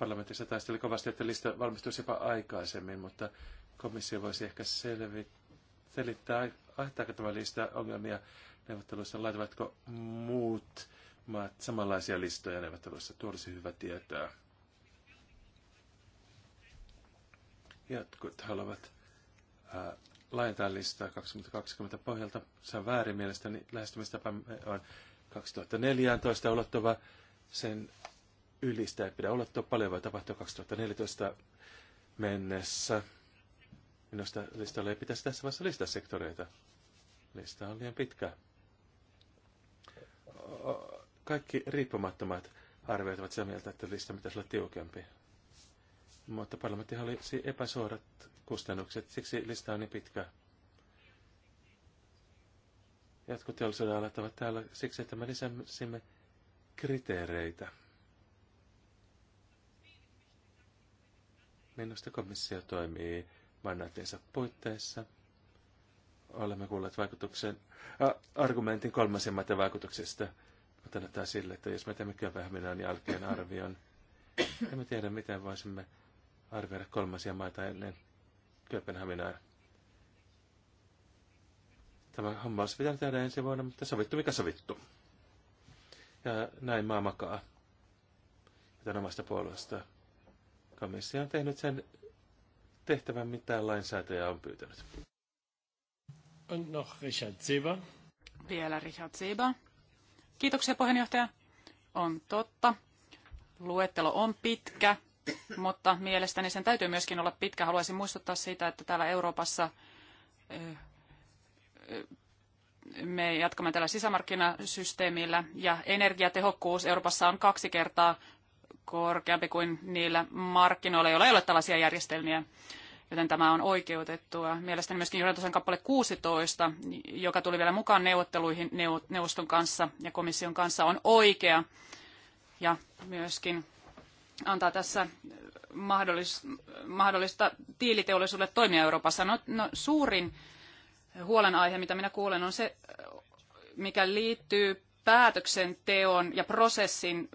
parlamentissa taisteli kovasti, että lista valmistuisi jopa aikaisemmin, mutta komissio voisi ehkä selvittää selittää, aiheuttaako tämä lista ongelmia neuvotteluissa, laitavatko muut maat samanlaisia listoja neuvotteluissa. Tuo olisi hyvä tietää. Jotkut haluavat ää, laajentaa listaa 2020 pohjalta. Se on väärin mielestäni lähestymistapamme on 2014 ulottuva sen ylistä ei pidä olottua paljon, vai tapahtua 2014 mennessä. Minusta listalle ei pitäisi tässä vaiheessa listaa sektoreita. Lista on liian pitkä. Kaikki riippumattomat arviot ovat sitä mieltä, että lista pitäisi olla tiukempi. Mutta parlamentti hallitsi epäsuorat kustannukset, siksi lista on niin pitkä. Jotkut alat ovat täällä siksi, että me lisäsimme kriteereitä. Minusta komissio toimii mandaattinsa puitteissa. Olemme kuulleet vaikutuksen, äh, argumentin kolmasen maiden vaikutuksesta. Mutta näyttää sille, että jos me teemme Kööpenhaminan niin jälkeen arvion, emme tiedä, miten voisimme arvioida kolmasia maita ennen Kööpenhaminaa. Tämä homma olisi pitänyt tehdä ensi vuonna, mutta sovittu mikä sovittu. Ja näin maa makaa. Tämän omasta puolestaan. Komissio on tehnyt sen tehtävän, mitä lainsäätäjä on pyytänyt. Und noch Richard Vielä Richard Seber. Kiitoksia puheenjohtaja. On totta. Luettelo on pitkä, mutta mielestäni sen täytyy myöskin olla pitkä. Haluaisin muistuttaa siitä, että täällä Euroopassa me jatkamme tällä sisämarkkinasysteemillä ja energiatehokkuus Euroopassa on kaksi kertaa korkeampi kuin niillä markkinoilla, joilla ei ole tällaisia järjestelmiä, joten tämä on oikeutettua. Mielestäni myöskin johdantosan kappale 16, joka tuli vielä mukaan neuvotteluihin neuvoston kanssa ja komission kanssa, on oikea ja myöskin antaa tässä mahdollista tiiliteollisuudelle toimia Euroopassa. No, no, suurin huolenaihe, mitä minä kuulen, on se, mikä liittyy päätöksenteon ja prosessin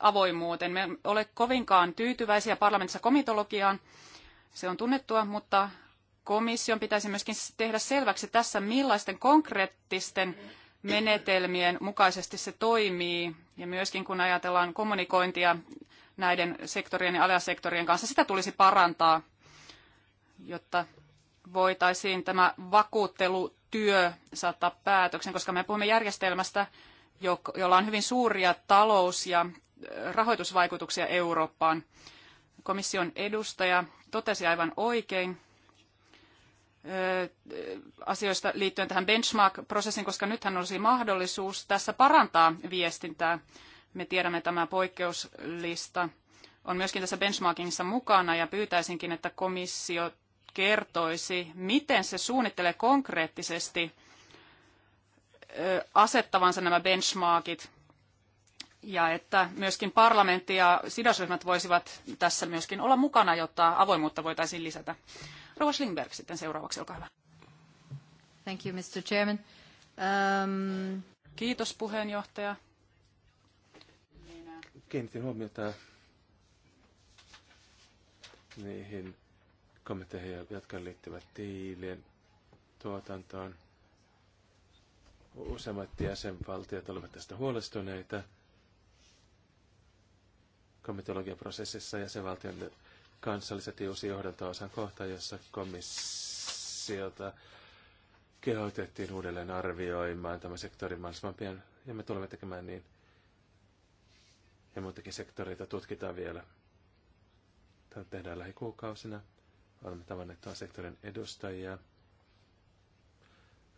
avoimuuteen. Me ole kovinkaan tyytyväisiä parlamentissa komitologiaan, se on tunnettua, mutta komission pitäisi myöskin tehdä selväksi tässä, millaisten konkreettisten menetelmien mukaisesti se toimii. Ja myöskin kun ajatellaan kommunikointia näiden sektorien ja alasektorien kanssa, sitä tulisi parantaa, jotta voitaisiin tämä vakuuttelutyö saattaa päätöksen, koska me puhumme järjestelmästä, jolla on hyvin suuria talous- ja rahoitusvaikutuksia Eurooppaan. Komission edustaja totesi aivan oikein asioista liittyen tähän benchmark-prosessiin, koska nythän olisi mahdollisuus tässä parantaa viestintää. Me tiedämme tämä poikkeuslista on myöskin tässä benchmarkingissa mukana ja pyytäisinkin, että komissio kertoisi, miten se suunnittelee konkreettisesti asettavansa nämä benchmarkit ja että myöskin parlamentti ja sidosryhmät voisivat tässä myöskin olla mukana, jotta avoimuutta voitaisiin lisätä. Rova Schlingberg sitten seuraavaksi, olkaa hyvä. Thank you, Mr. Chairman. Um... Kiitos puheenjohtaja. Kiinnitin huomiota niihin kommentteihin, jotka liittyvät tiilien tuotantoon. Useimmat jäsenvaltiot olivat tästä huolestuneita – komitologiaprosessissa jäsenvaltion kansalliset eu johdanto-osan kohta, jossa komissiota kehotettiin uudelleen arvioimaan tämä sektori mahdollisimman pian, ja me tulemme tekemään niin. Ja muitakin sektoreita tutkitaan vielä. Tämä tehdään lähikuukausina. Olemme tavanneet tuon sektorin edustajia.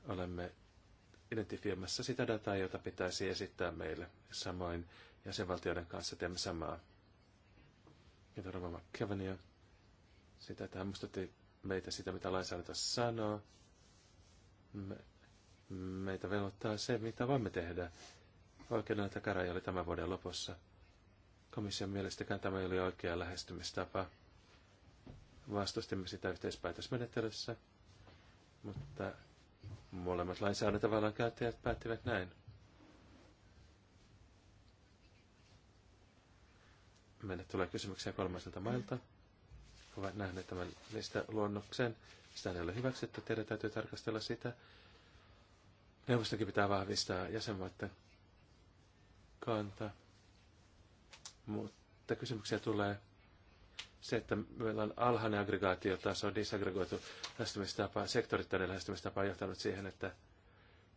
Olemme identifioimassa sitä dataa, jota pitäisi esittää meille. Samoin jäsenvaltioiden kanssa teemme samaa. Ja Rova McKevenia sitä, että hän muistutti meitä sitä, mitä lainsäädäntö sanoo. Me, meitä velvoittaa se, mitä voimme tehdä. Oikeuden takaraja oli tämän vuoden lopussa. Komission mielestäkään tämä ei ole oikea lähestymistapa. Vastustimme sitä yhteispäätösmenettelyssä, mutta molemmat lainsäädäntövallan käyttäjät päättivät näin. Meille tulee kysymyksiä kolmaiselta mailta. Ovat nähneet tämän luonnokseen. Sitä ei ole hyväksytty. Teidän täytyy tarkastella sitä. Neuvostokin pitää vahvistaa jäsenmaiden kanta. Mutta kysymyksiä tulee se, että meillä on alhainen aggregaatiotaso, disaggregoitu lähestymistapa, sektorittainen lähestymistapa on johtanut siihen, että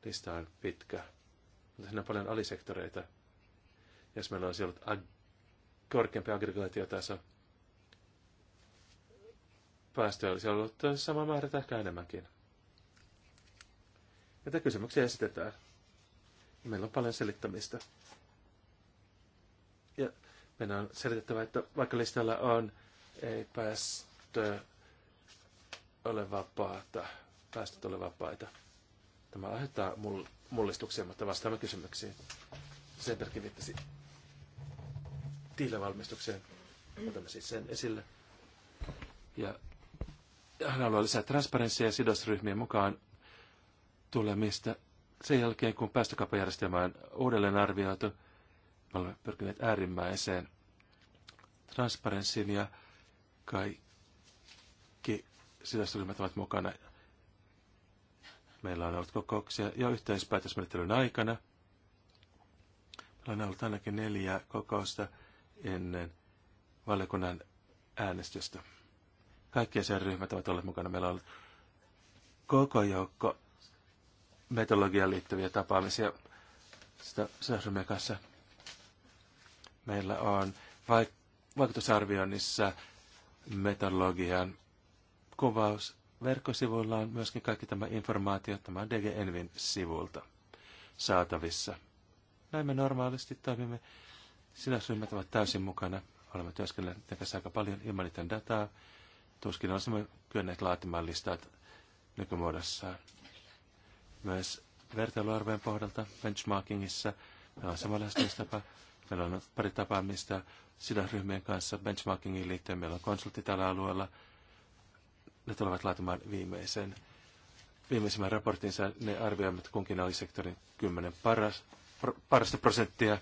lista on pitkä. Mutta siinä on paljon alisektoreita. Jos meillä olisi ollut ag- korkeampi aggregaatiotaso. Päästöjä olisi ollut sama määrä tai ehkä enemmänkin. Tätä kysymyksiä esitetään. Ja meillä on paljon selittämistä. Ja meidän on selitettävä, että vaikka listalla on, ei päästö ole vapaata, päästöt ole vapaita. Tämä aiheuttaa mullistuksia, mutta vastaamme kysymyksiin. Senbergin viittasi tiilevalmistukseen. Otamme siis sen esille. Ja hän haluaa lisää transparenssia ja sidosryhmien mukaan tulemista sen jälkeen, kun päästökauppajärjestelmä on uudelleen arvioitu. Me olemme pyrkineet äärimmäiseen transparenssiin ja kaikki sidosryhmät ovat mukana. Meillä on ollut kokouksia jo yhteispäätösmenettelyn aikana. Meillä on ollut ainakin neljä kokousta ennen valiokunnan äänestystä. Kaikki sen ryhmät ovat olleet mukana. Meillä on ollut koko joukko metodologiaan liittyviä tapaamisia sitä sidosryhmien kanssa. Meillä on vaik- vaikutusarvioinnissa metodologian kuvaus. Verkkosivuilla on myöskin kaikki tämä informaatio, tämä on DG Envin sivulta saatavissa. Näin me normaalisti toimimme Sidosryhmät ovat täysin mukana. Olemme työskennelleet tässä aika paljon ilman niiden dataa. Tuskin olisimme kyenneet laatimaan listat nykymuodossaan. Myös vertailuarvojen pohdalta benchmarkingissa meillä on sama lähestymistapa. Meillä on pari tapaamista sidosryhmien kanssa benchmarkingiin liittyen. Meillä on konsultti tällä alueella. Ne tulevat laatimaan viimeisen viimeisimmän raportinsa. Ne arvioivat, että kunkin alisektorin 10 paras, parasta prosenttia.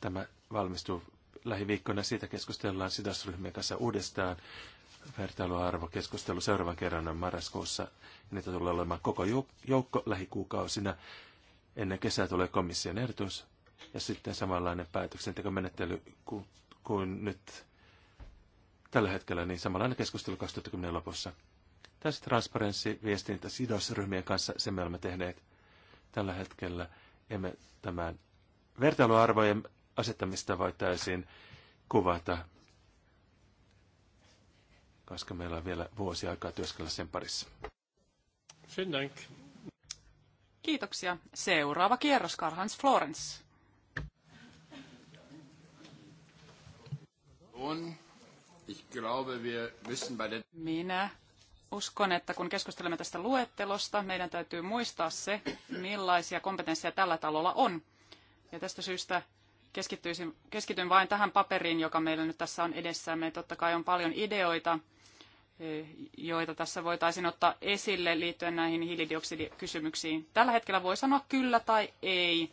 Tämä valmistuu lähiviikkoina. Siitä keskustellaan sidosryhmien kanssa uudestaan. Vertailuarvokeskustelu seuraavan kerran on marraskuussa. Niitä tulee olemaan koko joukko lähikuukausina. Ennen kesää tulee komission ehdotus ja sitten samanlainen päätöksentekomenettely kuin, kuin nyt tällä hetkellä, niin samanlainen keskustelu 2010 lopussa. Tässä transparenssi viestintä sidosryhmien kanssa, sen me olemme tehneet tällä hetkellä. Emme tämän vertailuarvojen asettamista voitaisiin kuvata, koska meillä on vielä vuosi aikaa työskennellä sen parissa. Kiitoksia. Seuraava kierros, Karhans Florence. Minä uskon, että kun keskustelemme tästä luettelosta, meidän täytyy muistaa se, millaisia kompetensseja tällä talolla on. Ja tästä syystä keskittyisin, keskityn vain tähän paperiin, joka meillä nyt tässä on edessämme. Totta kai on paljon ideoita, e, joita tässä voitaisiin ottaa esille liittyen näihin hiilidioksidikysymyksiin. Tällä hetkellä voi sanoa kyllä tai ei.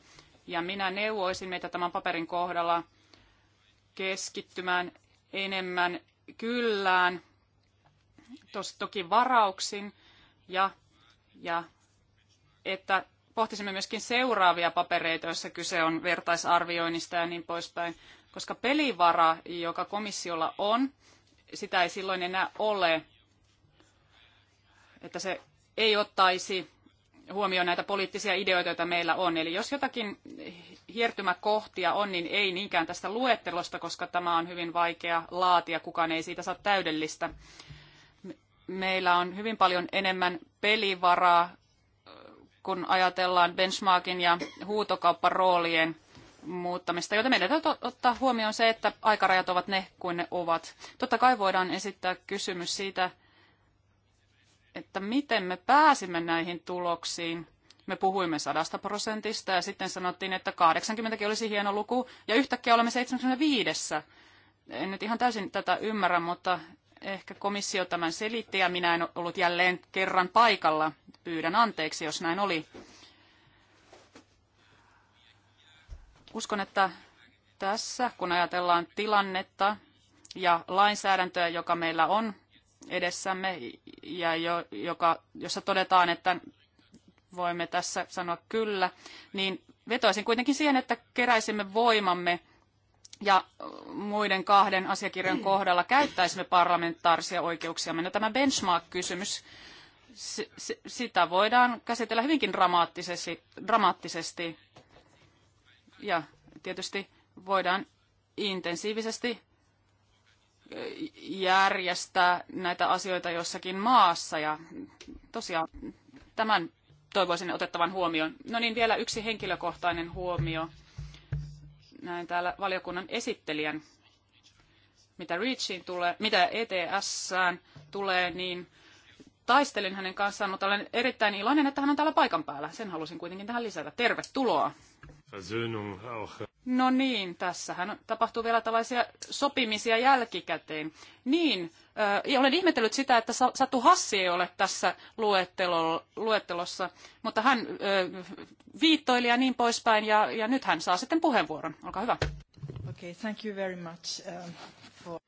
Ja minä neuvoisin meitä tämän paperin kohdalla keskittymään enemmän kyllään, tos, toki varauksin ja, ja että pohtisimme myöskin seuraavia papereita, joissa kyse on vertaisarvioinnista ja niin poispäin, koska pelivara, joka komissiolla on, sitä ei silloin enää ole, että se ei ottaisi huomioon näitä poliittisia ideoita, joita meillä on. Eli jos jotakin hiertymäkohtia on, niin ei niinkään tästä luettelosta, koska tämä on hyvin vaikea laatia, kukaan ei siitä saa täydellistä. Meillä on hyvin paljon enemmän pelivaraa kun ajatellaan benchmarkin ja huutokaupparoolien muuttamista, joten meidän täytyy ottaa huomioon se, että aikarajat ovat ne kuin ne ovat. Totta kai voidaan esittää kysymys siitä, että miten me pääsimme näihin tuloksiin. Me puhuimme sadasta prosentista ja sitten sanottiin, että 80 olisi hieno luku ja yhtäkkiä olemme 75. En nyt ihan täysin tätä ymmärrä, mutta Ehkä komissio tämän selitti ja minä en ollut jälleen kerran paikalla. Pyydän anteeksi, jos näin oli. Uskon, että tässä, kun ajatellaan tilannetta ja lainsäädäntöä, joka meillä on edessämme ja jo, joka, jossa todetaan, että voimme tässä sanoa kyllä, niin vetoisin kuitenkin siihen, että keräisimme voimamme ja muiden kahden asiakirjan kohdalla käyttäisimme parlamentaarisia oikeuksia. No, tämä benchmark-kysymys, sitä voidaan käsitellä hyvinkin dramaattisesti, dramaattisesti. Ja tietysti voidaan intensiivisesti järjestää näitä asioita jossakin maassa. Ja tosiaan tämän toivoisin otettavan huomioon. No niin, vielä yksi henkilökohtainen huomio näin täällä valiokunnan esittelijän. Mitä Reachiin tulee, mitä ETSään tulee, niin taistelin hänen kanssaan, mutta olen erittäin iloinen, että hän on täällä paikan päällä. Sen halusin kuitenkin tähän lisätä. Tervetuloa. No niin, tässähän tapahtuu vielä tällaisia sopimisia jälkikäteen. Niin, äh, olen ihmetellyt sitä, että Satu Hassi ei ole tässä luettelo, luettelossa, mutta hän äh, viittoili ja niin poispäin, ja, ja nyt hän saa sitten puheenvuoron. Olkaa hyvä. Okay, thank you very much. Um, for...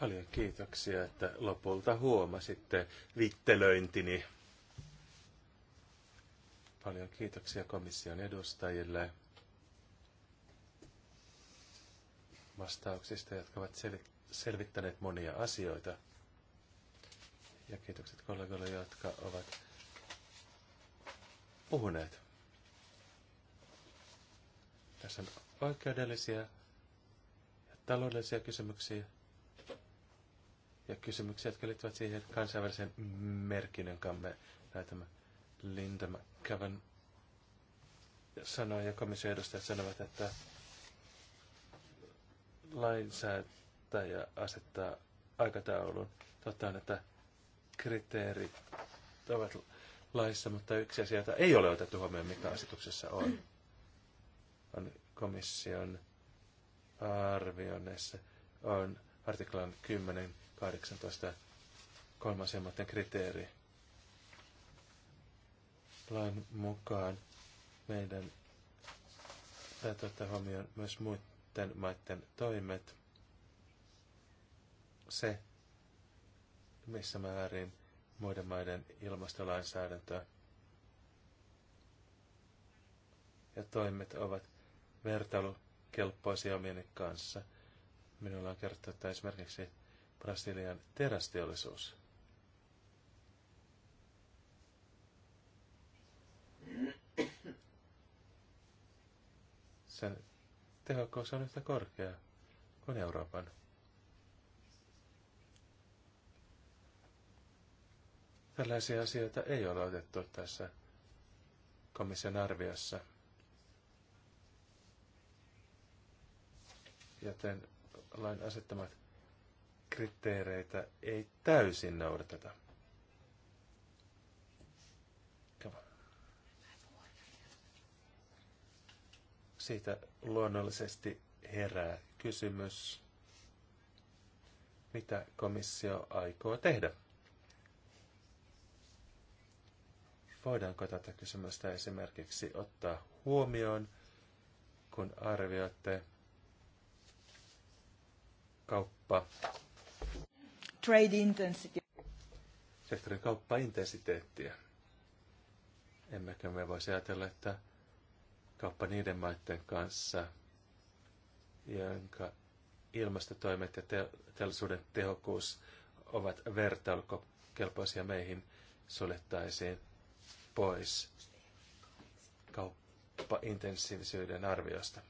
Paljon kiitoksia, että lopulta huomasitte vittelöintini. Paljon kiitoksia komission edustajille. vastauksista, jotka ovat selvittäneet monia asioita. Ja kiitokset kollegoille, jotka ovat puhuneet. Tässä on oikeudellisia ja taloudellisia kysymyksiä ja kysymyksiä, jotka liittyvät siihen kansainvälisen merkinnän, jonka me näytämme Linda McCavan sanoi ja komission edustajat sanovat, että lainsäätäjä asettaa aikataulun. Totta on, että kriteerit ovat laissa, mutta yksi asia, jota ei ole otettu huomioon, mikä asetuksessa on, on komission arvioinnissa, on artiklan 10, 18, kolmasen kriteeri. Lain mukaan meidän täytyy ottaa huomioon myös muut muiden maiden toimet, se, missä määrin muiden maiden ilmastolainsäädäntöä ja toimet ovat vertailukelpoisia omien kanssa. Minulla on kerrottu, että esimerkiksi Brasilian terästeollisuus sen tehokkuus on yhtä korkea kuin Euroopan. Tällaisia asioita ei ole otettu tässä komission arviossa. Joten lain asettamat kriteereitä ei täysin noudateta. siitä luonnollisesti herää kysymys, mitä komissio aikoo tehdä. Voidaanko tätä kysymystä esimerkiksi ottaa huomioon, kun arvioitte kauppa trade intensity. Sektorin kauppaintensiteettiä. Emmekö me voisi ajatella, että kauppa niiden maiden kanssa, jonka ilmastotoimet ja te- teollisuuden tehokkuus ovat vertailukelpoisia meihin, suljettaisiin pois kauppaintensiivisyyden arviosta.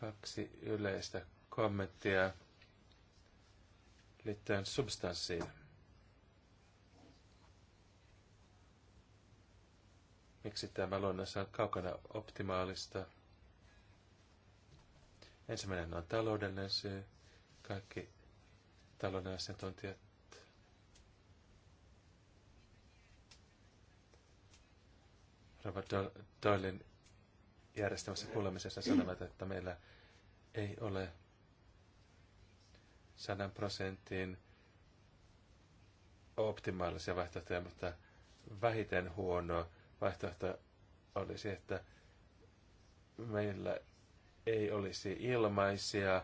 Kaksi yleistä kommenttia liittyen substanssiin. miksi tämä luonnossa on kaukana optimaalista. Ensimmäinen on taloudellinen syy. Kaikki talouden asiantuntijat Robert Doylin järjestämässä kuulemisessa sanovat, että meillä ei ole sadan prosentin optimaalisia vaihtoehtoja, mutta vähiten huonoa vaihtoehto olisi, että meillä ei olisi ilmaisia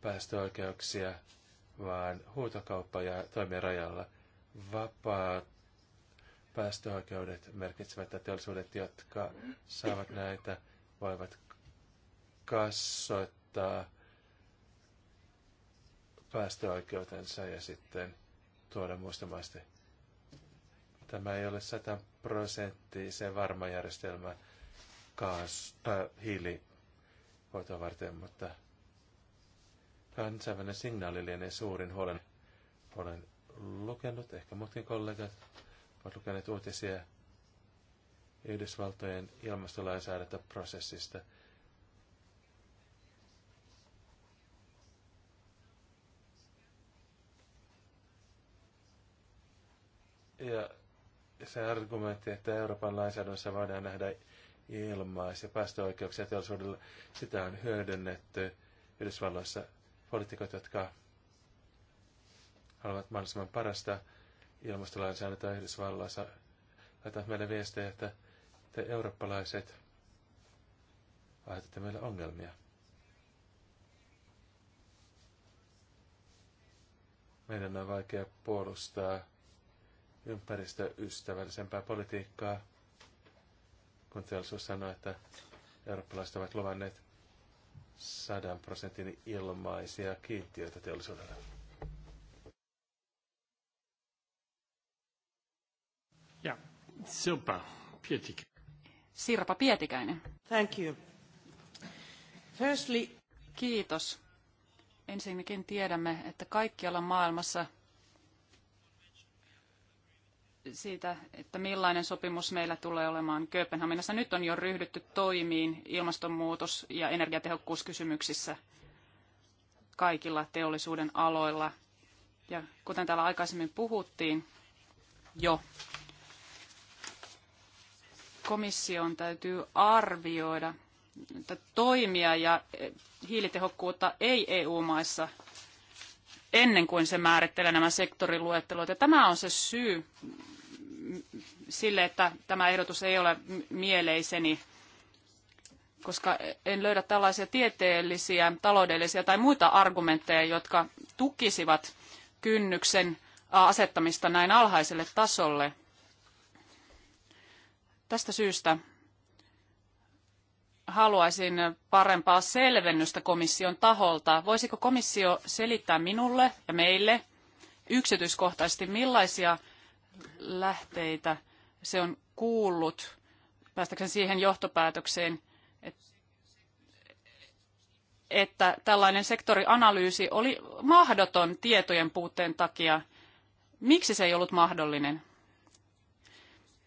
päästöoikeuksia, vaan huutokauppa ja toimien rajalla. Vapaat päästöoikeudet merkitsevät, että teollisuudet, jotka saavat näitä, voivat kassoittaa päästöoikeutensa ja sitten tuoda muista maista Tämä ei ole 100 se varma järjestelmä kaas, äh, varten, mutta kansainvälinen signaali lienee suurin huolen. Olen lukenut, ehkä muutkin kollegat ovat lukeneet uutisia Yhdysvaltojen ilmastolainsäädäntöprosessista. Ja se argumentti, että Euroopan lainsäädännössä voidaan nähdä ilmais- ja päästöoikeuksia teollisuudella, sitä on hyödynnetty Yhdysvalloissa poliitikot, jotka haluavat mahdollisimman parasta ilmastolainsäädäntöä Yhdysvalloissa, laitavat meille viestejä, että te eurooppalaiset aiheutatte meille ongelmia. Meidän on vaikea puolustaa ympäristöystävällisempää politiikkaa, kun teollisuus sanoi, että eurooppalaiset ovat luvanneet sadan prosentin ilmaisia kiintiöitä teollisuudelle. Ja, Sirpa Pietikäinen. Sirpa Pietikäinen. Thank you. Firstly... Kiitos. Ensinnäkin tiedämme, että kaikkialla maailmassa – siitä, että millainen sopimus meillä tulee olemaan Kööpenhaminassa. Nyt on jo ryhdytty toimiin ilmastonmuutos- ja energiatehokkuuskysymyksissä kaikilla teollisuuden aloilla. Ja kuten täällä aikaisemmin puhuttiin jo, komission täytyy arvioida toimia ja eh, hiilitehokkuutta ei EU-maissa ennen kuin se määrittelee nämä sektoriluettelot. Ja tämä on se syy sille, että tämä ehdotus ei ole mieleiseni, koska en löydä tällaisia tieteellisiä, taloudellisia tai muita argumentteja, jotka tukisivat kynnyksen asettamista näin alhaiselle tasolle. Tästä syystä haluaisin parempaa selvennystä komission taholta. Voisiko komissio selittää minulle ja meille yksityiskohtaisesti, millaisia lähteitä se on kuullut, päästäkseen siihen johtopäätökseen, että tällainen sektorianalyysi oli mahdoton tietojen puutteen takia. Miksi se ei ollut mahdollinen?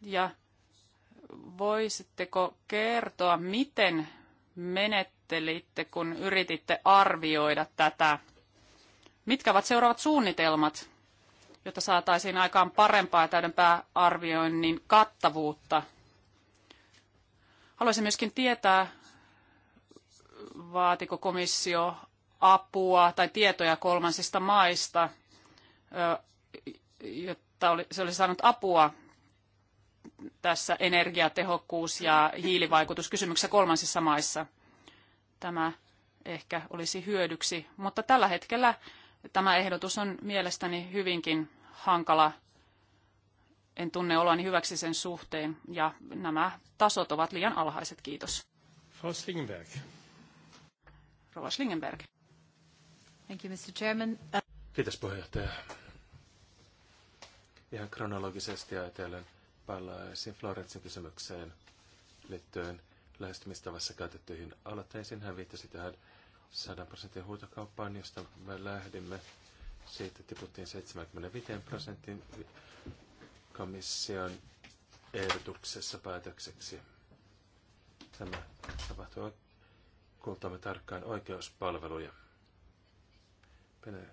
Ja voisitteko kertoa, miten menettelitte, kun yrititte arvioida tätä? Mitkä ovat seuraavat suunnitelmat, jotta saataisiin aikaan parempaa ja täydempää arvioinnin kattavuutta? Haluaisin myöskin tietää, vaatiko komissio apua tai tietoja kolmansista maista, jotta se olisi saanut apua tässä energiatehokkuus- ja hiilivaikutuskysymyksessä kolmansissa maissa. Tämä ehkä olisi hyödyksi, mutta tällä hetkellä tämä ehdotus on mielestäni hyvinkin hankala. En tunne oloani hyväksi sen suhteen ja nämä tasot ovat liian alhaiset. Kiitos. Frau Slingenberg. Rova Slingenberg. Thank you, Mr. Chairman. Kiitos puheenjohtaja. Ihan kronologisesti ajatellen palaisin Florensin kysymykseen liittyen lähestymistavassa käytettyihin aloitteisiin. Hän viittasi tähän 100 prosentin huutokauppaan, josta me lähdimme. Siitä tiputtiin 75 prosentin komission ehdotuksessa päätökseksi. Tämä tapahtui kuultamme tarkkaan oikeuspalveluja. Pene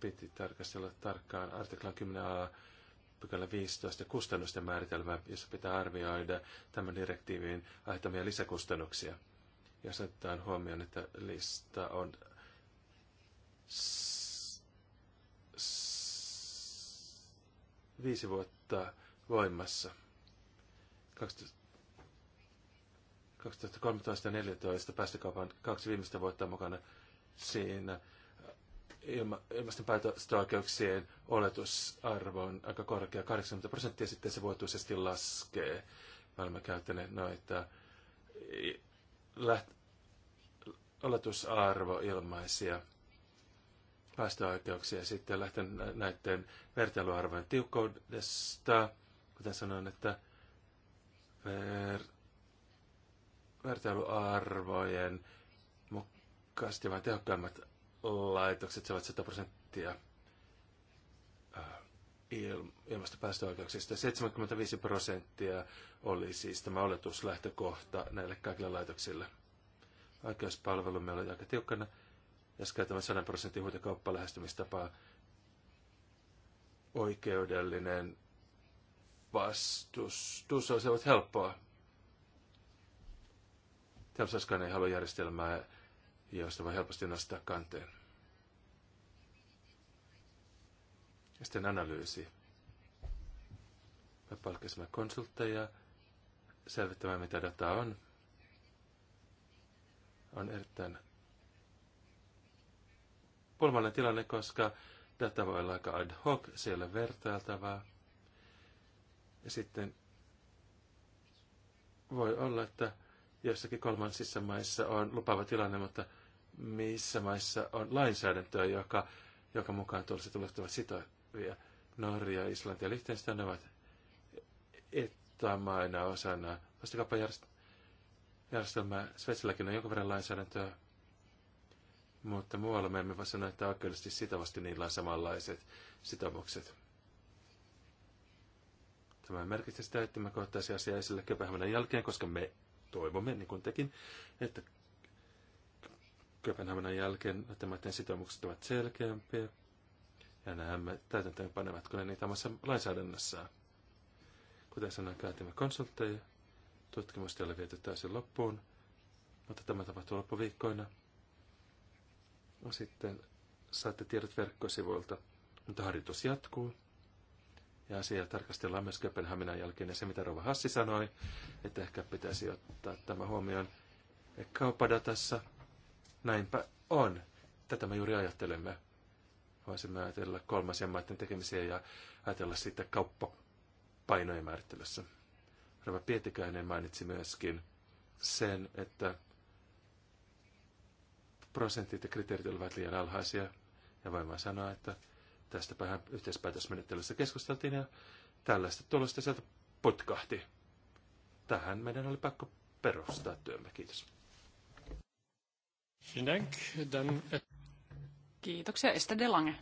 piti tarkastella tarkkaan artiklan 10a pykälä 15 kustannusten määritelmä, jossa pitää arvioida tämän direktiivin aiheuttamia lisäkustannuksia. Ja otetaan huomioon, että lista on viisi vuotta voimassa. 2013 ja 2014 päästökaupan kaksi viimeistä vuotta mukana siinä ilma, ilmaston päästöoikeuksien oletusarvo on aika korkea, 80 prosenttia, sitten se vuotuisesti laskee. Me olemme käyttäneet noita läht, oletusarvo ilmaisia päästöoikeuksia sitten lähten näiden vertailuarvojen tiukkoudesta. Kuten sanoin, että ver, vertailuarvojen mukaisesti vain tehokkaimmat laitokset saavat 100 prosenttia ilmastopäästöoikeuksista. 75 prosenttia oli siis tämä oletuslähtökohta näille kaikille laitoksille. meillä oli aika tiukkana Jos käytämme 100 prosentin huutokauppalähestymistapaa oikeudellinen vastustus olisi ollut helppoa. Telsaskaan ei halua järjestelmää, josta voi helposti nostaa kanteen. ja sitten analyysi. Me palkkasimme konsultteja selvittämään, mitä dataa on. On erittäin pulmallinen tilanne, koska data voi olla aika ad hoc, se ei ole vertailtavaa. Ja sitten voi olla, että joissakin kolmansissa maissa on lupaava tilanne, mutta missä maissa on lainsäädäntöä, joka, joka mukaan tulisi tulevat sitoa Latvia, Norja, Islanti ja Liechtenstein ovat etämaina osana vastakauppajärjestelmää. Sveitsilläkin on jonkun verran lainsäädäntöä, mutta muualla me emme voi sanoa, että oikeudellisesti sitovasti niillä on samanlaiset sitomukset. Tämä merkitsee sitä, että me kohtaisi asiaa esille Köpenhaminan jälkeen, koska me toivomme, niin kuin tekin, että Köpenhaminan jälkeen näiden sitoumukset ovat selkeämpiä ja näemme täytäntöön panevatko ne niitä omassa lainsäädännössään. Kuten sanoin, käytimme konsultteja. Tutkimusta ei ole viety täysin loppuun, mutta tämä tapahtuu loppuviikkoina. Ja no sitten saatte tiedot verkkosivuilta, mutta harjoitus jatkuu. Ja asiaa tarkastellaan myös Kööpenhaminan jälkeen. Ja se, mitä Rova Hassi sanoi, että ehkä pitäisi ottaa tämä huomioon kaupadatassa. Näinpä on. Tätä me juuri ajattelemme. Voisimme ajatella kolmansien maiden tekemisiä ja ajatella sitä kauppapainojen määrittelyssä. Rava Pietikäinen mainitsi myöskin sen, että prosentit ja kriteerit olivat liian alhaisia. Ja voin vain sanoa, että tästä vähän yhteispäätösmenettelyssä keskusteltiin ja tällaista tulosta sieltä potkahti. Tähän meidän oli pakko perustaa työmme. Kiitos. Kiitoksia, Esther de Lange.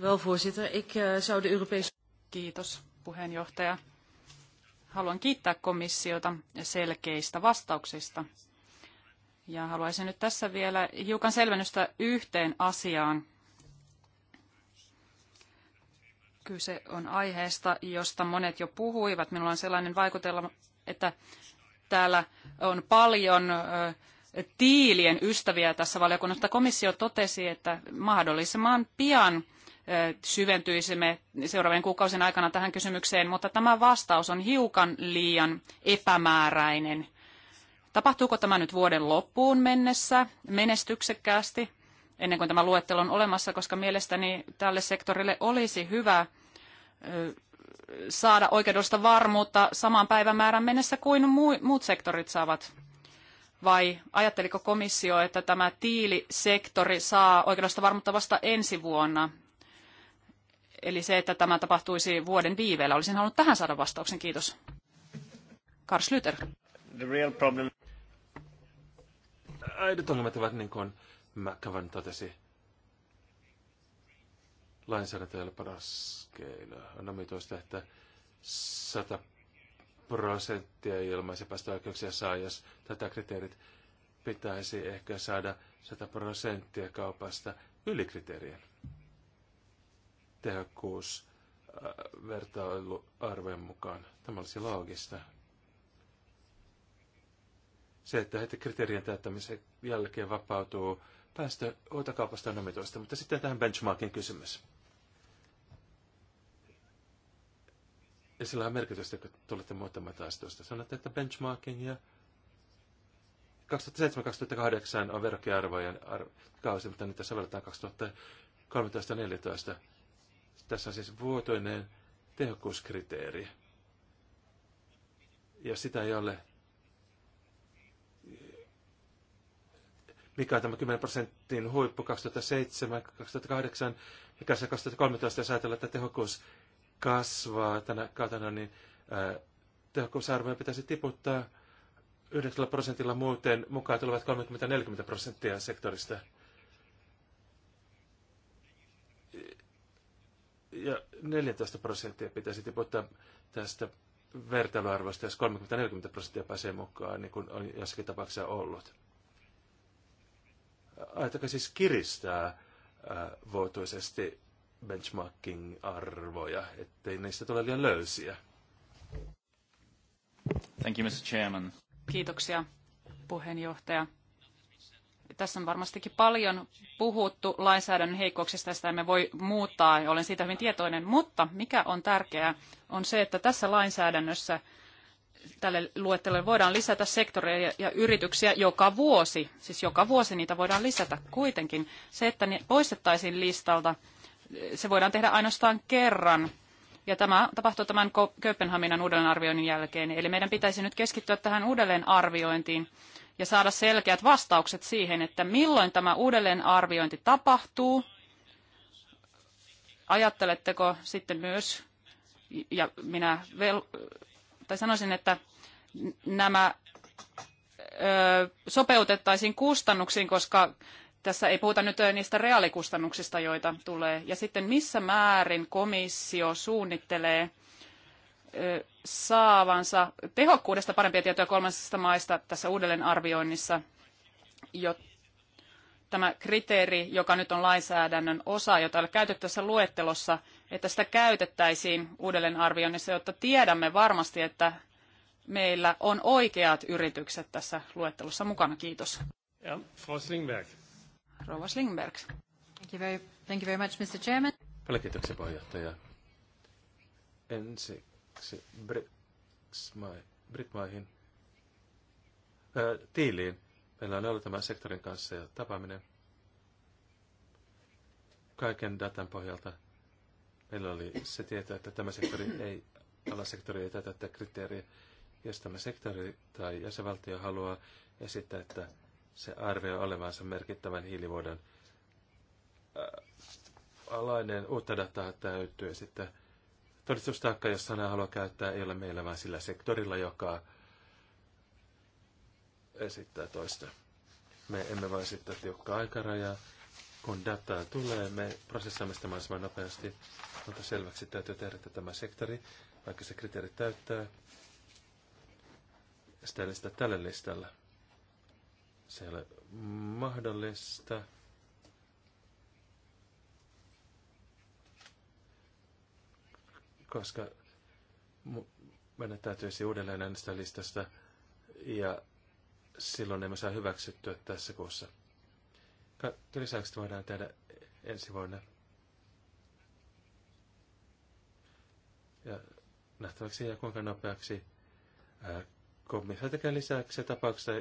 Wel, voorzitter. Ik eh, zou de Europese... Kiitos, puheenjohtaja. Haluan kiittää komissiota selkeistä vastauksista. Ja haluaisin nyt tässä vielä hiukan selvennystä yhteen asiaan. Kyse on aiheesta, josta monet jo puhuivat. Minulla on sellainen vaikutelma, että täällä on paljon tiilien ystäviä tässä valiokunnassa. Komissio totesi, että mahdollisimman pian syventyisimme seuraavien kuukausien aikana tähän kysymykseen, mutta tämä vastaus on hiukan liian epämääräinen. Tapahtuuko tämä nyt vuoden loppuun mennessä menestyksekkäästi, ennen kuin tämä luettelo on olemassa, koska mielestäni tälle sektorille olisi hyvä saada oikeudellista varmuutta samaan päivämäärän mennessä kuin muut sektorit saavat vai ajatteliko komissio, että tämä tiilisektori saa oikeudellista varmuutta vasta ensi vuonna? Eli se, että tämä tapahtuisi vuoden viiveellä. Olisin halunnut tähän saada vastauksen. Kiitos. Karl Slyter. The real problem. Aidot ongelmat ovat niin kuin McCavan totesi. Lainsäädäntö ei ole paras keino. On omituista, että 100 prosenttia ilmaisia päästöoikeuksia saa, jos tätä kriteerit pitäisi ehkä saada 100 prosenttia kaupasta yli kriteerien. Tehokkuus äh, vertailuarvojen mukaan. Tämä olisi loogista. Se, että heti kriteerien täyttämisen jälkeen vapautuu päästö huutakaupasta on omituista, mutta sitten tähän benchmarkin kysymys. Ja sillä on merkitystä, kun tulette muuttamaan taas tuosta. Sanoitte, että benchmarking ja 2007-2008 on verkkiarvojen kausi, mutta niitä sovelletaan 2013-2014. Tässä on siis vuotoinen tehokkuuskriteeri. Ja sitä ei ole mikä on tämä 10 prosentin huippu 2007, 2008, mikä se 2013 jos ajatellaan, että tehokkuus kasvaa tänä katana, niin tehokkuusarvoja pitäisi tiputtaa 9 prosentilla muuten mukaan tulevat 30-40 prosenttia sektorista. Ja 14 prosenttia pitäisi tiputtaa tästä vertailuarvosta, jos 30-40 prosenttia pääsee mukaan, niin kuin on jossakin tapauksessa ollut. Aitakaa siis kiristää vuotuisesti benchmarking-arvoja, ettei niistä tule liian löysiä. Thank you, Mr. Chairman. Kiitoksia, puheenjohtaja. Tässä on varmastikin paljon puhuttu lainsäädännön heikkouksista, sitä emme voi muuttaa, ja olen siitä hyvin tietoinen, mutta mikä on tärkeää, on se, että tässä lainsäädännössä tälle luettelolle voidaan lisätä sektoreja ja yrityksiä joka vuosi. Siis joka vuosi niitä voidaan lisätä kuitenkin. Se, että ne poistettaisiin listalta, se voidaan tehdä ainoastaan kerran. Ja tämä tapahtuu tämän Kööpenhaminan uudelleenarvioinnin jälkeen. Eli meidän pitäisi nyt keskittyä tähän uudelleenarviointiin ja saada selkeät vastaukset siihen, että milloin tämä uudelleenarviointi tapahtuu. Ajatteletteko sitten myös, ja minä vel, tai sanoisin, että nämä ö, sopeutettaisiin kustannuksiin, koska tässä ei puhuta nyt niistä reaalikustannuksista, joita tulee. Ja sitten missä määrin komissio suunnittelee saavansa tehokkuudesta parempia tietoja kolmansista maista tässä uudelleenarvioinnissa, jotta tämä kriteeri, joka nyt on lainsäädännön osa, jota ei ole käytetty tässä luettelossa, että sitä käytettäisiin uudelleenarvioinnissa, jotta tiedämme varmasti, että meillä on oikeat yritykset tässä luettelossa mukana. Kiitos. Ja, Frau Slingberg. Rouva Slingberg. Thank you very, thank you very much, Mr. Chairman. Paljon kiitoksia, puheenjohtaja. Ensiksi Britmaihin, tiiliin. Meillä on ollut tämän sektorin kanssa ja tapaaminen kaiken datan pohjalta. Meillä oli se tieto, että tämä sektori ei, alasektori ei täytä tätä kriteeriä. Jos tämä sektori tai jäsenvaltio haluaa esittää, että se arvioi olevansa merkittävän hiilivuodon äh, alainen. Uutta dataa täytyy sitten todistustaakka, jos sanaa haluaa käyttää, ei ole meillä, vaan sillä sektorilla, joka esittää toista. Me emme voi esittää tiukkaa aikarajaa. Kun dataa tulee, me prosessoimme sitä mahdollisimman nopeasti, mutta selväksi täytyy tehdä, että tämä sektori, vaikka se kriteerit täyttää, sitä ei tällä listalla. Se ei ole mahdollista. Koska meidän täytyisi uudelleen äänestää listasta ja silloin emme saa hyväksyttyä tässä kuussa. Lisäksi voidaan tehdä ensi vuonna. Ja nähtäväksi ja kuinka nopeaksi Kommissa tekee lisäksi tapauksessa,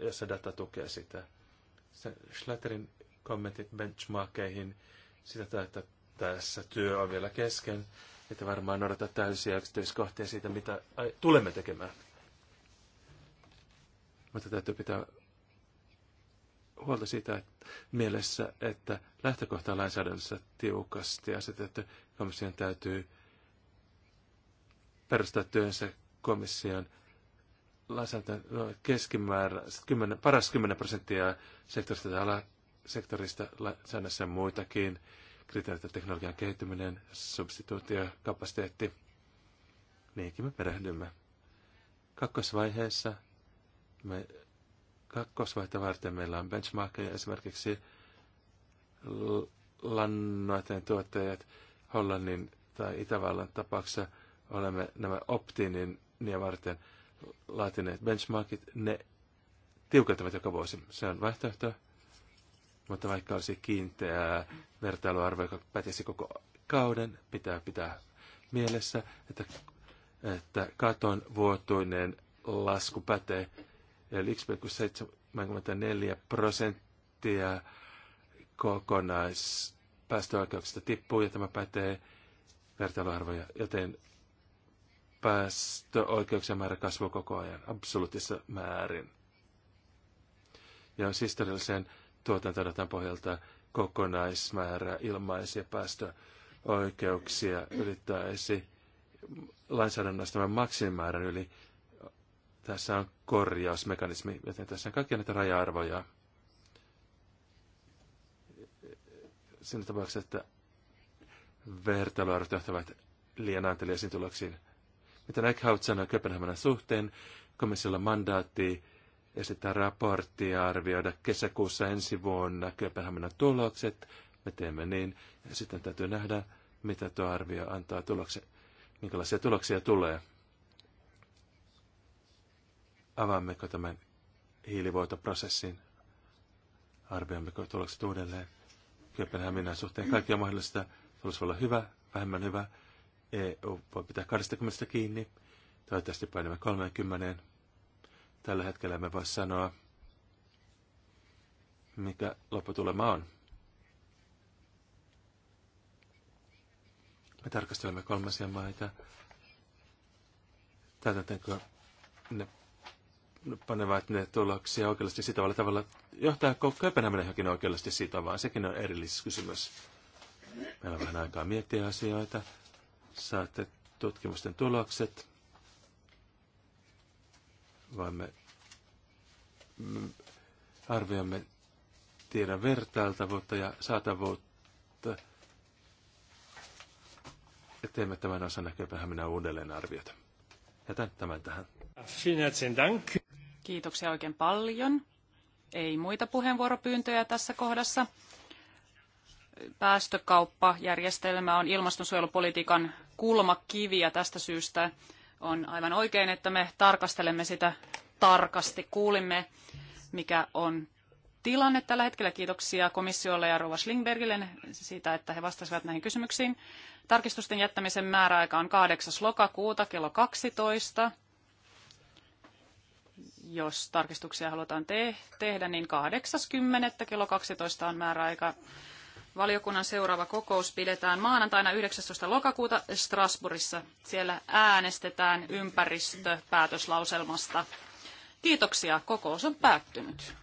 jossa data tukee sitä. Schlatterin kommentit benchmarkeihin sitä, että tässä työ on vielä kesken, että varmaan noudata täysiä yksityiskohtia siitä, mitä ai tulemme tekemään. Mutta täytyy pitää huolta siitä että mielessä, että lähtökohta on lainsäädännössä tiukasti että Komission täytyy perustaa työnsä komission lainsäädäntö no, keskimäärä, 10, paras 10 prosenttia sektorista tai alasektorista säännössä muitakin. Kriteerit teknologian kehittyminen, substituutio, kapasiteetti. Niinkin me perehdymme. Kakkosvaiheessa me kakkosvaihetta varten meillä on benchmarkeja esimerkiksi lannoitteen tuottajat Hollannin tai Itävallan tapauksessa olemme nämä optiinin varten – laatineet benchmarkit, ne tiukentavat joka vuosi. Se on vaihtoehto, mutta vaikka olisi kiinteä vertailuarvo, joka pätisi koko kauden, pitää pitää mielessä, että, että katon vuotuinen lasku pätee, eli 1,74 prosenttia kokonaispäästöoikeuksista tippuu, ja tämä pätee vertailuarvoja, joten päästöoikeuksien määrä kasvoi koko ajan absoluuttisessa määrin. Ja on siis tuotantodatan pohjalta kokonaismäärä ilmaisia päästöoikeuksia ylittäisi lainsäädännöstä maksimimäärän yli. Tässä on korjausmekanismi, joten tässä on kaikkia näitä raja-arvoja. Siinä tapauksessa, että vertailuarvot johtavat liian anteliaisiin tuloksiin – mitä Eckhout sanoi Köpenhaminan suhteen, komissiolla mandaatti esittää raporttia arvioida kesäkuussa ensi vuonna Kööpenhaminan tulokset. Me teemme niin. Ja sitten täytyy nähdä, mitä tuo arvio antaa tulokset, minkälaisia tuloksia tulee. Avaammeko tämän hiilivuotoprosessin? Arvioimmeko tulokset uudelleen? Kööpenhaminan suhteen kaikki on mahdollista. Tulisi olla hyvä, vähemmän hyvä EU voi pitää 20 kiinni. Toivottavasti painamme 30. Tällä hetkellä me voi sanoa, mikä lopputulema on. Me tarkastelemme kolmasia maita. Täytäntäänkö ne panevat ne tuloksia oikeasti sitovalla tavalla. Johtaako Kööpenhaminen johonkin oikeasti sitovaan? Sekin on erilliskysymys. Meillä on vähän aikaa miettiä asioita. Saatte tutkimusten tulokset. vaan me arvioimme tiedon vertailtavuutta ja saatavuutta. Ja teemme tämän osan näköpähäminä uudelleen arviota. Jätän tämän tähän. Kiitoksia oikein paljon. Ei muita puheenvuoropyyntöjä tässä kohdassa päästökauppajärjestelmä on ilmastonsuojelupolitiikan kulmakivi ja tästä syystä on aivan oikein, että me tarkastelemme sitä tarkasti. Kuulimme, mikä on tilanne tällä hetkellä. Kiitoksia komissiolle ja rouva Schlingbergille siitä, että he vastasivat näihin kysymyksiin. Tarkistusten jättämisen määräaika on 8. lokakuuta kello 12. Jos tarkistuksia halutaan te- tehdä, niin 80. kello 12 on määräaika Valiokunnan seuraava kokous pidetään maanantaina 19. lokakuuta Strasbourgissa. Siellä äänestetään ympäristöpäätöslauselmasta. Kiitoksia, kokous on päättynyt.